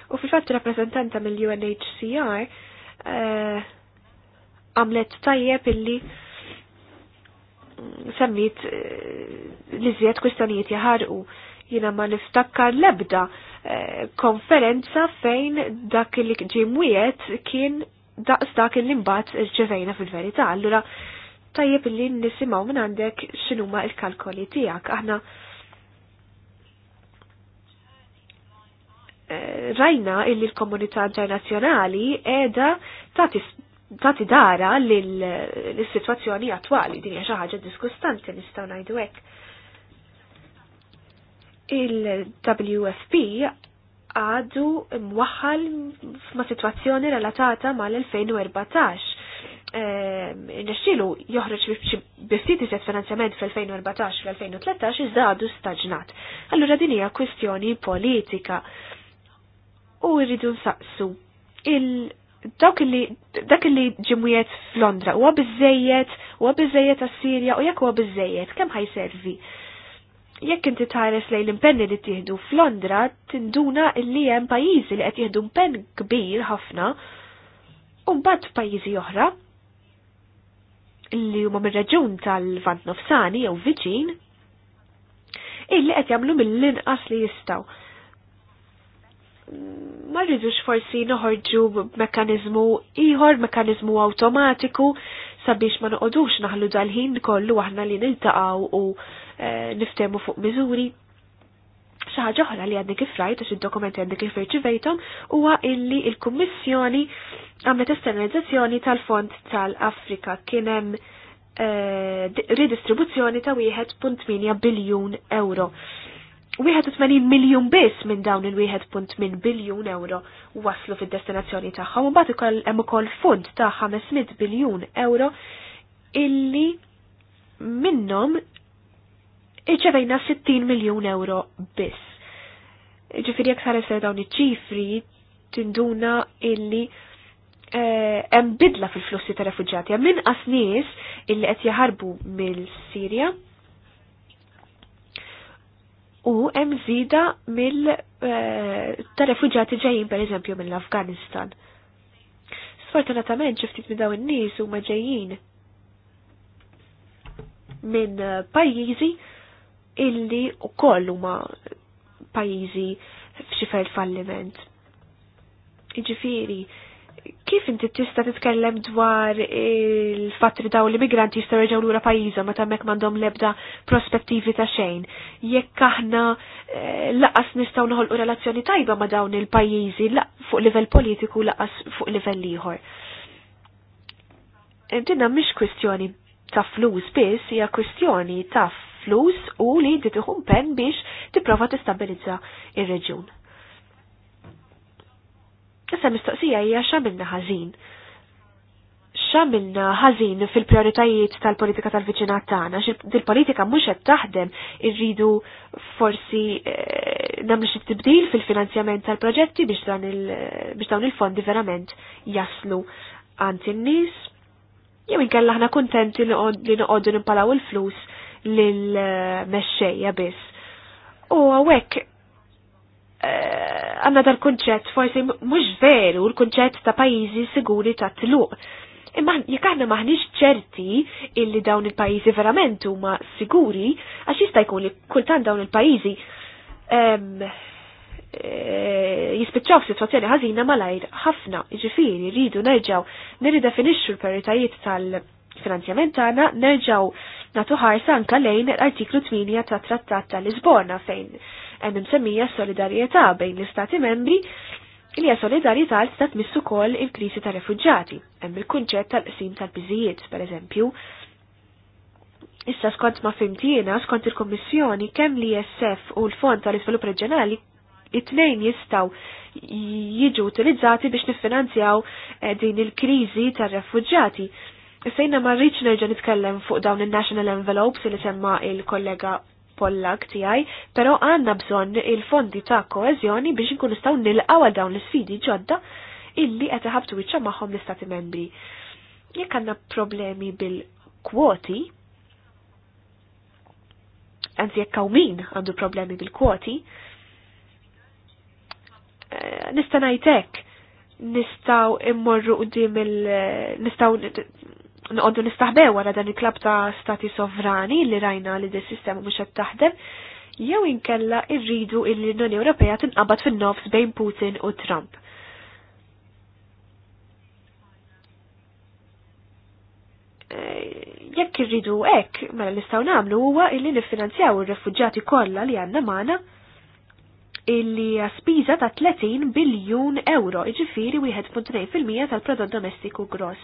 U fil-fatt rappresentanta mill-UNHCR uh, eh, għamlet tajjeb illi mm, semmit eh, li zjed kwistanijiet jaħarqu jina ma niftakkar lebda eh, konferenza fejn dak li ġimwiet kien daqs dak li mbagħad irċevejna fil-verità. Allura tajjeb illi nisimgħu minn għandek x'inhuma l-kalkoli tiegħek. Aħna eh, rajna illi l-komunità internazzjonali edha tis tati dara l-situazzjoni attwali, din xi ħaġa diskustanti nistgħu ngħidu hekk. Il-WFP għadu mwaħħal ma' situazzjoni relatata mal-2014. Ehm, Nesċilu joħroġ biftit iżjed finanzjament fil 2014 l 2013 iżda għadu staġnat. Allura din hija kwistjoni politika. U rridu nsaqsu dawk li dak li ġimwiet f'Londra huwa biżejjed, huwa biżejjed għas-Sirja u jekk huwa biżejjed, kemm ħajservi? Jekk inti tħares lejn l-impenni li tieħdu f'Londra, tinduna li hemm pajjiżi li qed jieħdu impenn kbir ħafna u mbagħad f'pajjiżi oħra li huma mir raġun tal-Vant Nofsani jew viċin illi qed jagħmlu mill-inqas li jistgħu ma rridux forsi noħorġu mekanizmu ieħor, mekanizmu awtomatiku sabiex ma noqodux naħlu dal-ħin kollu aħna li niltaqgħu u eh, niftemu fuq miżuri. Xi ħaġa oħra li għadni kif rajt għax id-dokumenti għadni kif huwa illi il-Kummissjoni għamlet esternalizzazzjoni tal-Fond tal-Afrika kien hemm eh, redistribuzzjoni ta' 1.8 biljun euro. 81 miljun biss minn dawn il-1.8 biljun euro waslu fid-destinazzjoni tagħhom u mbagħad ikoll hemm ukoll fond ta' 500 biljun euro illi minnhom irċevejna 60 miljun euro biss. Ġifieri jekk saret dawn iċ-ċifri tinduna illi eh, hemm bidla fil-flussi ta' refuġjati, hemm inqas nies illi qed jaħarbu mill-Sirja u hemm żida mill eh, ta' refuġjati ġejjin pereżempju mill-Afganistan. Sfortunatament ġiftit minn dawn in-nies huma ġejjin minn pajjiżi illi wkoll huma pajjiżi f'xi fell falliment. Jiġifieri kif inti tista' titkellem dwar il-fatt li dawn l-immigranti jistgħu jerġgħu lura pajjiżhom meta hemmhekk m'għandhom l-ebda prospettivi ta' xejn. Jekk aħna eh, laqas nistgħu noħolqu relazzjoni tajba ma' dawn il-pajjiżi fuq livell politiku laqas fuq livell ieħor. Eh, dinna mhix kwistjoni ta' flus biss, hija kwistjoni ta' flus u li dittiħu pen biex tipprova tistabilizza ir-reġjun. Issa mistoqsija hija x'għamilna ħażin. X'għamilna ħażin fil-prioritajiet tal-politika tal-viċinat tagħna, il politika mhux qed taħdem irridu forsi eh, nagħmlu xi tibdil fil-finanzjament tal-proġetti biex dawn il-fondi verament jaslu għand in-nies. Jew inkella aħna kuntenti li noqogħdu nimpalaw il-flus lil eh, mexxejja biss. U hekk. Eh, għanna dal kunċett forsi mux veru l kunċett ta' pajizi siguri ta' tluq. Imma jek aħna maħniġ ċerti illi dawn il-pajizi verament huma siguri, għax jista' jkun li kultant dawn il-pajizi eh, jispiċċaw situazzjoni ħażina malajr ħafna, ġifiri, rridu nerġaw nirridefinixxu l-prioritajiet tal- finanzjament tagħna nerġgħu nagħtu ħarsa anke lejn l-artiklu 8 ta' Trattat ta' Lisbona fejn hemm imsemmija solidarjetà bejn l-Istati membri li hija solidarjetà li stat missu ukoll il kriżi ta' refuġġati. Hemm il-kunċett tal-qsim tal-biżijiet, pereżempju. Issa skont ma fimtina, skont il-Kommissjoni, kemm li SF u l-Fond tal-Isvilupp Reġjonali it-tnejn jistgħu jiġu utilizzati biex niffinanzjaw eh, din il-kriżi tar-refuġġati Sejna ma rridx nerġa' nitkellem fuq dawn il-national envelopes li semma il-kollega Pollak tiegħi, però għandna bżonn il-fondi ta' koezjoni biex nkun nistgħu nilqgħu għawa dawn l-isfidi ġodda illi qed iħabtu wiċċa magħhom l-Istati Membri. Jekk għandna problemi bil-kwoti, anzi jekk hawn għandu problemi bil-kwoti, eh, nista' ngħid hekk nistgħu dim il nistaw nqoddu nistaħbew wara dan il-klab ta' stati sovrani li rajna li di sistema mhux qed taħdem, jew inkella irridu il l-Unjoni Ewropea tinqabad fin-nofs bejn Putin u Trump. Eh, jekk irridu hekk, mela nistgħu nagħmlu huwa illi niffinanzjaw ir-refuġġati kollha li għandna magħna illi spiża ta' 30 biljun euro, iġifiri 1.3% tal-prodott domestiku gross.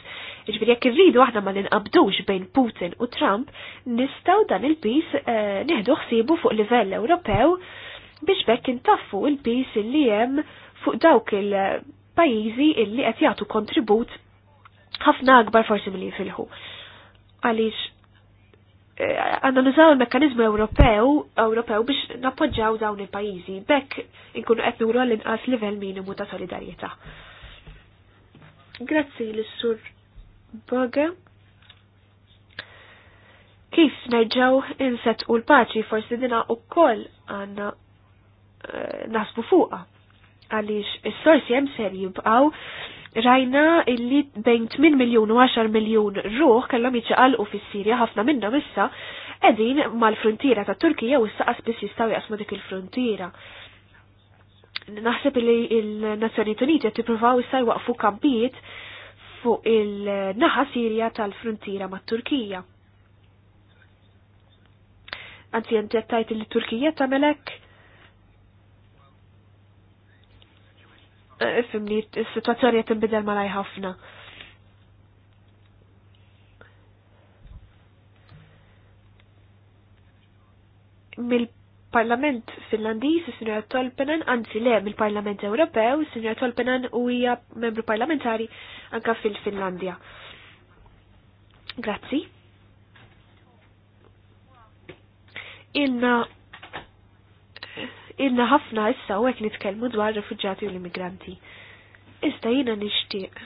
Iġifiri jekk irridu aħna ma ninqabdux bejn Putin u Trump, nistaw dan il-pis eh, nieħdu ħsibu fuq livell Ewropew biex bekk intaffu il-pis illi hemm fuq dawk il-pajjiżi illi qed jagħtu kontribut ħafna akbar forsi milli jifilħu. Għaliex għanna eh, il mekanizmu Ewropew Ewropew biex nappoġġaw dawn il-pajjiżi. Bekk inkunu qed nuru l-inqas livell minimu ta' solidarjetà. Grazzi l-Sur Boga. Kif nerġaw inset u l-paċi forsi dina u koll għanna eh, nasbu fuqa għaliex is-sorsi hemm ser jibqgħu rajna illi bejn 8 miljon u 10 miljon ruħ kellhom jiċċaqalqu fis-Sirja ħafna minnhom issa qegħdin mal-frontiera ta' Turkija u issa qasbis jistgħu jaqsmu dik il-frontiera. Naħseb li l-Nazzjonijiet Uniti qed tippruvaw issa jwaqfu kampijiet fuq il-naħa Sirja tal-frontiera mat-Turkija. Anzi, jentet tajt il Turkija tamelek fimni, li situazzjoni qed tinbidel malaj ħafna. Mill-Parlament Finlandiż, is-Sinjora Tolpenan, anzi le mill-Parlament Ewropew, is-Sinjora Tolpenan u hija membru parlamentari anka fil-Finlandja. Grazzi. Inna Ilna ħafna issa u hekk nitkellmu dwar rifugġati u l-immigranti. Ista jiena nixtieq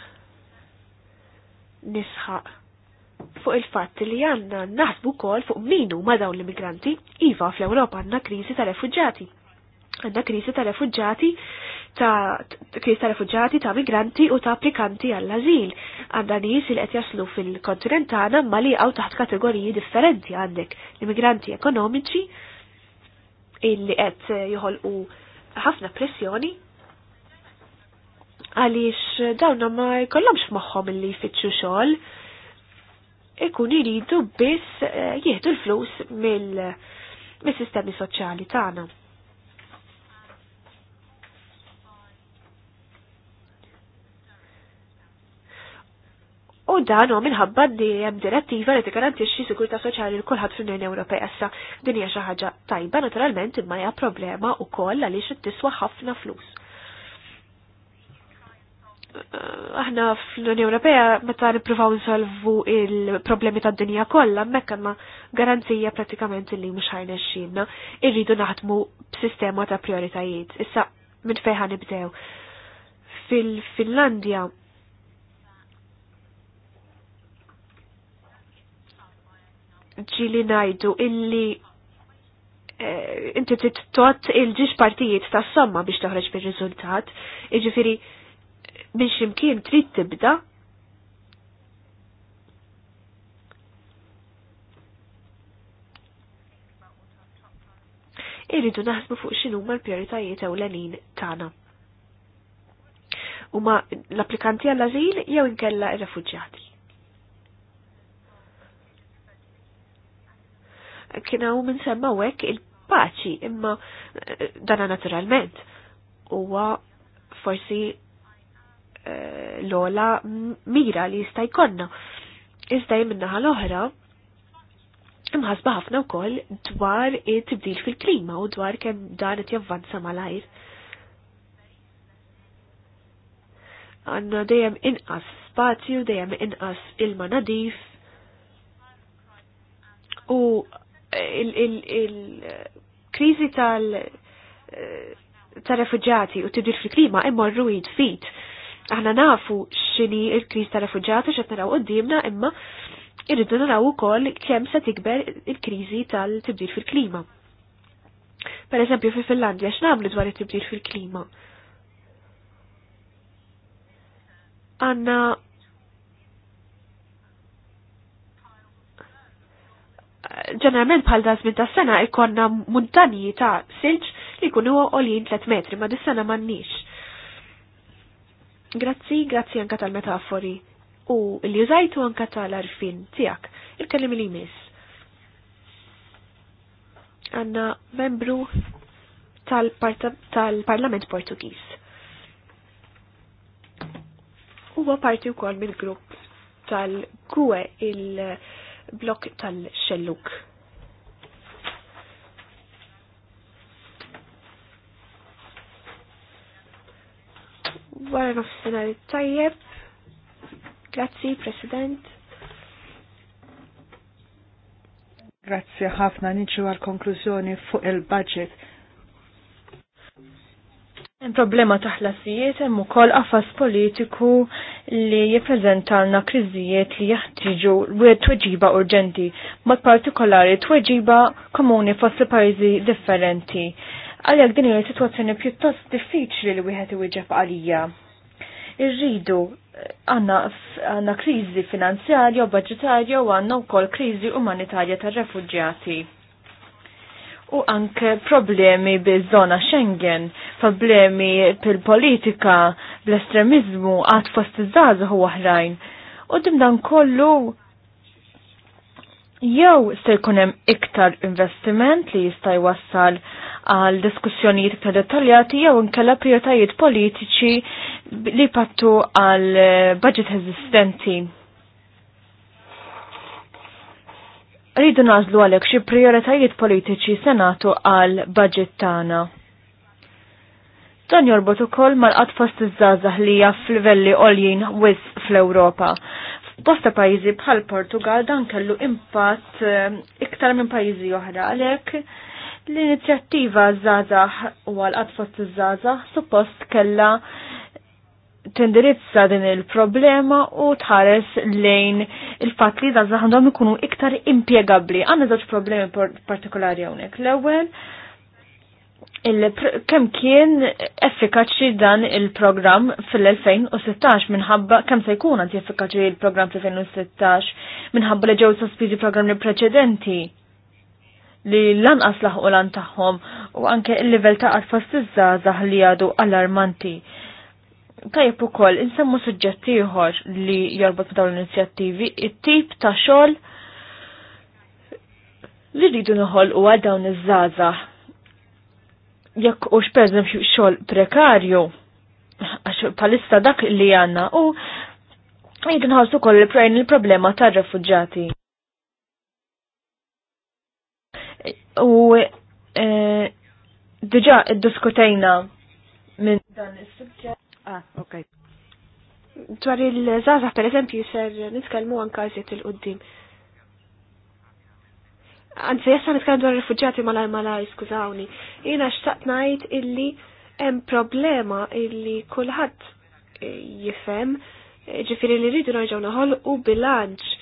nisħaq fuq il-fatt li għanna naħsbu kol fuq minu ma dawn l-immigranti, iva fl-Europa għanna krizi ta' refugġati. Għanna krizi ta' refugġati ta' krizi ta' refugġati ta' migranti u ta' applikanti għall-azil. Għanna nis il qed jaslu fil kontinentana ma li għaw taħt kategoriji differenti għandek l-immigranti ekonomiċi illi qed joħolqu ħafna pressjoni għaliex dawn ma jkollhomx magħhom illi jfittxu xogħol ikun iridu biss eh, jieħdu l-flus mill-sistemi soċjali tagħna. U dan u minħabba li hemm direttiva li tigarantixxi sigurtà soċjali l kulħadd fl-Unjoni Ewropea issa din hija xi ħaġa tajba naturalment imma hija problema wkoll għaliex tiswa ħafna flus. Aħna fl-Unjoni Ewropea meta nippruvaw nsolvu il-problemi tad-dinja kollha hemmhekk ma garanzija prattikament li mhux ħajnexxinna irridu naħdmu b'sistema ta' prioritajiet. Issa minn fejn ħanibdew. Fil-Finlandja ġili najdu illi eh, inti tittot il-ġiġ partijiet ta' somma biex toħroġ bir riżultat iġifiri minn ximkien trid tibda Iridu naħsbu fuq x'inhuma l-prijoritajiet ewlenin tagħna. Huma l-applikanti għall-ażil jew inkella r refuġġjati kienaw minn semma wek il-paċi, imma eh, dana naturalment. Uwa forsi uh, l-ola mira li jista' jkollna. Iżda minnaħa l-oħra, imħasba ħafna wkoll dwar it-tibdil fil-klima u dwar kemm dan qed javvanza malajr. Għanna dejjem inqas spazju, dejjem inqas ilma nadif u il-kriżi tal- eh, tal-refugġati u tibdil fil-klima imma rruid fit Aħna nafu x'inhi il kriz tal-refugġati x'qed naraw qudiemna imma irridu naraw ukoll kemm se tikber il-kriżi tal-tibdil fil-klima. Per eżempju fi Finlandja x'namlu dwar it-tibdil fil-klima? Għanna ġeneralment bħal da żmien tas-sena ikonna muntanji ta' silġ li jkunu għolin 3 metri, ma dis-sena m'għandniex. Grazzi, grazzi anka tal-metafori u li użajtu anka tal-arfin tiegħek. Il-kellim li jmiss. Għanna membru tal-Parlament tal Portugiż. Huwa parti wkoll mill-grupp tal-GUE il- blok tal-xelluk. Wara li tajjeb. Grazzi, President. Grazzi ħafna niġu għal konklużjoni fuq il-budget Hemm problema taħlasijiet hemm ukoll qafas politiku li jippreżentalna kriżijiet li jaħtiġu tweġiba urġenti, mod partikolari tweġiba komuni fost pajjiżi differenti. Għalhekk din hija sitwazzjoni pjuttost diffiċli li wieħed iwieġeb għalija. Irridu għandna kriżi finanzjarja u budġetarja u għandna wkoll kriżi umanitarja tar-refuġjati u anke problemi bil-zona Schengen, problemi bil-politika, bl-estremizmu, għat fost iż-żazax u oħrajn. U dan kollu jew se jkun hemm iktar investiment li jista' jwassal għal diskussjonijiet iktar dettaljati jew inkella prijoritajiet politiċi li pattu għal budget eżistenti. rridu nażlu għalhekk xi prioritajiet politiċi senatu għal budget tagħna. Dan jorbot ukoll mal-qatfas iż-żgħażagħ li hija f'livelli għoljin wis fl-Ewropa. F'bosta pajjiżi bħal Portugal dan kellu impatt eh, iktar minn pajjiżi oħra għalhekk l-inizjattiva żgħażagħ u għal-qatfas iż-żgħażagħ suppost kellha tindirizza din il-problema u tħares lejn il-fat li dażaħ għandhom ikunu iktar impiegabli. Għanna żewġ problemi partikolari hawnhekk. L-ewwel kemm kien effikaċi dan il-programm fil-2016 minħabba kemm se jkun għandi effikaċi il-programm fil-2016 minħabba li ġew sospiżi programmi preċedenti li lanqas laħqu lan tagħhom u anke il-livell ta' qatfas iż-żgħażagħ li għadu allarmanti. Tajb koll, insemmu suġġetti ieħor li jorbot dawn l-inizjattivi, it-tip ta' xogħol li rridu noħolqu għal dawn iż-żgħażagħ. Jekk hux xperżem xogħol prekarju, għax palissa dak li għandna u jridu nħarsu koll il-prajn il-problema tar-refuġġati. U eh, diġa id-diskutejna minn dan is-suġġett. Ah, ok. Dwar il żazax per eżempju, ser nitkellmu għan żiet il-qoddim. Anzi, jessa nitkellem dwar rifugġati malaj malaj, skużawni. Jina xtaqt najt illi hemm problema illi kulħadd jifhem, ġifiri li rridu naħol u bilanċ.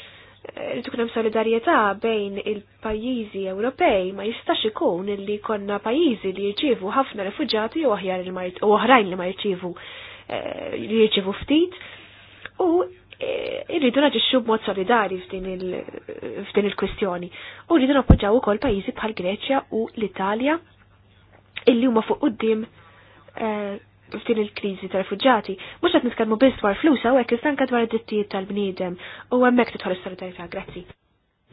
Rridu kunem hemm solidarjetà bejn il-pajjiżi Ewropej ma jistax ikun illi konna pajjiżi li jirċievu ħafna rifuġġati u aħjar u oħrajn li ma jirċievu Eh, jirċivu ftit u eh, irridu naġixxu b'mod solidari f'din il kwestjoni U rridu nappoġġaw ukoll pajjiżi bħal Greċja u l-Italja illi huma fuq quddiem eh, f'din il-kriżi tal-refuġġati. Mhux qed nitkellmu biss dwar flus u iżda anke dwar id-dittijiet tal-bniedem u hemmhekk tidħol is-solidarità. Grazzi.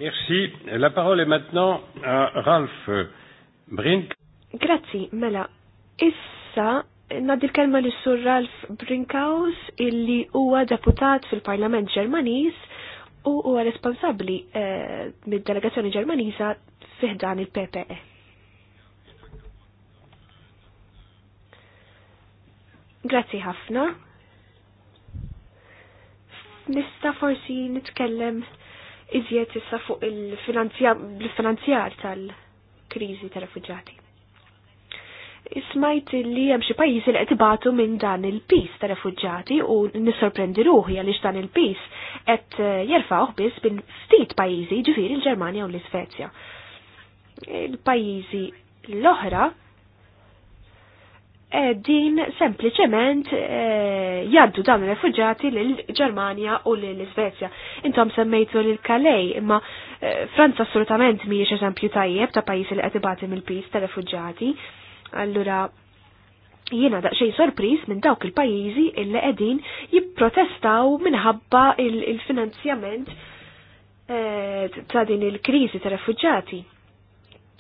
Merci. La parole est maintenant à Ralph Brink. Grazzi, mela. Issa Naddi l-kelma li sur Ralf Brinkhaus illi huwa deputat fil-Parlament Ġermaniż u huwa responsabbli eh, mid-delegazzjoni Ġermaniża fiħdan il-PPE. Grazzi ħafna. Nista forsi nitkellem iżjed issa fuq il-finanzjar tal-kriżi tal-refuġati. Smajt li hemm xi pajjiżi li qed ibatu minn dan il-pis ta' refuġġati u nissorprendi ruħi għaliex dan il-pis qed eh, jerfgħu biss minn ftit pajjiżi, ġifieri l-Ġermanja u l-Isvezja. Il-pajjiżi l-oħra eh, din sempliciment eh, jaddu dawn il-refugġati l-Ġermania u l-Svezja. Intom semmejtu l-Kalej, imma Franza assolutament miex eżempju tajjeb ta' pajis li qed ibati mill-pis ta' refugġati. Allura, jiena daqxej sorpriż minn dawk il-pajjiżi illi qegħdin jipprotestaw minħabba il-finanzjament eh, ta' din il-kriżi ta' refugġati.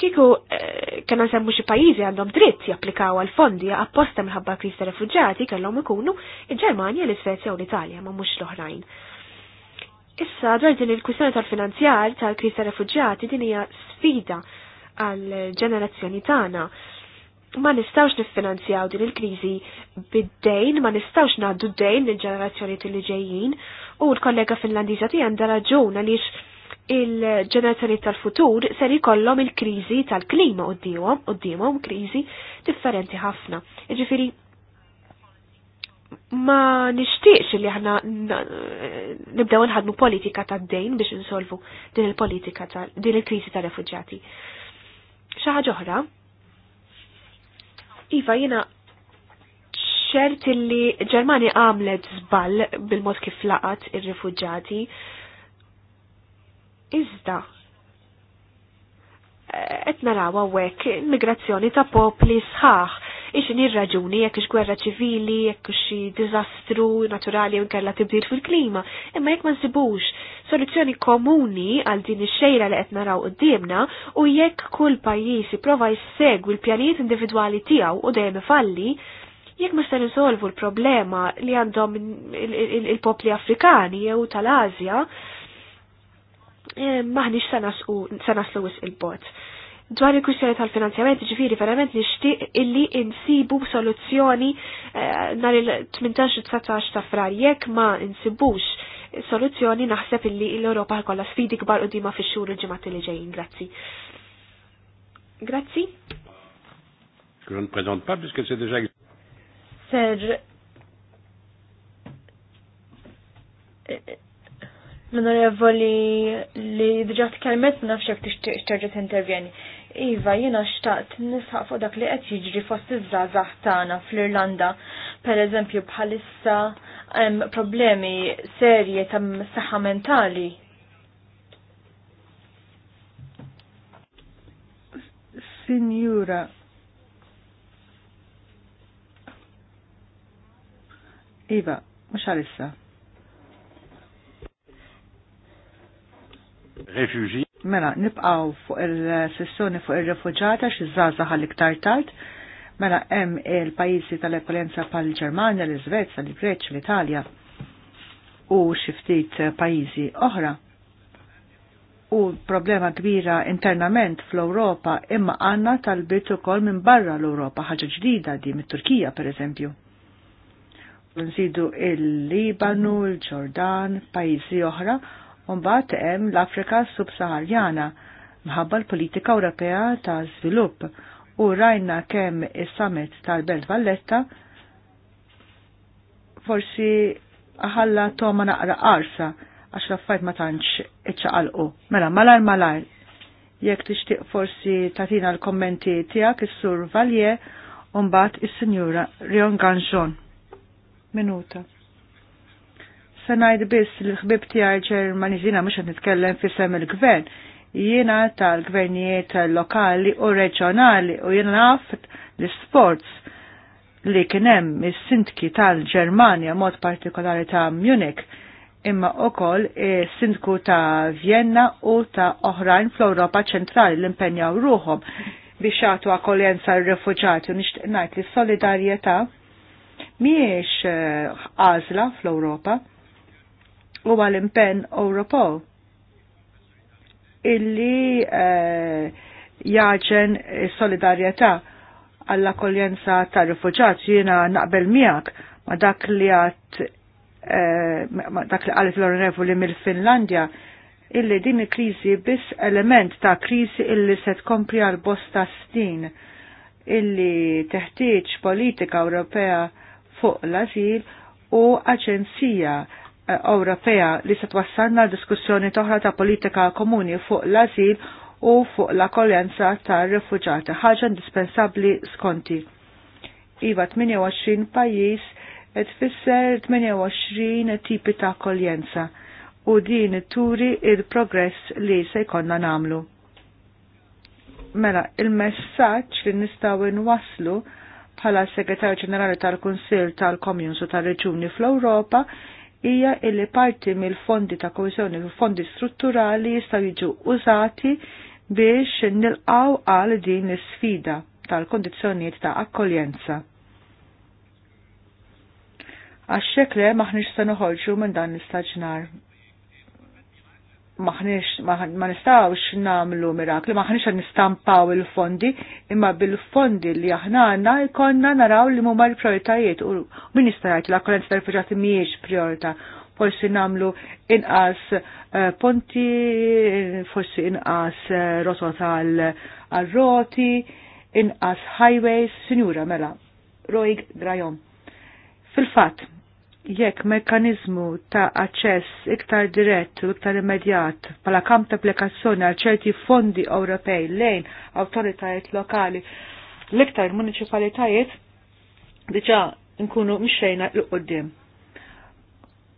Kiku eh, kena semmu xi pajjiżi għandhom dritt japplikaw għal fondi apposta minħabba kriżi ta' refugġati kellhom ikunu il-Ġermanja, l-Isvezja u l-Italja ma mux l-oħrajn. Issa dwar din il-kwistjoni tal-finanzjar tal krizi ta' refugġati din hija sfida għal ġenerazzjoni tagħna ma nistawx niffinanzjaw din il-krizi bid-dejn, ma nistawx naddu d-dejn il-ġenerazzjoni li ġejjin u l-kollega finlandiza ti għanda raġun għaliex il-ġenerazzjoni tal-futur ser jkollhom il-krizi tal-klima u d-dimom krizi differenti ħafna. Iġifiri, ma nishtiqx li aħna nibdew nħadmu politika tad-dejn biex insolvu din il-politika din il-krizi tal-refuġjati. Xaħġa ħaġa oħra, Iva, jena ċert li Ġermani għamlet zbal bil-mod kif laqat ir-rifugġati. Iżda, qed eh, naraw wek, immigrazzjoni ta' popli sħaħ ixin ir-raġuni jekk ix gwerra ċivili, jekk xi diżastru naturali u nkella tibdil fil-klima, imma jekk ma nsibux soluzzjoni komuni għal din ix-xejra li qed naraw qudiemna u jekk kull pajjiż jipprova jissegwi l-pjanijiet individwali tiegħu u dejjem ifalli, jekk ma ser insolvu l-problema li għandhom il-popli Afrikani jew tal-Asja, eh, m'aħniex sanaslu wis il-bot. Dwar il-kwistjoni tal-finanzjament, ġifiri verament nixtieq illi insibu soluzzjoni eh, nar il-18-19 ta' frar. Jekk ma insibux soluzzjoni naħseb illi l europa kolla sfidi kbar qudiema fix-xhur il-ġimgħat li ġejjin. Grazzi. Grazzi. Je ne présente pas puisque c'est déjà Serge l li diġa tkellmet nafx jekk tixtieq terġa' tintervjeni. Iva, jina xtaqt nisħaq fuq dak li qed jiġri fost iż-żgħażagħ tagħna fl-Irlanda. Pereżempju bħalissa hemm problemi serji ta' saħħa mentali. Sinjura, Iva, mhux għalissa. Refugi. Mela, nibqaw fuq il-sessjoni fuq il-refugġata xi żgħażagħ iktar tard. Mela hemm il-pajjiżi tal-ekolenza pal ġermanja l-Iżvezja, l-Greċ, l-Italja u xi ftit pajjiżi oħra. U problema kbira internament fl-Ewropa imma għandna tal-bit ukoll minn barra l-Ewropa ħaġa ġdida di mit-Turkija pereżempju. Nżidu il-Libanu, il-Ġordan, pajjiżi oħra Umbat hemm l-Afrika subsaharjana mħabba l-politika Ewropea ta' żvilupp u rajna kemm is-summit tal-Belt Valletta forsi aħalla toma naqra qarsa għax l-affajt ma tantx iċċaqalqu. Mela malar malar jekk tixtieq forsi tatina l-kommenti tiegħek is-Sur Valje u mbagħad is-Sinjura Rion Ganxon. Minuta. Se ngħid biss li l-ħbib tiegħi Ġermaniżina mhux qed nitkellem fisem il-gvern. Jiena tal-gvernijiet lokali u reġjonali u jiena naf l-sports li kien hemm is-sindki tal-Ġermanja mod partikolari ta' Munich imma ukoll is-sindku ta' Vienna u ta' oħrajn fl-Ewropa ċentrali li impenjaw ruhom biex jagħtu akkoljenza r-refuġati u nixtieq ngħid li s-solidarjetà miex eh, għażla fl-Ewropa u għal-impen Europol illi eh, jaġen solidarjetà għall akoljenza ta' rifuġat jiena naqbel miegħek ma dak li għat eh, ma dak li għalet l-onorevoli mill-Finlandja illi din il-krizi biss element ta' krizi illi se tkompli għal bosta snin illi teħtieġ politika Ewropea fuq l-azil u aġenzija Ewropea li se twassalna diskussjoni toħra ta' politika komuni fuq l-azil u fuq l akoljenza tar rifuġati ħaġa indispensabbli skonti. Iva 28 pajjiż et tfisser 28 tipi ta' akoljenza u din turi il-progress li se jkollna nagħmlu. Mela, il-messaġġ li nistgħu nwasslu bħala segretarju ġenerali tal-Kunsill tal-Komjuns u tal-Reġuni fl-Ewropa hija illi parti mill-fondi ta' kohesjoni u fondi strutturali jistgħu jiġu użati biex nilqaw għal din l sfida tal-kondizzjonijiet ta' akkoljenza. Għax xekle maħniġ se noħorġu minn dan l-istaġnar maħnix, ma nistawx namlu mirakli, maħnix għan nistampaw il-fondi, imma bil-fondi li aħna għanna jkonna naraw li mumma l-prioritajiet u min jistajt l-akkolenza tal-refugjati miex priorita. Forsi namlu inqas eh, ponti, forsi inqas eh, rotot għal-roti, inqas highways, sinjura mela. Roig Drajom. Fil-fat, jekk mekanizmu ta' aċċess iktar dirett u iktar immedjat bħala kam ta' applikazzjoni għal ċerti fondi Ewropej lejn awtoritajiet lokali l-iktar municipalitajiet diġa nkunu mxejna l-qoddim.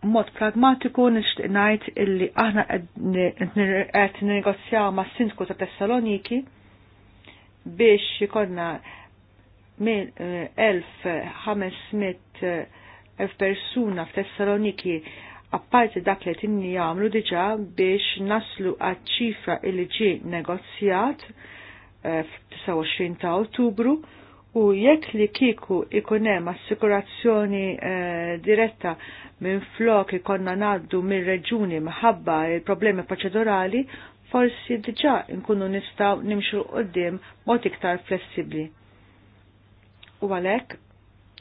Mod pragmatiku nixtieq ngħid illi aħna qed negozjaw ma' sindku ta' Tessaloniki biex jikonna minn 1500 f'persuna tessaloniki apparti dak li tinni jagħmlu diġà biex naslu għaċ-ċifra illi ġi negozjat eh, f'29 ta' Ottubru u jekk li kiku ikunem assikurazzjoni eh, diretta minn flok ikonna naddu minn reġuni maħabba il-problemi proċedurali, forsi diġa nkunu nistaw nimxu qoddim mod iktar flessibli. U għalek,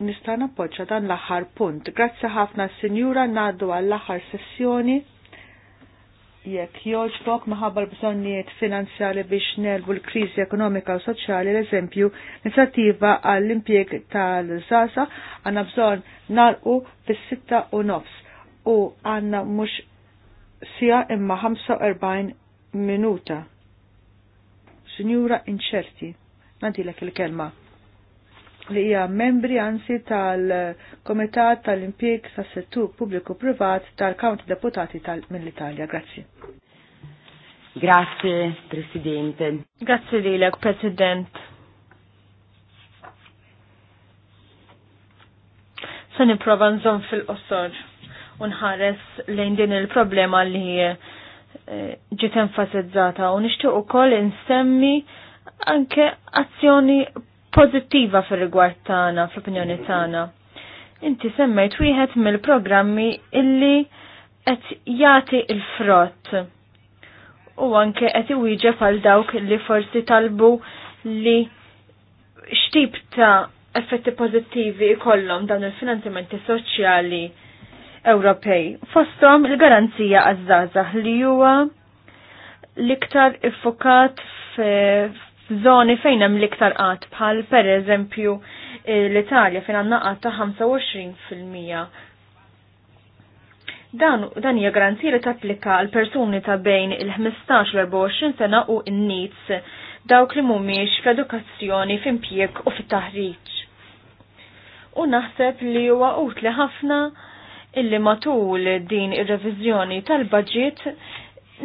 nista' nappoġġa dan l-aħħar punt. Grazzi ħafna Sinjura ngħaddu għall-aħħar sessjoni jekk jogħġbok maħabba l-bżonnijiet finanzjali biex nelbu l-kriżi ekonomika u soċjali l-eżempju inizjattiva għall-impjeg tal-żasa għandna bżonn nalqu fis-sitta u nofs u għandna mhux sija imma 45 minuta. Sinjura inċerti, nadilek il-kelma li hija membri ansi tal-Komitat tal-Impjeg tas settur Pubbliku Privat tal-Kaunti Deputati tal mill-Italja. Grazzi. Grazie, Presidente. Grazie lilek, President. Se nipprova nżomm fil-qosor u nħares lejn din il-problema li eh, ġiet enfasizzata u nixtieq ukoll insemmi anke azzjoni pozittiva fir-rigward tagħna, fl-opinjoni tagħna. Inti semmejt wieħed mill-programmi illi qed jagħti l-frott u anke qed iwieġeb għal dawk li forsi talbu li xtib ta' effetti pożittivi jkollhom dawn il-finanzjamenti soċjali Ewropej. Fostom il-garanzija għaż-żgħażagħ li huwa l-iktar iffokat f'żoni fejn hemm l-iktar qatt bħal pereżempju eh, l-Italja fejn għandna qatt ta' 25%. Dan dan hija garanzija li tapplika għal persuni ta' bejn il-15 l-24 sena u n-nits dawk li mhumiex fl-edukazzjoni f'impjieg u fit-taħriġ. U naħseb li huwa utli ħafna illi matul din ir-reviżjoni tal-budget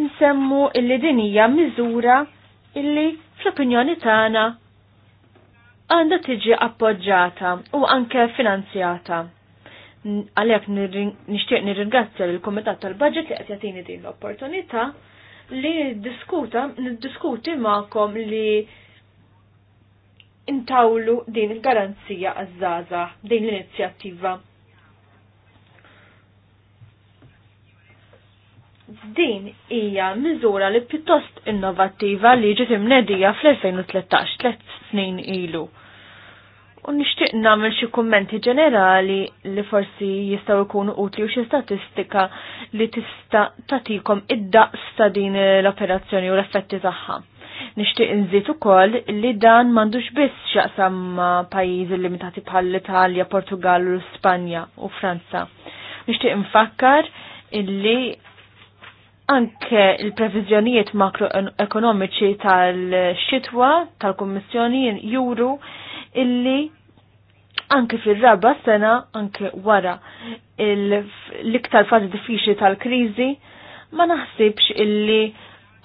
nsemmu illi din hija miżura illi fl-opinjoni tagħna għandha tiġi appoġġjata u anke finanzjata. Għalhekk nixtieq nirringrazzja lill kumitat tal-Budget li qed jagħtini din l-opportunità li diskuta, niddiskuti magħkom li intawlu din il-garanzija għazzaza, din l-inizjattiva. Din hija miżura li pjuttost innovattiva li ġiet imnedija fl-2013, tliet snin ilu. U nixtieq nagħmel xi kummenti ġenerali li forsi jistgħu jkunu utli u xi statistika li tista' tagħtikom id-daqs ta' din l-operazzjoni u l-effetti tagħha. Nixtieq inżid ukoll li dan m'għandux biss x'jaqsam pajjiżi limitati bħal l-Italja, Portugal, Spanja u Franza. Nixtieq infakkar illi anke il-previżjonijiet makroekonomiċi tal-xitwa tal-Kummissjoni juru illi anke fil-raba sena anke wara l-iktar fażi diffiċli tal-kriżi ma naħsibx illi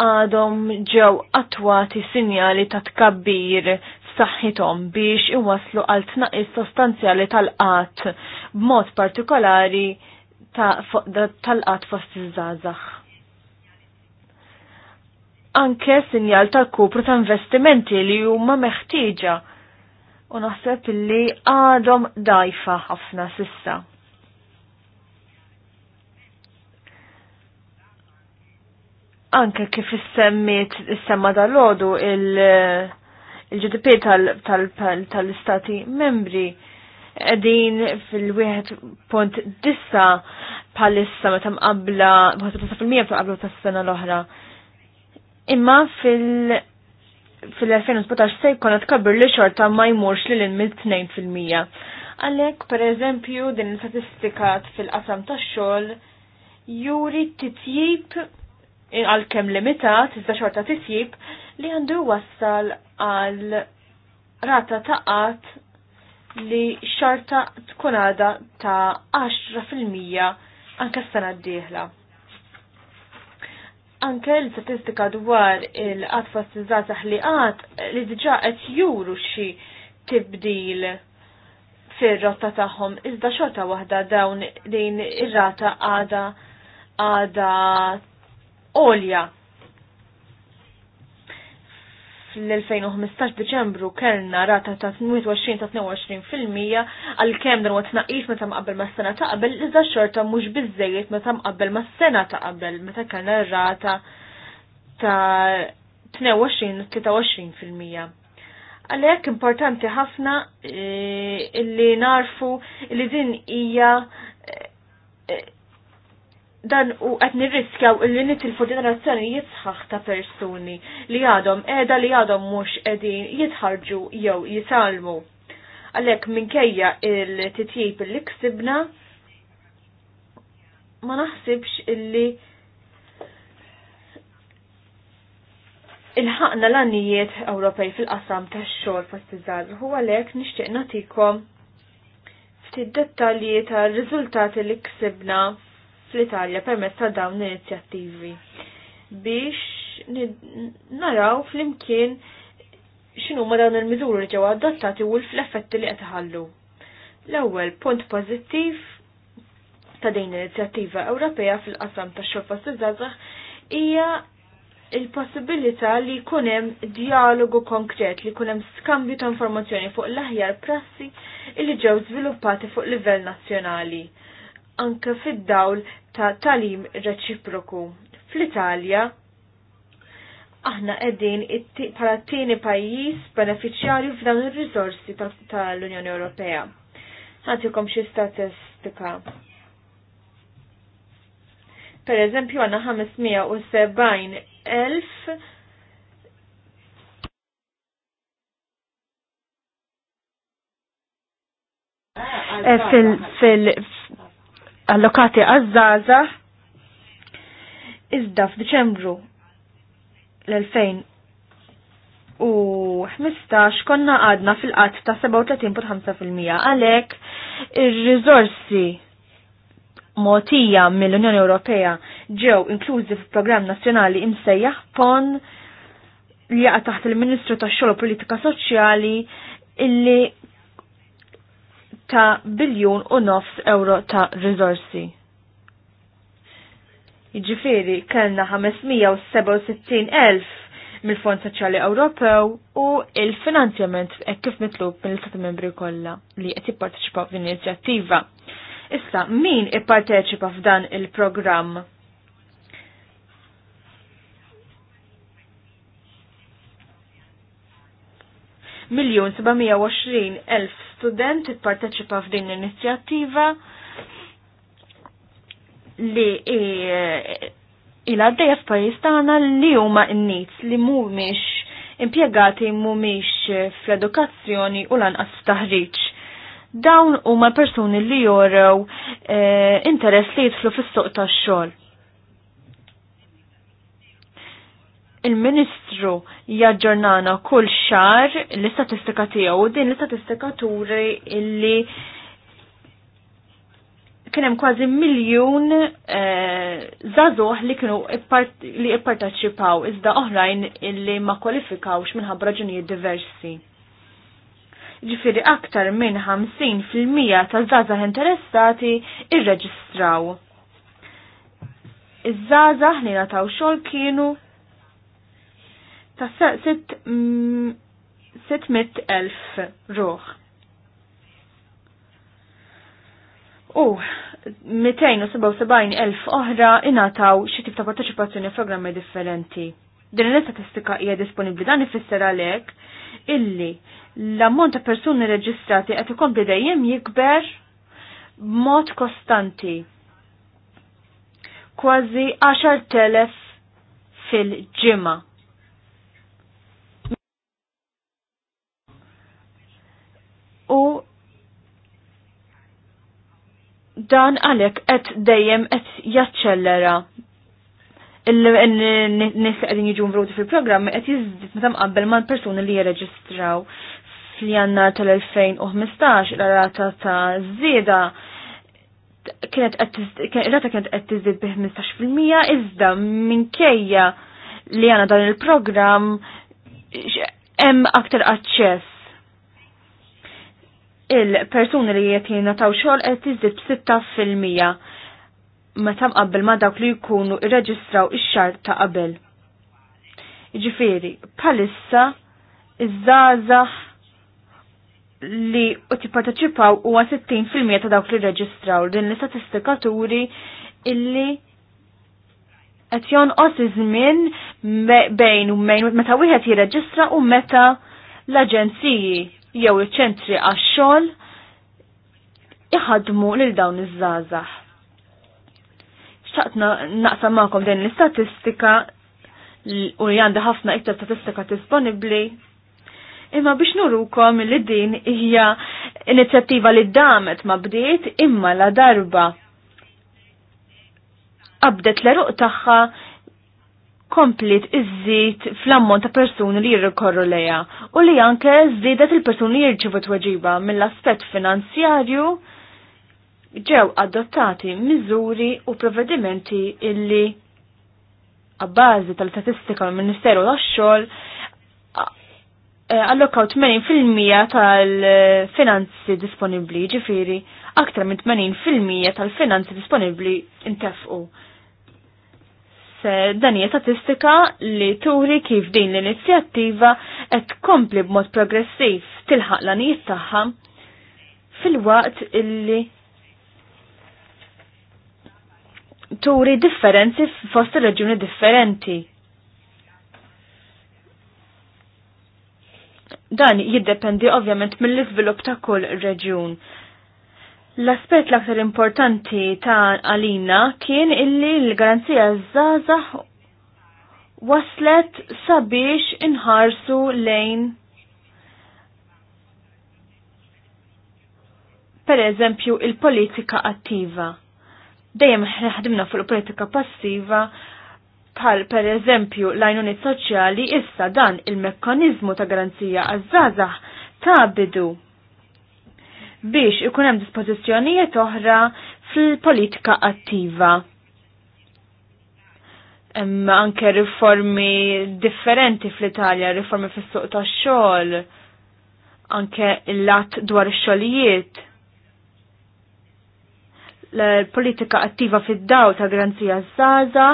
għadhom ġew attwati sinjali ta' tkabbir saħħithom biex iwaslu għal tnaqis sostanzjali tal-qatt b'mod partikolari tal-qatt fost iż-żgħażagħ anke sinjal ta' kupru ta' investimenti li huma meħtieġa u naħseb li għadhom dajfa ħafna sissa. Anke kif issemmiet is-semma tal il-GDP il tal-istati membri edin fil-1.9 palissa ma tam qabla, 1.9% qabla tas sena l-oħra. Imma fil- fil-2017 se jkun tkabbir li xorta ma jmurx li l-inmil 2%. Għalek, per eżempju, din statistikat fil-qasam ta' xol juri titjib għal-kem limitat, iżda xorta titjib li għandu wassal għal rata ta' għat li xorta tkun għada ta' 10% anka s-sena d-dieħla anke l-statistika dwar il-qatfa stizzata ħliqat li diġa qed juru xi tibdil fir-rotta tagħhom iżda xorta waħda dawn din ir-rata għada għada olja fl-2015 Deċembru kellna rata ta' 28 ta' 22% għal kemm dan huwa tnaqqis meta mqabbel mas-sena ta' qabel iżda xorta mhux biżejjed meta mqabbel mas-sena ta' qabel meta kellna rata ta' 22-23%. Għalhekk importanti ħafna eh, illi narfu li din hija eh, dan u qed nirriskjaw illi nitilfu ġenerazzjoni sħaħ ta' persuni li għadhom qiegħda li għadhom mhux qegħdin jitħarġu jew jisalmu. Għalhekk minkejja il-titjib li ksibna ma naħsibx illi il-ħaqna l-annijiet Ewropej fil-qasam tax-xogħol fost iż-żgħażagħ għalhekk nixtieq nagħtikom ftit dettalji tar-riżultati li ksibna fl-Italja permezz ta' dawn l-inizjattivi biex naraw fl-imkien xinu ma dawn il-mizuri li ġew adottati u l-effetti li qed ħallu. L-ewwel punt pożittiv ta' din l-inizjattiva Ewropea fil-qasam tax xorfa s-sizzazax hija il-possibilità li jkun hemm dialogu konkret li jkun hemm skambju ta' informazzjoni fuq l-aħjar prassi li ġew żviluppati fuq livell nazzjonali anke fid-dawl ta' talim reċiproku. Fl-Italja, aħna qegħdin bħala tieni pajjiż beneficjarju f'dawn ir-riżorsi tal-Unjoni Ewropea. Ħatikom xi statistika. Per eżempju għandna 570.000 elf fil-Greċja eh, fil fil allokati għazzaza iżda f'Diċembru l-2015 konna għadna fil-qatt ta' 37.5% għalek ir-rizorsi motija mill-Unjoni Ewropea ġew inklużi fil nazzjonali imsejjaħ PON li jaqa' taħt il-Ministru tax-Xogħol Politika Soċjali illi ta' biljun u nofs euro ta' rizorsi. Iġifiri, kellna 567.000 mill-Fond Soċjali Ewropew u il-finanzjament e kif mitlub mill-Stati Membri kollha li qed jipparteċipaw f'inizjattiva. Issa, min ipparteċipa f'dan il-programm? Miljun elf student ipparteċipa f'din l-inizjattiva li il-għaddeja f'pajis tagħna li huma n-nies li mhumiex impjegati mhumiex fl-edukazzjoni u lanqas taħriġ. Dawn huma persuni li jorew eh, interess li jidħlu fis-suq tax-xogħol il-Ministru jaġġornana kull xar l-istatistika tiegħu u din l-istatistika turi illi kien hemm kważi miljun eh, żagħżugħ li kienu li ipparteċipaw iżda oħrajn illi ma kwalifikawx minħabba raġunijiet diversi. Ġifiri aktar minn 50% fil-mija ta' żgħażagħ interessati irreġistraw. Iż-żgħażagħ li nataw xogħol kienu ta' elf ruħ. U elf oħra inataw xi tip ta' parteċipazzjoni f'programmi differenti. Din l-istatistika hija disponibbli dan ifisser għalhekk illi l-ammont ta' persuni reġistrati qed ikompli dejjem jikber b'mod kostanti. Kważi 10,000 fil-ġimgħa. u dan għalek qed dejjem qed jaċċellera il-nis qegħdin jiġu mvrudi fil-programm qed jiżdied meta mqabbel ma' persuni li jirreġistraw fil jannar tal-2015 l-rata ta' żieda rata kienet qed tizdit bi 15% iżda minkejja li għana dan il-programm hemm aktar aċċess il-persuni li qed jingħataw xogħol qed tiżid 6 fil-mija meta mqabbel ma dawk li jkunu irreġistraw ix-xar ta' qabel. Ġifieri, bħalissa iż-żgħażagħ li u tipparteċipaw huwa 60% ta' dawk li rreġistraw din l-istatistika turi illi qed jonqos iż-żmien bejn u bejn meta wieħed jirreġistra u meta l-aġenziji jew iċ-ċentri għax-xogħol iħadmu lil dawn iż-żgħażagħ. Xtaqt naqsam magħkom din l-istatistika u li għandha ħafna iktar statistika disponibbli imma biex nurukom li din hija inizjattiva li damet ma bdiet imma la darba. Abdet l eruq tagħha komplit iżżid fl-ammont ta' persuni li jirrikorru leja u li anke żdiedet il-persuni li jirċivu tweġiba mill-aspett finanzjarju ġew adottati miżuri u provvedimenti illi għabbażi tal-statistika mill-Ministeru tax-xogħol eh, allokaw 80% tal-finanzi disponibli, ġifiri, aktar minn 80% tal-finanzi disponibli intefqu. Eh, dan hija statistika li turi kif din l-inizjattiva qed tkompli b'mod progressiv tilħaq l tagħha fil-waqt illi turi differenzi fost reġjuni differenti. Dan jiddependi ovvjament mill-iżvilupp ta' kull reġjun. L-aspet l-aktar importanti ta' għalina kien illi l-garanzija zazah waslet sabiex inħarsu lejn per eżempju il-politika attiva. Dejjem ħdimna fuq il-politika passiva bħal per eżempju l ajnuni soċjali issa dan il-mekkanizmu ta' garanzija għaż-żazah ta' bidu biex ikun hemm dispożizzjonijiet oħra fil-politika attiva. Hemm anke riformi differenti fl-Italja, riformi fis-suq tax-xogħol, anke l-att dwar ix-xogħlijiet l-politika attiva fid-daw ta' granzija zaza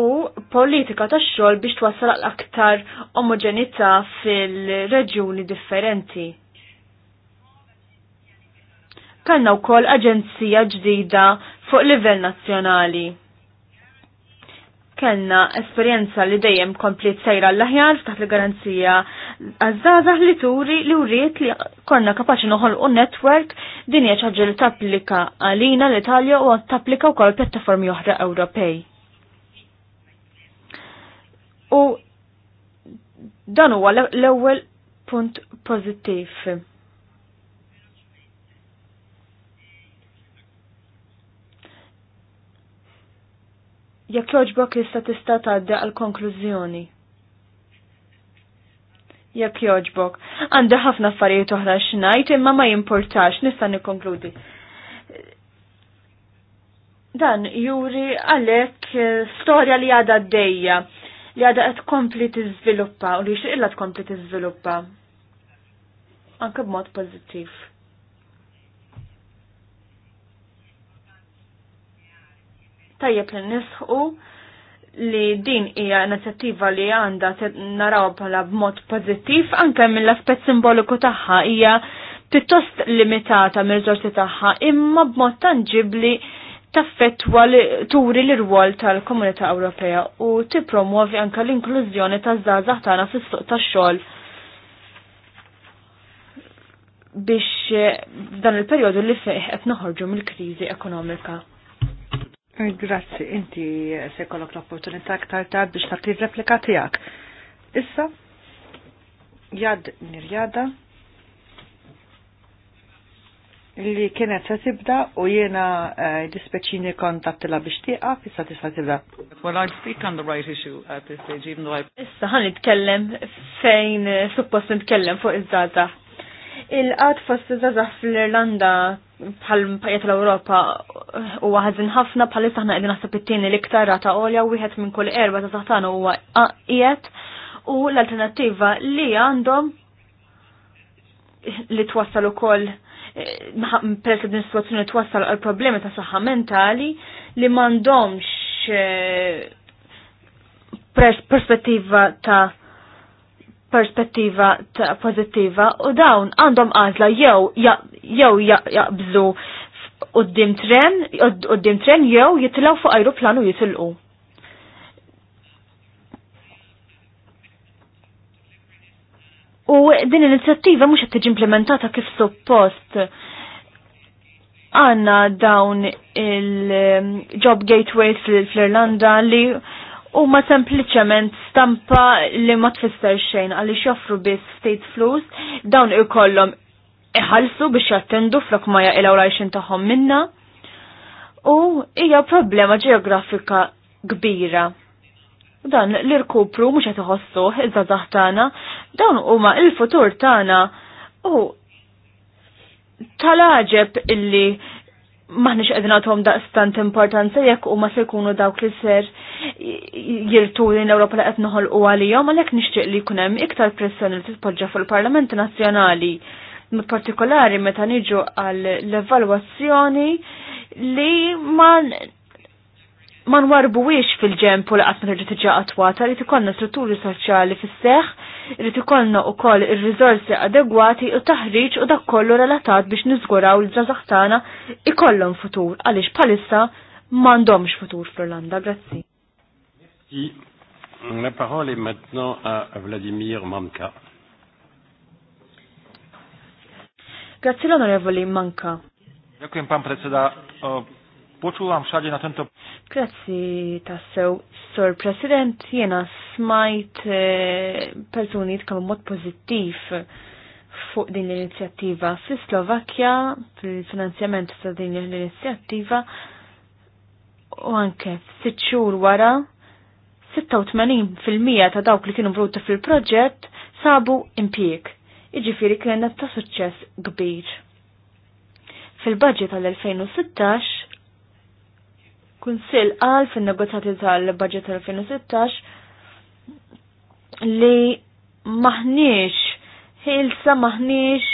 u politika ta' xogħol biex twassal aktar omogenità fil-reġjuni differenti. Kanna wkoll aġenzija ġdida fuq livell nazzjonali. Kellna esperjenza li dejjem komplet sejra l-aħjar taħt li garanzija għazzazah li turi li uriet li konna kapaċi noħolqu network din hija ċaġġel tapplika għalina l-Italja u tapplika wkoll pjattaformi oħra Ewropej. U dan huwa l-ewwel punt pożittiv. Jekk jogħġbok, li statista tgħaddi għal konklużjoni. Jekk joġbok, għandi ħafna affarijiet oħra x'ngħid imma ma jimportax, nista' nikkonkludi dan juri għalhekk storja li għadha d-dejja jada għed qed t tiżviluppa u li xilla tkompli tiżviluppa anke b'mod pożittiv. Tajjeb li nisħu li din hija inizjattiva li għandha naraw bħala b'mod pożittiv anke mill-aspett simboliku tagħha hija pittost limitata mir ġorti tagħha imma b'mod tanġibli taffettwa li turi l-irwol tal-Komunità Ewropea u tippromuovi anka l-inklużjoni taż-żgħażagħ tagħna fis-suq tax-xogħol biex eh, dan il-perjodu li fih qed noħorġu mill-kriżi ekonomika. Eh, grazzi, inti eh, se kollok l-opportunità aktar tard biex tagħti replika tiegħek. Issa jad nirjada li kienet se tibda u jiena uh, eh, dispeċini kontattila biex tieqa issa tista' tibda. Well, I'd speak on the right issue at this stage, even though I... Issa ħan nitkellem fejn eh, suppost nitkellem fuq iż-żaza. Il-qad fost iż fl-Irlanda bħal pajiet l-Ewropa u ħażin ħafna bħalissa ħna qegħdin naħseb it-tieni l-iktar ta' għolja u wieħed minn kull erba ta' taħtana huwa qiegħed u l-alternattiva li għandhom li twassal ukoll peress din situazzjoni twassal għal problemi ta' saħħa mentali li m'għandhomx eh, perspettiva ta' perspettiva ta' pozittiva u dawn għandhom għażla jew jew jaqbżu qudiem tren, qudiem tren jew jitilgħu fuq ajruplan u jitilqu. U din l-inizjattiva mhux qed tiġi implementata kif suppost. Għanna dawn il-job gateways fl-Irlanda li u ma sempliċement stampa li ma tfisser xejn għaliex joffru biss state flus dawn ikollhom iħallsu biex jattendu flok ma jaqilgħu rajxin tagħhom minna. U hija problema ġeografika kbira dan l-irkupru mux għet il iż-żazax tagħna, dawn huma il-futur tagħna u tal ħġeb illi maħniċ għedin da' daqstant importanza jekk u ma se jkunu dawk li ser jirtu li l-Europa li għetnuħol u għalijom, għalek nixtieq li kunem iktar pressjoni li titpoġġa fil-Parlament Nazzjonali, mod partikolari meta niġu għall l-evalwazzjoni li ma ma nwarbuwiex fil-ġemp u laqas ma tiġa attwata li tikonna strutturi soċjali fis-seħ, li u wkoll ir rizorsi adegwati u taħriġ u dak kollu relatat biex niżguraw il ġazaxtana tagħna ikollhom futur għaliex bħalissa m'għandhomx futur fl-Olanda. Grazzi. La parole est maintenant à Vladimir Manka. Grazie l'onorevole Manka. Dziękuję pan predseda għam xaġi na ten Grazzi tassew, Sir President, jena smajt eh, personit kam mod pozittiv fuq din l-inizjattiva. Si Slovakkja, fil-finanzjament ta' din l-inizjattiva, u anke sitt xhur wara, 86% ta' dawk li kienu mbruta fil-proġett sabu impjieg. Iġifieri kienet ta' suċċess kbir. Fil-budget tal-2016 kunsil qal fin-negozjati tal-budget tal-2016 li maħniex ħilsa maħniex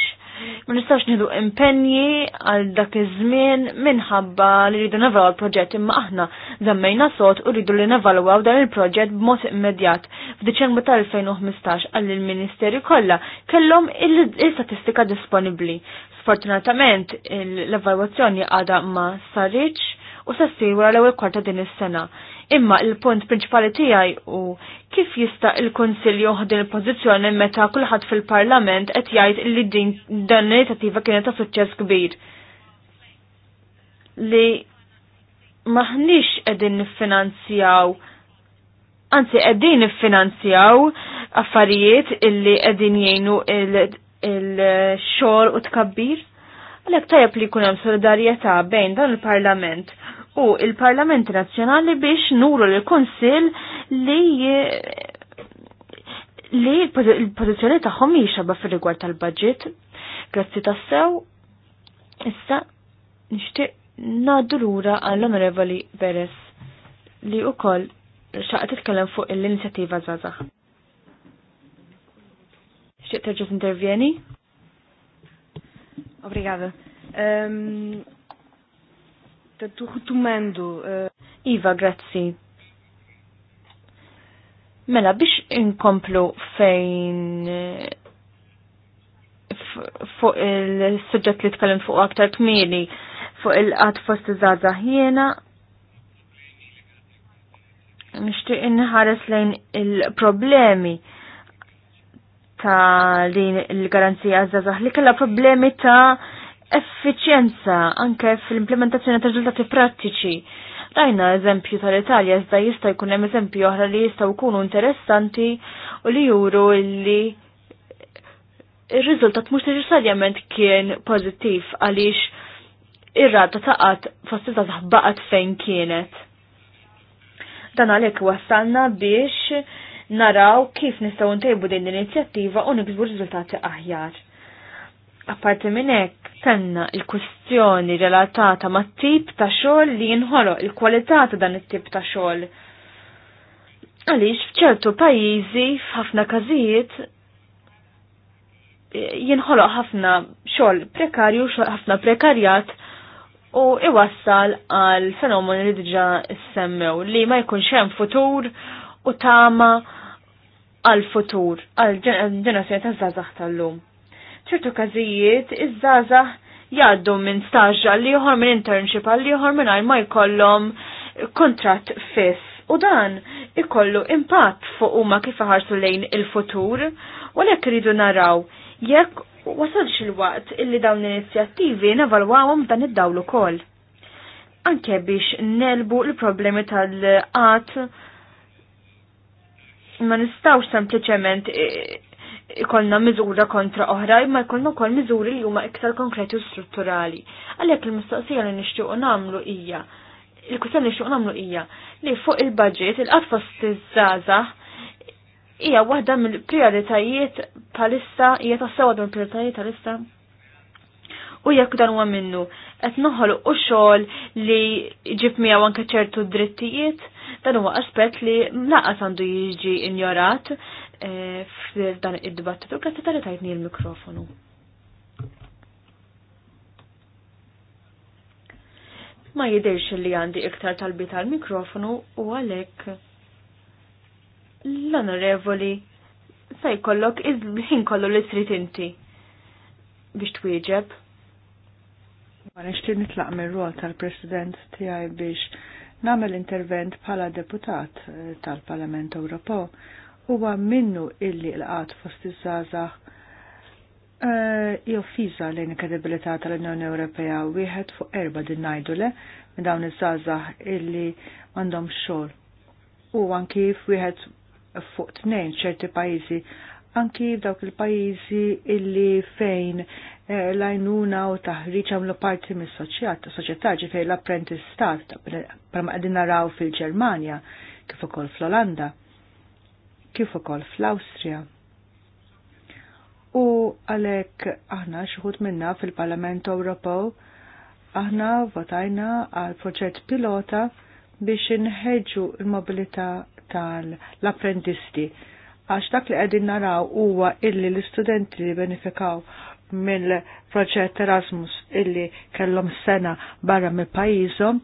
ma nistax nħidu impenji għal dak iż-żmien minħabba li rridu nevalwaw l proġett imma aħna żammejna sot u rridu li nevalwaw dan il-proġett b'mod immedjat. F'Diċembru tal-2015 għall il-Ministeri kollha kellhom il-statistika disponibbli. Sfortunatament l-evalwazzjoni għadha ma saritx u se wara l-ewwel kwarta din is-sena. Imma il-punt prinċipali tiegħi u kif jista' il-Kunsill joħdi l-pożizzjoni meta kulħadd fil-Parlament qed jgħid li din dan l-inizjattiva kienet ta' suċċess kbir. Li maħniex qegħdin niffinanzjaw anzi qegħdin niffinanzjaw affarijiet illi qegħdin jgħinu il-xogħol u tkabbir. Għalhekk tajjeb li jkun hemm solidarjetà bejn dan il-Parlament u il-Parlament Nazzjonali biex nuru l-Konsil li li il pozizjoni taħħom jixaba fir-rigward tal-budget. Grazzi tassew. Issa nixtieq ngħaddu lura għall-Onorevoli Beres li wkoll xaqt titkellem fuq l-inizjattiva zazax. Xieq terġa' intervjeni? Obrigada. Um, Tantu kutumendu. E. Iva, grazzi. Mela, biex inkomplu fejn e, fuq il-sujġet li tkellim fuq aktar kmini fuq il qad fost iż jiena. Nixtieq inħares lejn il-problemi ta' din il-garanzija żgħażagħ li kellha problemi ta' effiċjenza anke fil-implementazzjoni ta' riżultati prattiċi. Rajna eżempju tal-Italja iżda jista' jkun hemm eżempju oħra li jistgħu jkunu interessanti u li juru li ir-riżultat mhux neċessarjament kien pożittiv għaliex ir-rata taqat fost iżda baqgħet fejn kienet. Dan għalhekk wassalna biex naraw kif nistgħu ntejbu din l-inizjattiva u nikbu riżultati aħjar. Apparti minn hekk, tenna il-kwistjoni relatata ma' tip ta' xogħol li jinħolo il-kwalità ta' dan it-tip ta' xogħol. Għaliex f'ċertu pajjiżi f'ħafna każijiet jinħoloq ħafna xogħol prekarju, ħafna prekarjat u iwassal għal fenomeni li diġa semmew li ma jkunx hemm futur u tama għal futur għal ġenerazzjoni ta' zazax tal-lum ċertu każijiet iż-żgħażagħ jgħaddu minn staġġ għal ieħor minn internship għal ieħor mingħajr ma jkollhom kontratt fiss. U dan ikollu impatt fuq huma kif ħarsu lejn il-futur u lek iridu naraw jekk wasalx il-waqt illi dawn l-inizjattivi navalwawhom dan id-dawl ukoll. Anke biex nelbu l-problemi tal-qat ma nistawx sempliċement ikolna miżura kontra oħra, imma jkollna wkoll miżuri li huma iktar konkreti u strutturali. Għalhekk il-mistoqsija li nixtiequ nagħmlu hija il-kwistjoni li nixtiequ nagħmlu hija li fuq il-budget il qatfost iż-żgħażagħ hija waħda mill-prijoritajiet palissa hija tassewa dwar prijoritajiet palissa. U jekk dan huwa minnu qed noħol u xogħol li ġib miegħu anke ċertu drittijiet, dan huwa aspett li mlaqas għandu jiġi injorat, Eh, f'dan id-dibattitu. Grazzi tal tajtni l-mikrofonu. Ma jidirx li għandi iktar talbi tal-mikrofonu u għalek l-onorevoli saj kollok ħin kollu li trid inti biex twieġeb. Ma nixtieq nitlaq mir-rol tal-President tiegħi biex nagħmel intervent bħala deputat eh, tal-Parlament Ewropew huwa minnu illi l-qat fost iż-żgħażagħ eh, joffiża lejn kredibilità tal-Unjoni Ewropea wieħed fuq erba' din ngħidu le minn dawn iż-żgħażagħ illi għandhom xogħol. U anki wieħed fuq tnejn ċerti pajjiżi anki f'dawk il-pajjiżi illi fejn eh, l-għajnuna u taħriġ għamlu parti mis soċjat soċjetà ġifej l-apprentistat, bħalma qegħdin naraw fil-Ġermanja kif ukoll fl-Olanda kif ukoll fl-Awstrija. U għalhekk aħna xħut minna fil-Parlament Ewropew aħna votajna għal proġett pilota biex inħeġġu l-mobilità tal-apprendisti għax dak li qegħdin naraw huwa illi l-istudenti li benefikaw mill-proġett Erasmus illi kellhom sena barra mill-pajjiżhom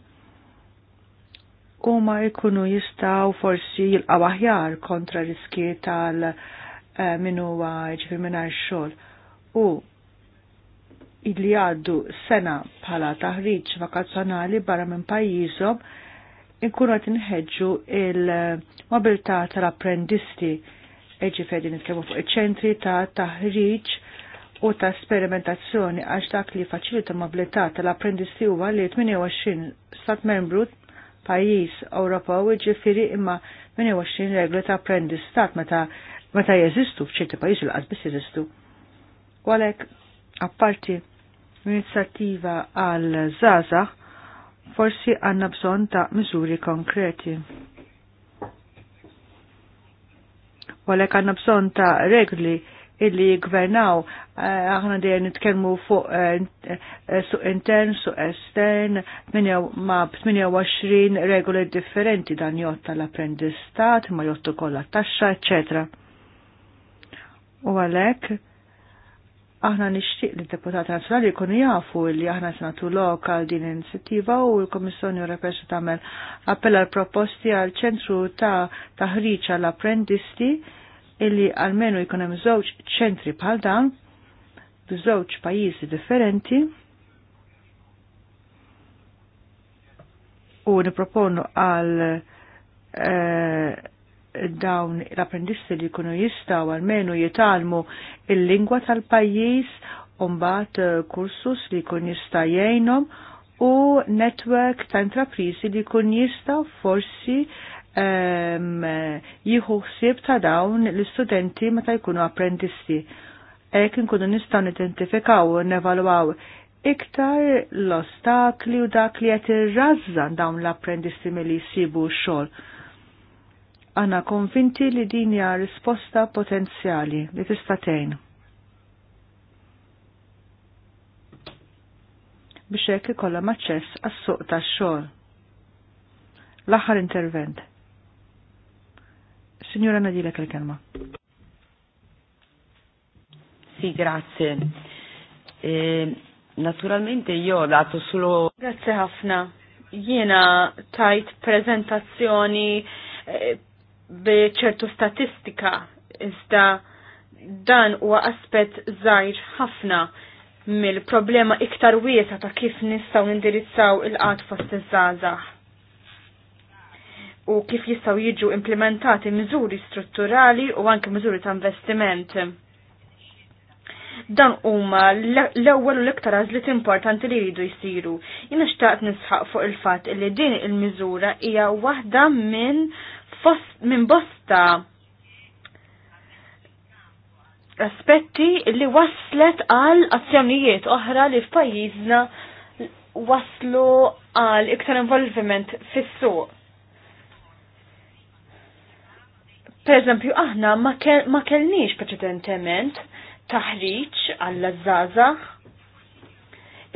huma jkunu jistaw forsi jilqaw aħjar kontra riski tal eh, min huwa ġifir mingħajr xogħol. U idli għaddu sena bħala taħriġ vakazzjonali barra minn pajjiżhom inkunu qed inħeġġu il-mobilità tal-apprendisti ġifieri nitkellmu fuq iċ-ċentri ta' taħriġ u ta' sperimentazzjoni għax dak li faċilita mobilità tal-apprendisti huwa li 28 stat membru pajjiż Ewropew ġifiri imma 28 regli ta' apprendistat meta meta jeżistu f'ċerti pajjiżi l biss jeżistu. U għalhekk apparti l-inizjattiva għal Zaza forsi għandna bżonn ta' miżuri konkreti. U għalhekk għandna bżonn ta' regli illi jgvernaw. Eh, aħna dejjem nitkellmu fuq eh, eh, suq intern, suq estern, ma' 28 regoli differenti dan jott tal-apprendistat, ma' jott ukoll taxxa, eċetera. U għalhekk aħna nixtieq li deputati nazzjonali jkunu jafu li aħna senatu lokal din inizjattiva u l kummissjoni Ewropea se tagħmel appell għal proposti għal ċentru ta' taħriġ għall apprendisti illi għalmenu jkun hemm żewġ ċentri bħal dan b'żewġ pajjiżi differenti u niproponu għal eh, dawn l-apprendisti li jkunu jistaw għalmenu jitalmu il-lingwa tal-pajjiż umbat eh, kursus li jkun jista' jgħinhom u network ta' intraprisi li kun jista forsi Ehm, jieħu ħsieb ta' dawn l-istudenti meta jkunu apprendisti. Ek nkunu nistgħu nidentifikaw u nevalwaw iktar l-ostakli u dak li qed irrażżan dawn l-apprendisti milli jsibu x-xogħol. Għana konvinti li din hija risposta potenzjali li tista' tgħin. biex hekk ikollhom aċċess għas-suq tax-xogħol. L-aħħar intervent. Signora Nadilek il-kelma. Sì, grazie. E, naturalmente io ho dato solo... Grazie ħafna. Jiena tajt prezentazzjoni eh, ċertu statistika, iżda dan huwa aspett żgħir ħafna mill-problema iktar wiesa ta' kif nistgħu nindirizzaw il-qatt fost iż-żgħażagħ u kif jistaw jiġu implementati miżuri strutturali u anke miżuri ta' investiment. Dan huma l-ewwel u l-iktar għażliet importanti li jridu jsiru. Jiena xtaqt nisħaq fuq il-fatt li din il-miżura hija waħda minn minn bosta aspetti li waslet għal azzjonijiet oħra li f'pajjiżna waslu għal iktar involviment fis-suq Per eżempju, aħna ma, kellniex preċedentement taħriġ għall żgħażagħ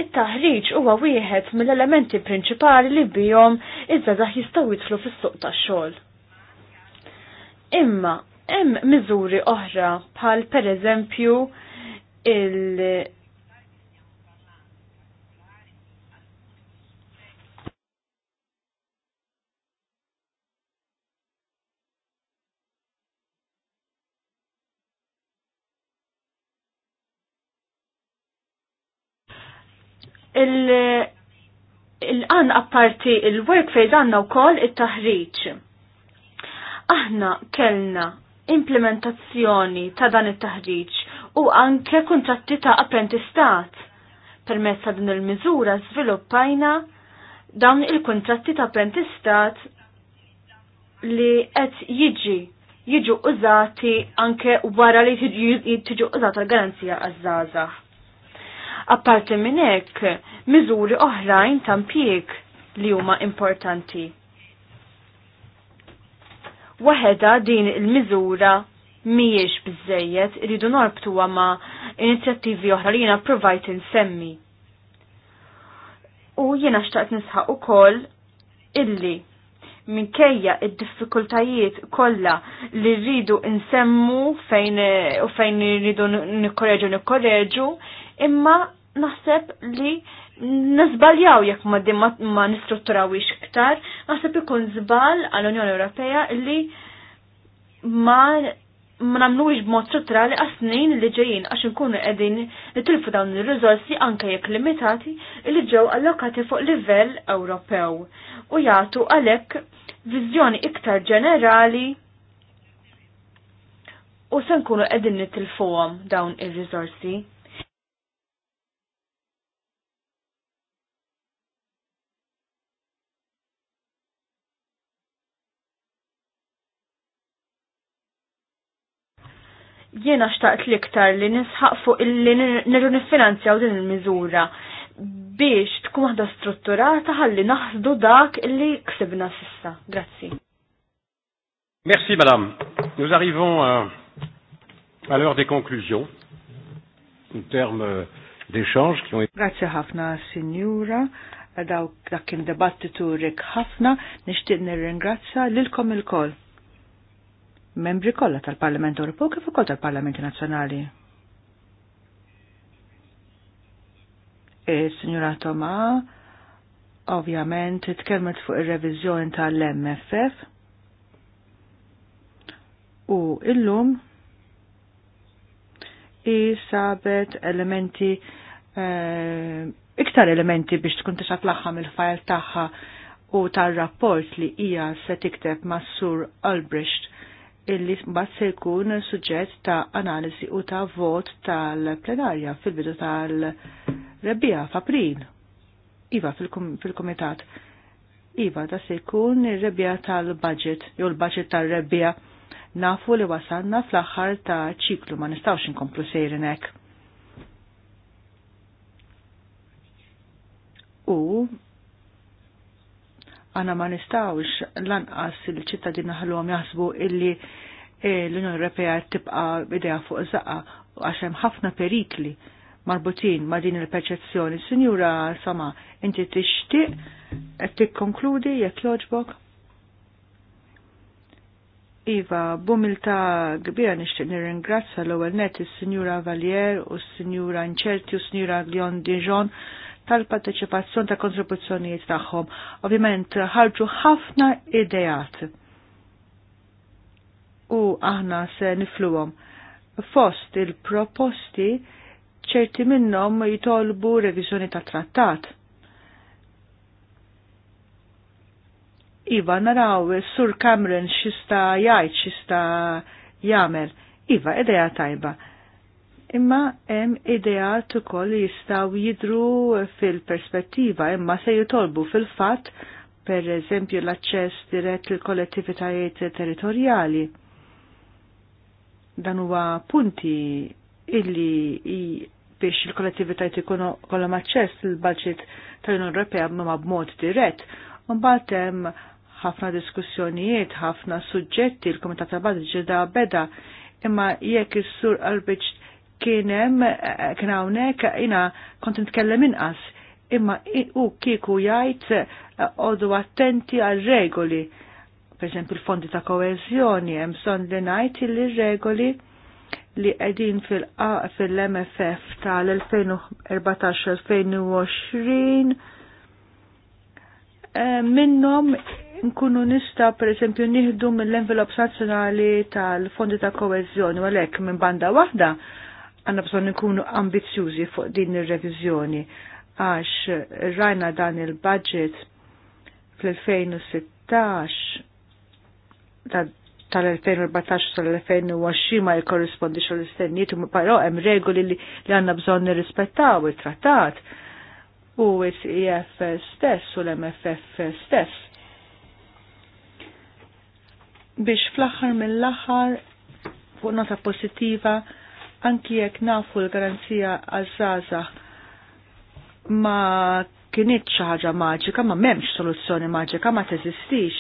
It-taħriġ huwa wieħed mill-elementi prinċipali li bihom iż-żgħażagħ jistgħu jidħlu fis-suq tax-xogħol. Imma hemm miżuri oħra bħal pereżempju il- il-għan apparti il-work phase għanna u koll il-taħriċ. Aħna kellna implementazzjoni ta' dan il-taħriċ u anke kontratti ta' apprentistat. Permezz ta' din il-miżura sviluppajna dawn il-kontratti ta' apprentistat li qed jiġi jiġu użati anke wara li tiġu użata l-garanzija għaż-żgħażagħ Apparti minn hekk, miżuri oħrajn ta' impjieg li huma importanti. Waħeda din il-miżura mhijiex biżejjed iridu norbtuha ma' inizjattivi oħra li jiena provajt insemmi. U jiena xtaqt nisħaq ukoll illi minkejja id-diffikultajiet kollha li rridu nsemmu fejn u fejn rridu nikkoreġu nikkoreġu, imma naħseb li nizbaljaw jekk ma, ma nistrutturawix iktar, naħseb ikun zbal għall-Unjoni Ewropea li ma ma namluwix b'mod strutturali għas snin li ġejjin għax nkunu qegħdin nitilfu dawn ir-riżorsi anke jekk limitati li ġew allokati fuq livell Ewropew u jagħtu għalhekk viżjoni iktar ġenerali u se nkunu qegħdin nitilfuhom dawn ir-riżorsi. Jiena xtaqt liktar li nisħaq fuq li nirru nifinanzjaw din il-miżura biex tkun waħda strutturata ħalli naħsdu dak li ksibna sissa. Grazzi. Merci madame. Nous arrivons euh, à, l'heure des conclusions. En termes euh, d'échange qui ont été... Grazie ħafna, signora daw dak kien debattitu rik ħafna, nixtieq nirringrazzja lilkom il kol membri kollha tal-Parlament Ewropew kif ukoll tal-Parlamenti Nazzjonali. Is-Sinjura Toma ovvjament tkellmet fuq ir-reviżjoni tal-MFF u illum i sabet elementi e, iktar elementi biex tkun tixat laħħam il-fajl tagħha u tal-rapport li hija se tikteb mas-sur Albrecht illi mbagħad se jkun suġġett ta' analiżi u ta' vot tal-plenarja fil-bidu tal-rebbija f'April. Iva fil-Kumitat. Iva da se jkun ir-rebbija tal-budget jew l-budget tal-rebbija. Nafu li wasanna fl-aħħar ta' ċiklu ma nistgħux inkomplu sejrin hekk. U Għana ma nistawx lanqas il-ċittadin naħluhom jaħsbu illi eh, l-Unjoni Ewropea tibqa' bidea fuq zaqqa għax hemm ħafna perikli marbutin ma' din il-perċezzjoni. Sinjura Sama, inti tixtieq qed tikkonkludi jekk jogħġbok? Iva, bumilta kbira nixtieq nirringrazzja l-ewwel net is-Sinjura Valier u s-Sinjura Inċerti u s-Sinjura Glion Dijon tal-parteċipazzjoni ta' kontribuzzjonijiet tagħhom. Ovvjament ħarġu ħafna idejat. U aħna se nifluhom. Fost il-proposti ċerti minnhom jitolbu reviżjoni ta' trattat. Iva naraw Sur Cameron xista jgħid xista jagħmel. Iva, idea tajba Imma hemm ideat ukoll li jistgħu jidru fil-perspettiva imma se jitolbu fil-fatt per eżempju l-aċċess dirett il kollettivitajiet territorjali. Dan huwa punti illi biex il-kollettivitajiet ikunu kollha aċċess il baġit tal-Unjoni Ewropea ma b'mod dirett. Mbagħad hemm ħafna diskussjonijiet, ħafna suġġetti l-Kumitat ta' baġit ġeda beda imma jekk is-sur għalbiċ kienem kien hawnhekk jina kont nitkellem inqas imma u kieku jgħid għodu attenti għal regoli. Per esempio il-fondi ta' koezjoni hemm son li ngħid li regoli li qegħdin fil-MFF fil mff tal 2014 2020 eh, minnhom nkunu nista per esempio nieħdu mill envelops nazzjonali tal-fondi ta' koezjoni u għalhekk minn banda waħda għanna bżon nkunu ambizjużi fuq din ir-reviżjoni għax rajna dan il-budget fl-2016 tal-2014 tal-2020 ma jkorrispondi xo l-istenniet, però hemm regoli li għanna bżon nirrispettaw il-trattat u s-IF stess u l-MFF stess. Biex fl-axar mill-axar fuq nota pozittiva anki jekk nafu l-garanzija għazzaza ma kienet xi ħaġa maġika, ma m'hemmx soluzzjoni maġika, ma teżistix.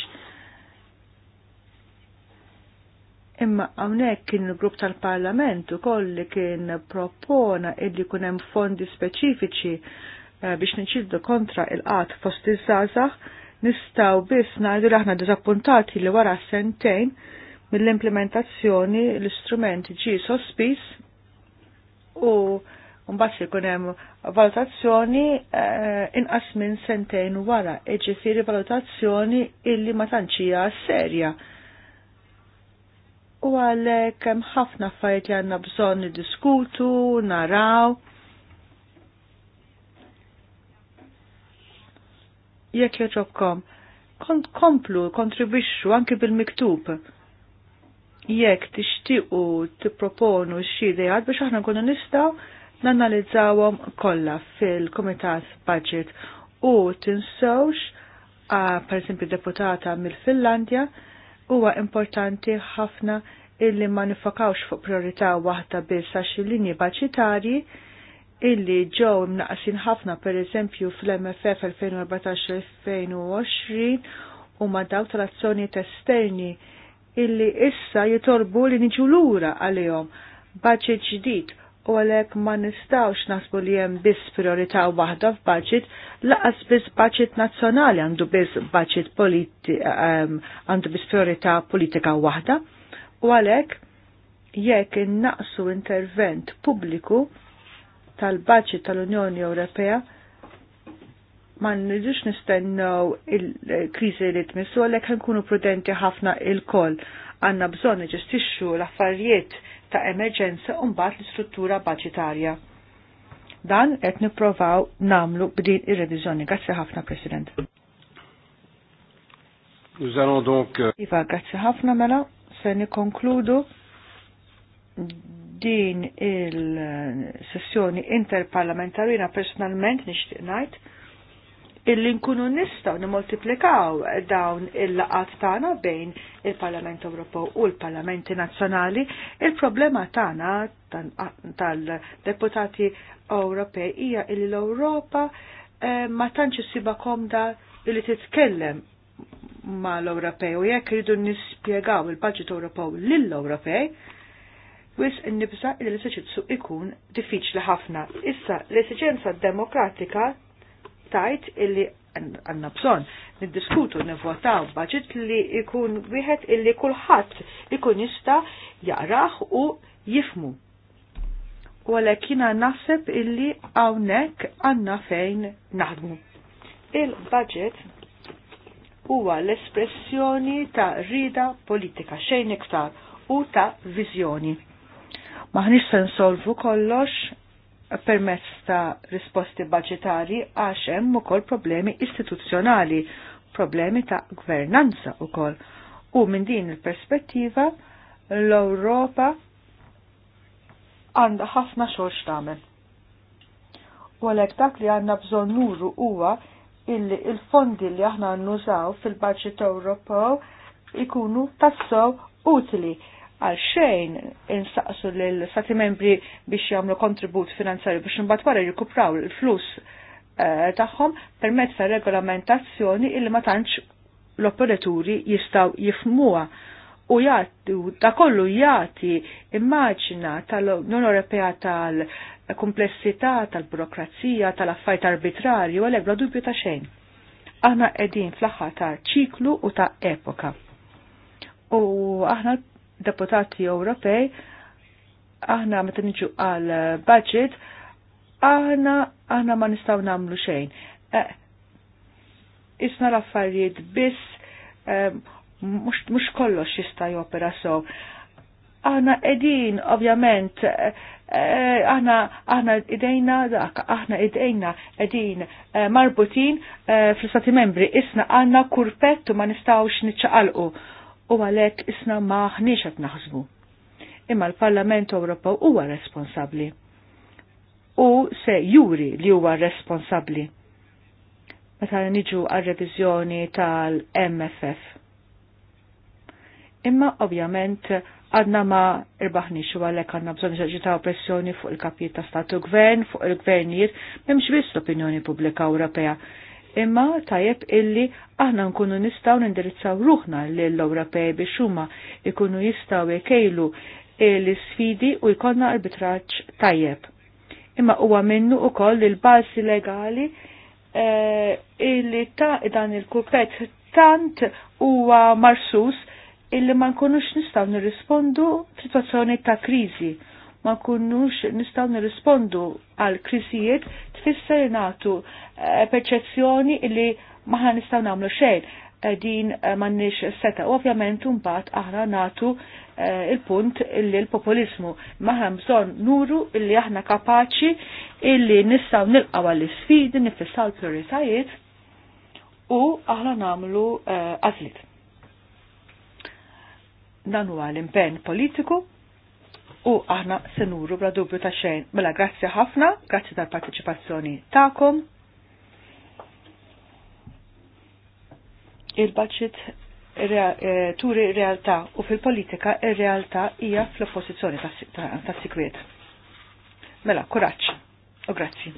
Imma hawnhekk kien il-grupp tal-Parlament ukoll li kien propona illi kun hemm fondi speċifiċi eh, biex niċildu kontra il-qat fost iż-żgħażagħ nistaw biss ngħidu li aħna diżappuntati li wara sentejn mill-implementazzjoni l-istrument ġie sospiż u mbagħad ikun hemm valutazzjoni eh, inqas minn sentejn wara, jiġifieri valutazzjoni illi ma tanċija serja. U għalhekk hemm ħafna affarijiet li għandna bżonn diskutu, naraw. Jekk joġobkom, kont komplu kontribwixxu anke bil-miktub jekk tixtiqu tipproponu xi idejat biex aħna nkunu nistgħu nanalizzawhom kollha fil-Kumitat Budget u tinsewx pereżempju deputata mill-Finlandja huwa importanti ħafna illi ma nifakawx fuq priorità waħda biss għax il-linji baċitari illi ġew imnaqsin ħafna pereżempju fl-MFF 2014-2020 u ma dawk tal-azzjonijiet esterni illi issa jitolbu li niġu lura għalihom baċċet ġdid u għalek ma nistawx nasbu li jem bis priorita u wahda f'budget, laqas bis budget nazzjonali għandu bis budget politi, ehm, għandu bis priorita politika wahda, u għalek jekk innaqsu intervent pubbliku tal-budget tal-Unjoni Ewropea ma nridux nistennew il-kriżi li tmissu għalhekk nkunu prudenti ħafna il-koll. Għandna bżonn niġestixxu l-affarijiet ta' emerġenza u mbagħad l-istruttura baġitarja. Dan qed nipprovaw namlu b'din ir-reviżjoni. Grazzi ħafna, President. Euh, iva, grazzi ħafna mela, se nikonkludu din il-sessjoni interparlamentarina personalment nixtieq ngħid illi nkunu nistaw nimultiplikaw dawn il-laqat tagħna bejn il-Parlament Ewropew u l-Parlamenti Nazzjonali, il-problema tagħna tal-deputati Ewropej hija illi l-Ewropa eh, ma tantx issiba komda illi titkellem mal-Ewropej u jekk iridu nispjegaw il-Baġit Ewropew lill-Ewropej, wis nibsa il l ikun diffiċli ħafna. Issa l esiċenza demokratika tajt illi għanna bżon niddiskutu, nivvotaw budget li ikun wieħed illi kulħadd ikun jista jaraħ u jifmu. U għalhekk jiena naħseb illi hawnhekk għandna fejn naħdmu. Il-budget huwa l-espressjoni ta' rida politika xejn iktar u ta' viżjoni. Maħniex se nsolvu kollox permezz ta' risposti budgetari għax hemm ukoll problemi istituzzjonali, problemi ta' gvernanza ukoll. U minn din il-perspettiva l-Ewropa għandha ħafna xogħol tagħmel. U għalhekk dak li għandna bżonn nuru huwa illi il-fondi li aħna nużaw fil-budget Ewropew ikunu tassew utili għal xejn insaqsu l-stati membri biex jagħmlu kontribut finanzjarju biex imbagħad wara jirkupraw il-flus eh, tagħhom permezz ta' regolamentazzjoni illi ma tantx l-operaturi jistaw jifmuha u jgħati, ta' kollu jgħati immaġina tal-Unjoni Ewropea tal-komplessità, tal-burokrazija, tal-affajt arbitrarju, għalek bla dubju ta' xejn. Aħna qegħdin fl-aħħar ta' ċiklu u ta' epoka. U aħna deputati Ewropej, aħna meta niġu għal budget, aħna aħna ma nistgħu nagħmlu xejn. Eh, isna l-affarijiet biss eh, mhux kollox jista' jopera so. Aħna qegħdin ovvjament eh, aħna aħna idejna dak, aħna idejna edin marbutin fl-Stati membri, isna għanna u ma nistawx niċċaqalqu u għalek isna maħniċ qed naħsbu. Imma l-Parlament Ewropew huwa responsabbli. U se juri li huwa responsabbli. Meta niġu għal revizjoni tal-MFF. Imma ovvjament għadna ma irbaħni xu għalek għadna bżon ġaġita pressjoni fuq il-kapijiet ta' statu gvern, fuq il-gvernijiet, memx biss l-opinjoni pubblika Ewropea imma tajjeb illi aħna nkunu nistaw nindirizzaw ruħna l-Ewropej biex huma ikunu jistaw jkejlu l-sfidi u jkollna arbitraġġ tajjeb. Imma huwa minnu ukoll il-bażi legali eh, illi ta' dan il-kupet tant huwa marsus illi ma nkunux nistaw nirrispondu f'sitwazzjoni ta' kriżi ma kunnux nistaw nirrispondu għal krisijiet tfisser natu eh, perċezzjoni illi maħna nistaw namlu xejn eh, din eh, mannix seta. U ovvjament mbagħad aħna natu il-punt illi l populismu Maħna bżonn nuru illi aħna kapaċi illi nistaw nilqaw għall-isfidi, nifissaw l-prioritajiet u aħna namlu għazlit. Dan huwa l-impenn politiku u aħna senuru bla dubju ta' xejn. Mela grazzi ħafna, grazzi tal-parteċipazzjoni ta'kom. Il-budget eh, turi realtà u fil-politika ir-realtà eh, hija fl-oppożizzjoni ta' sikwiet Ta, mela, kuraġġ u grazzi.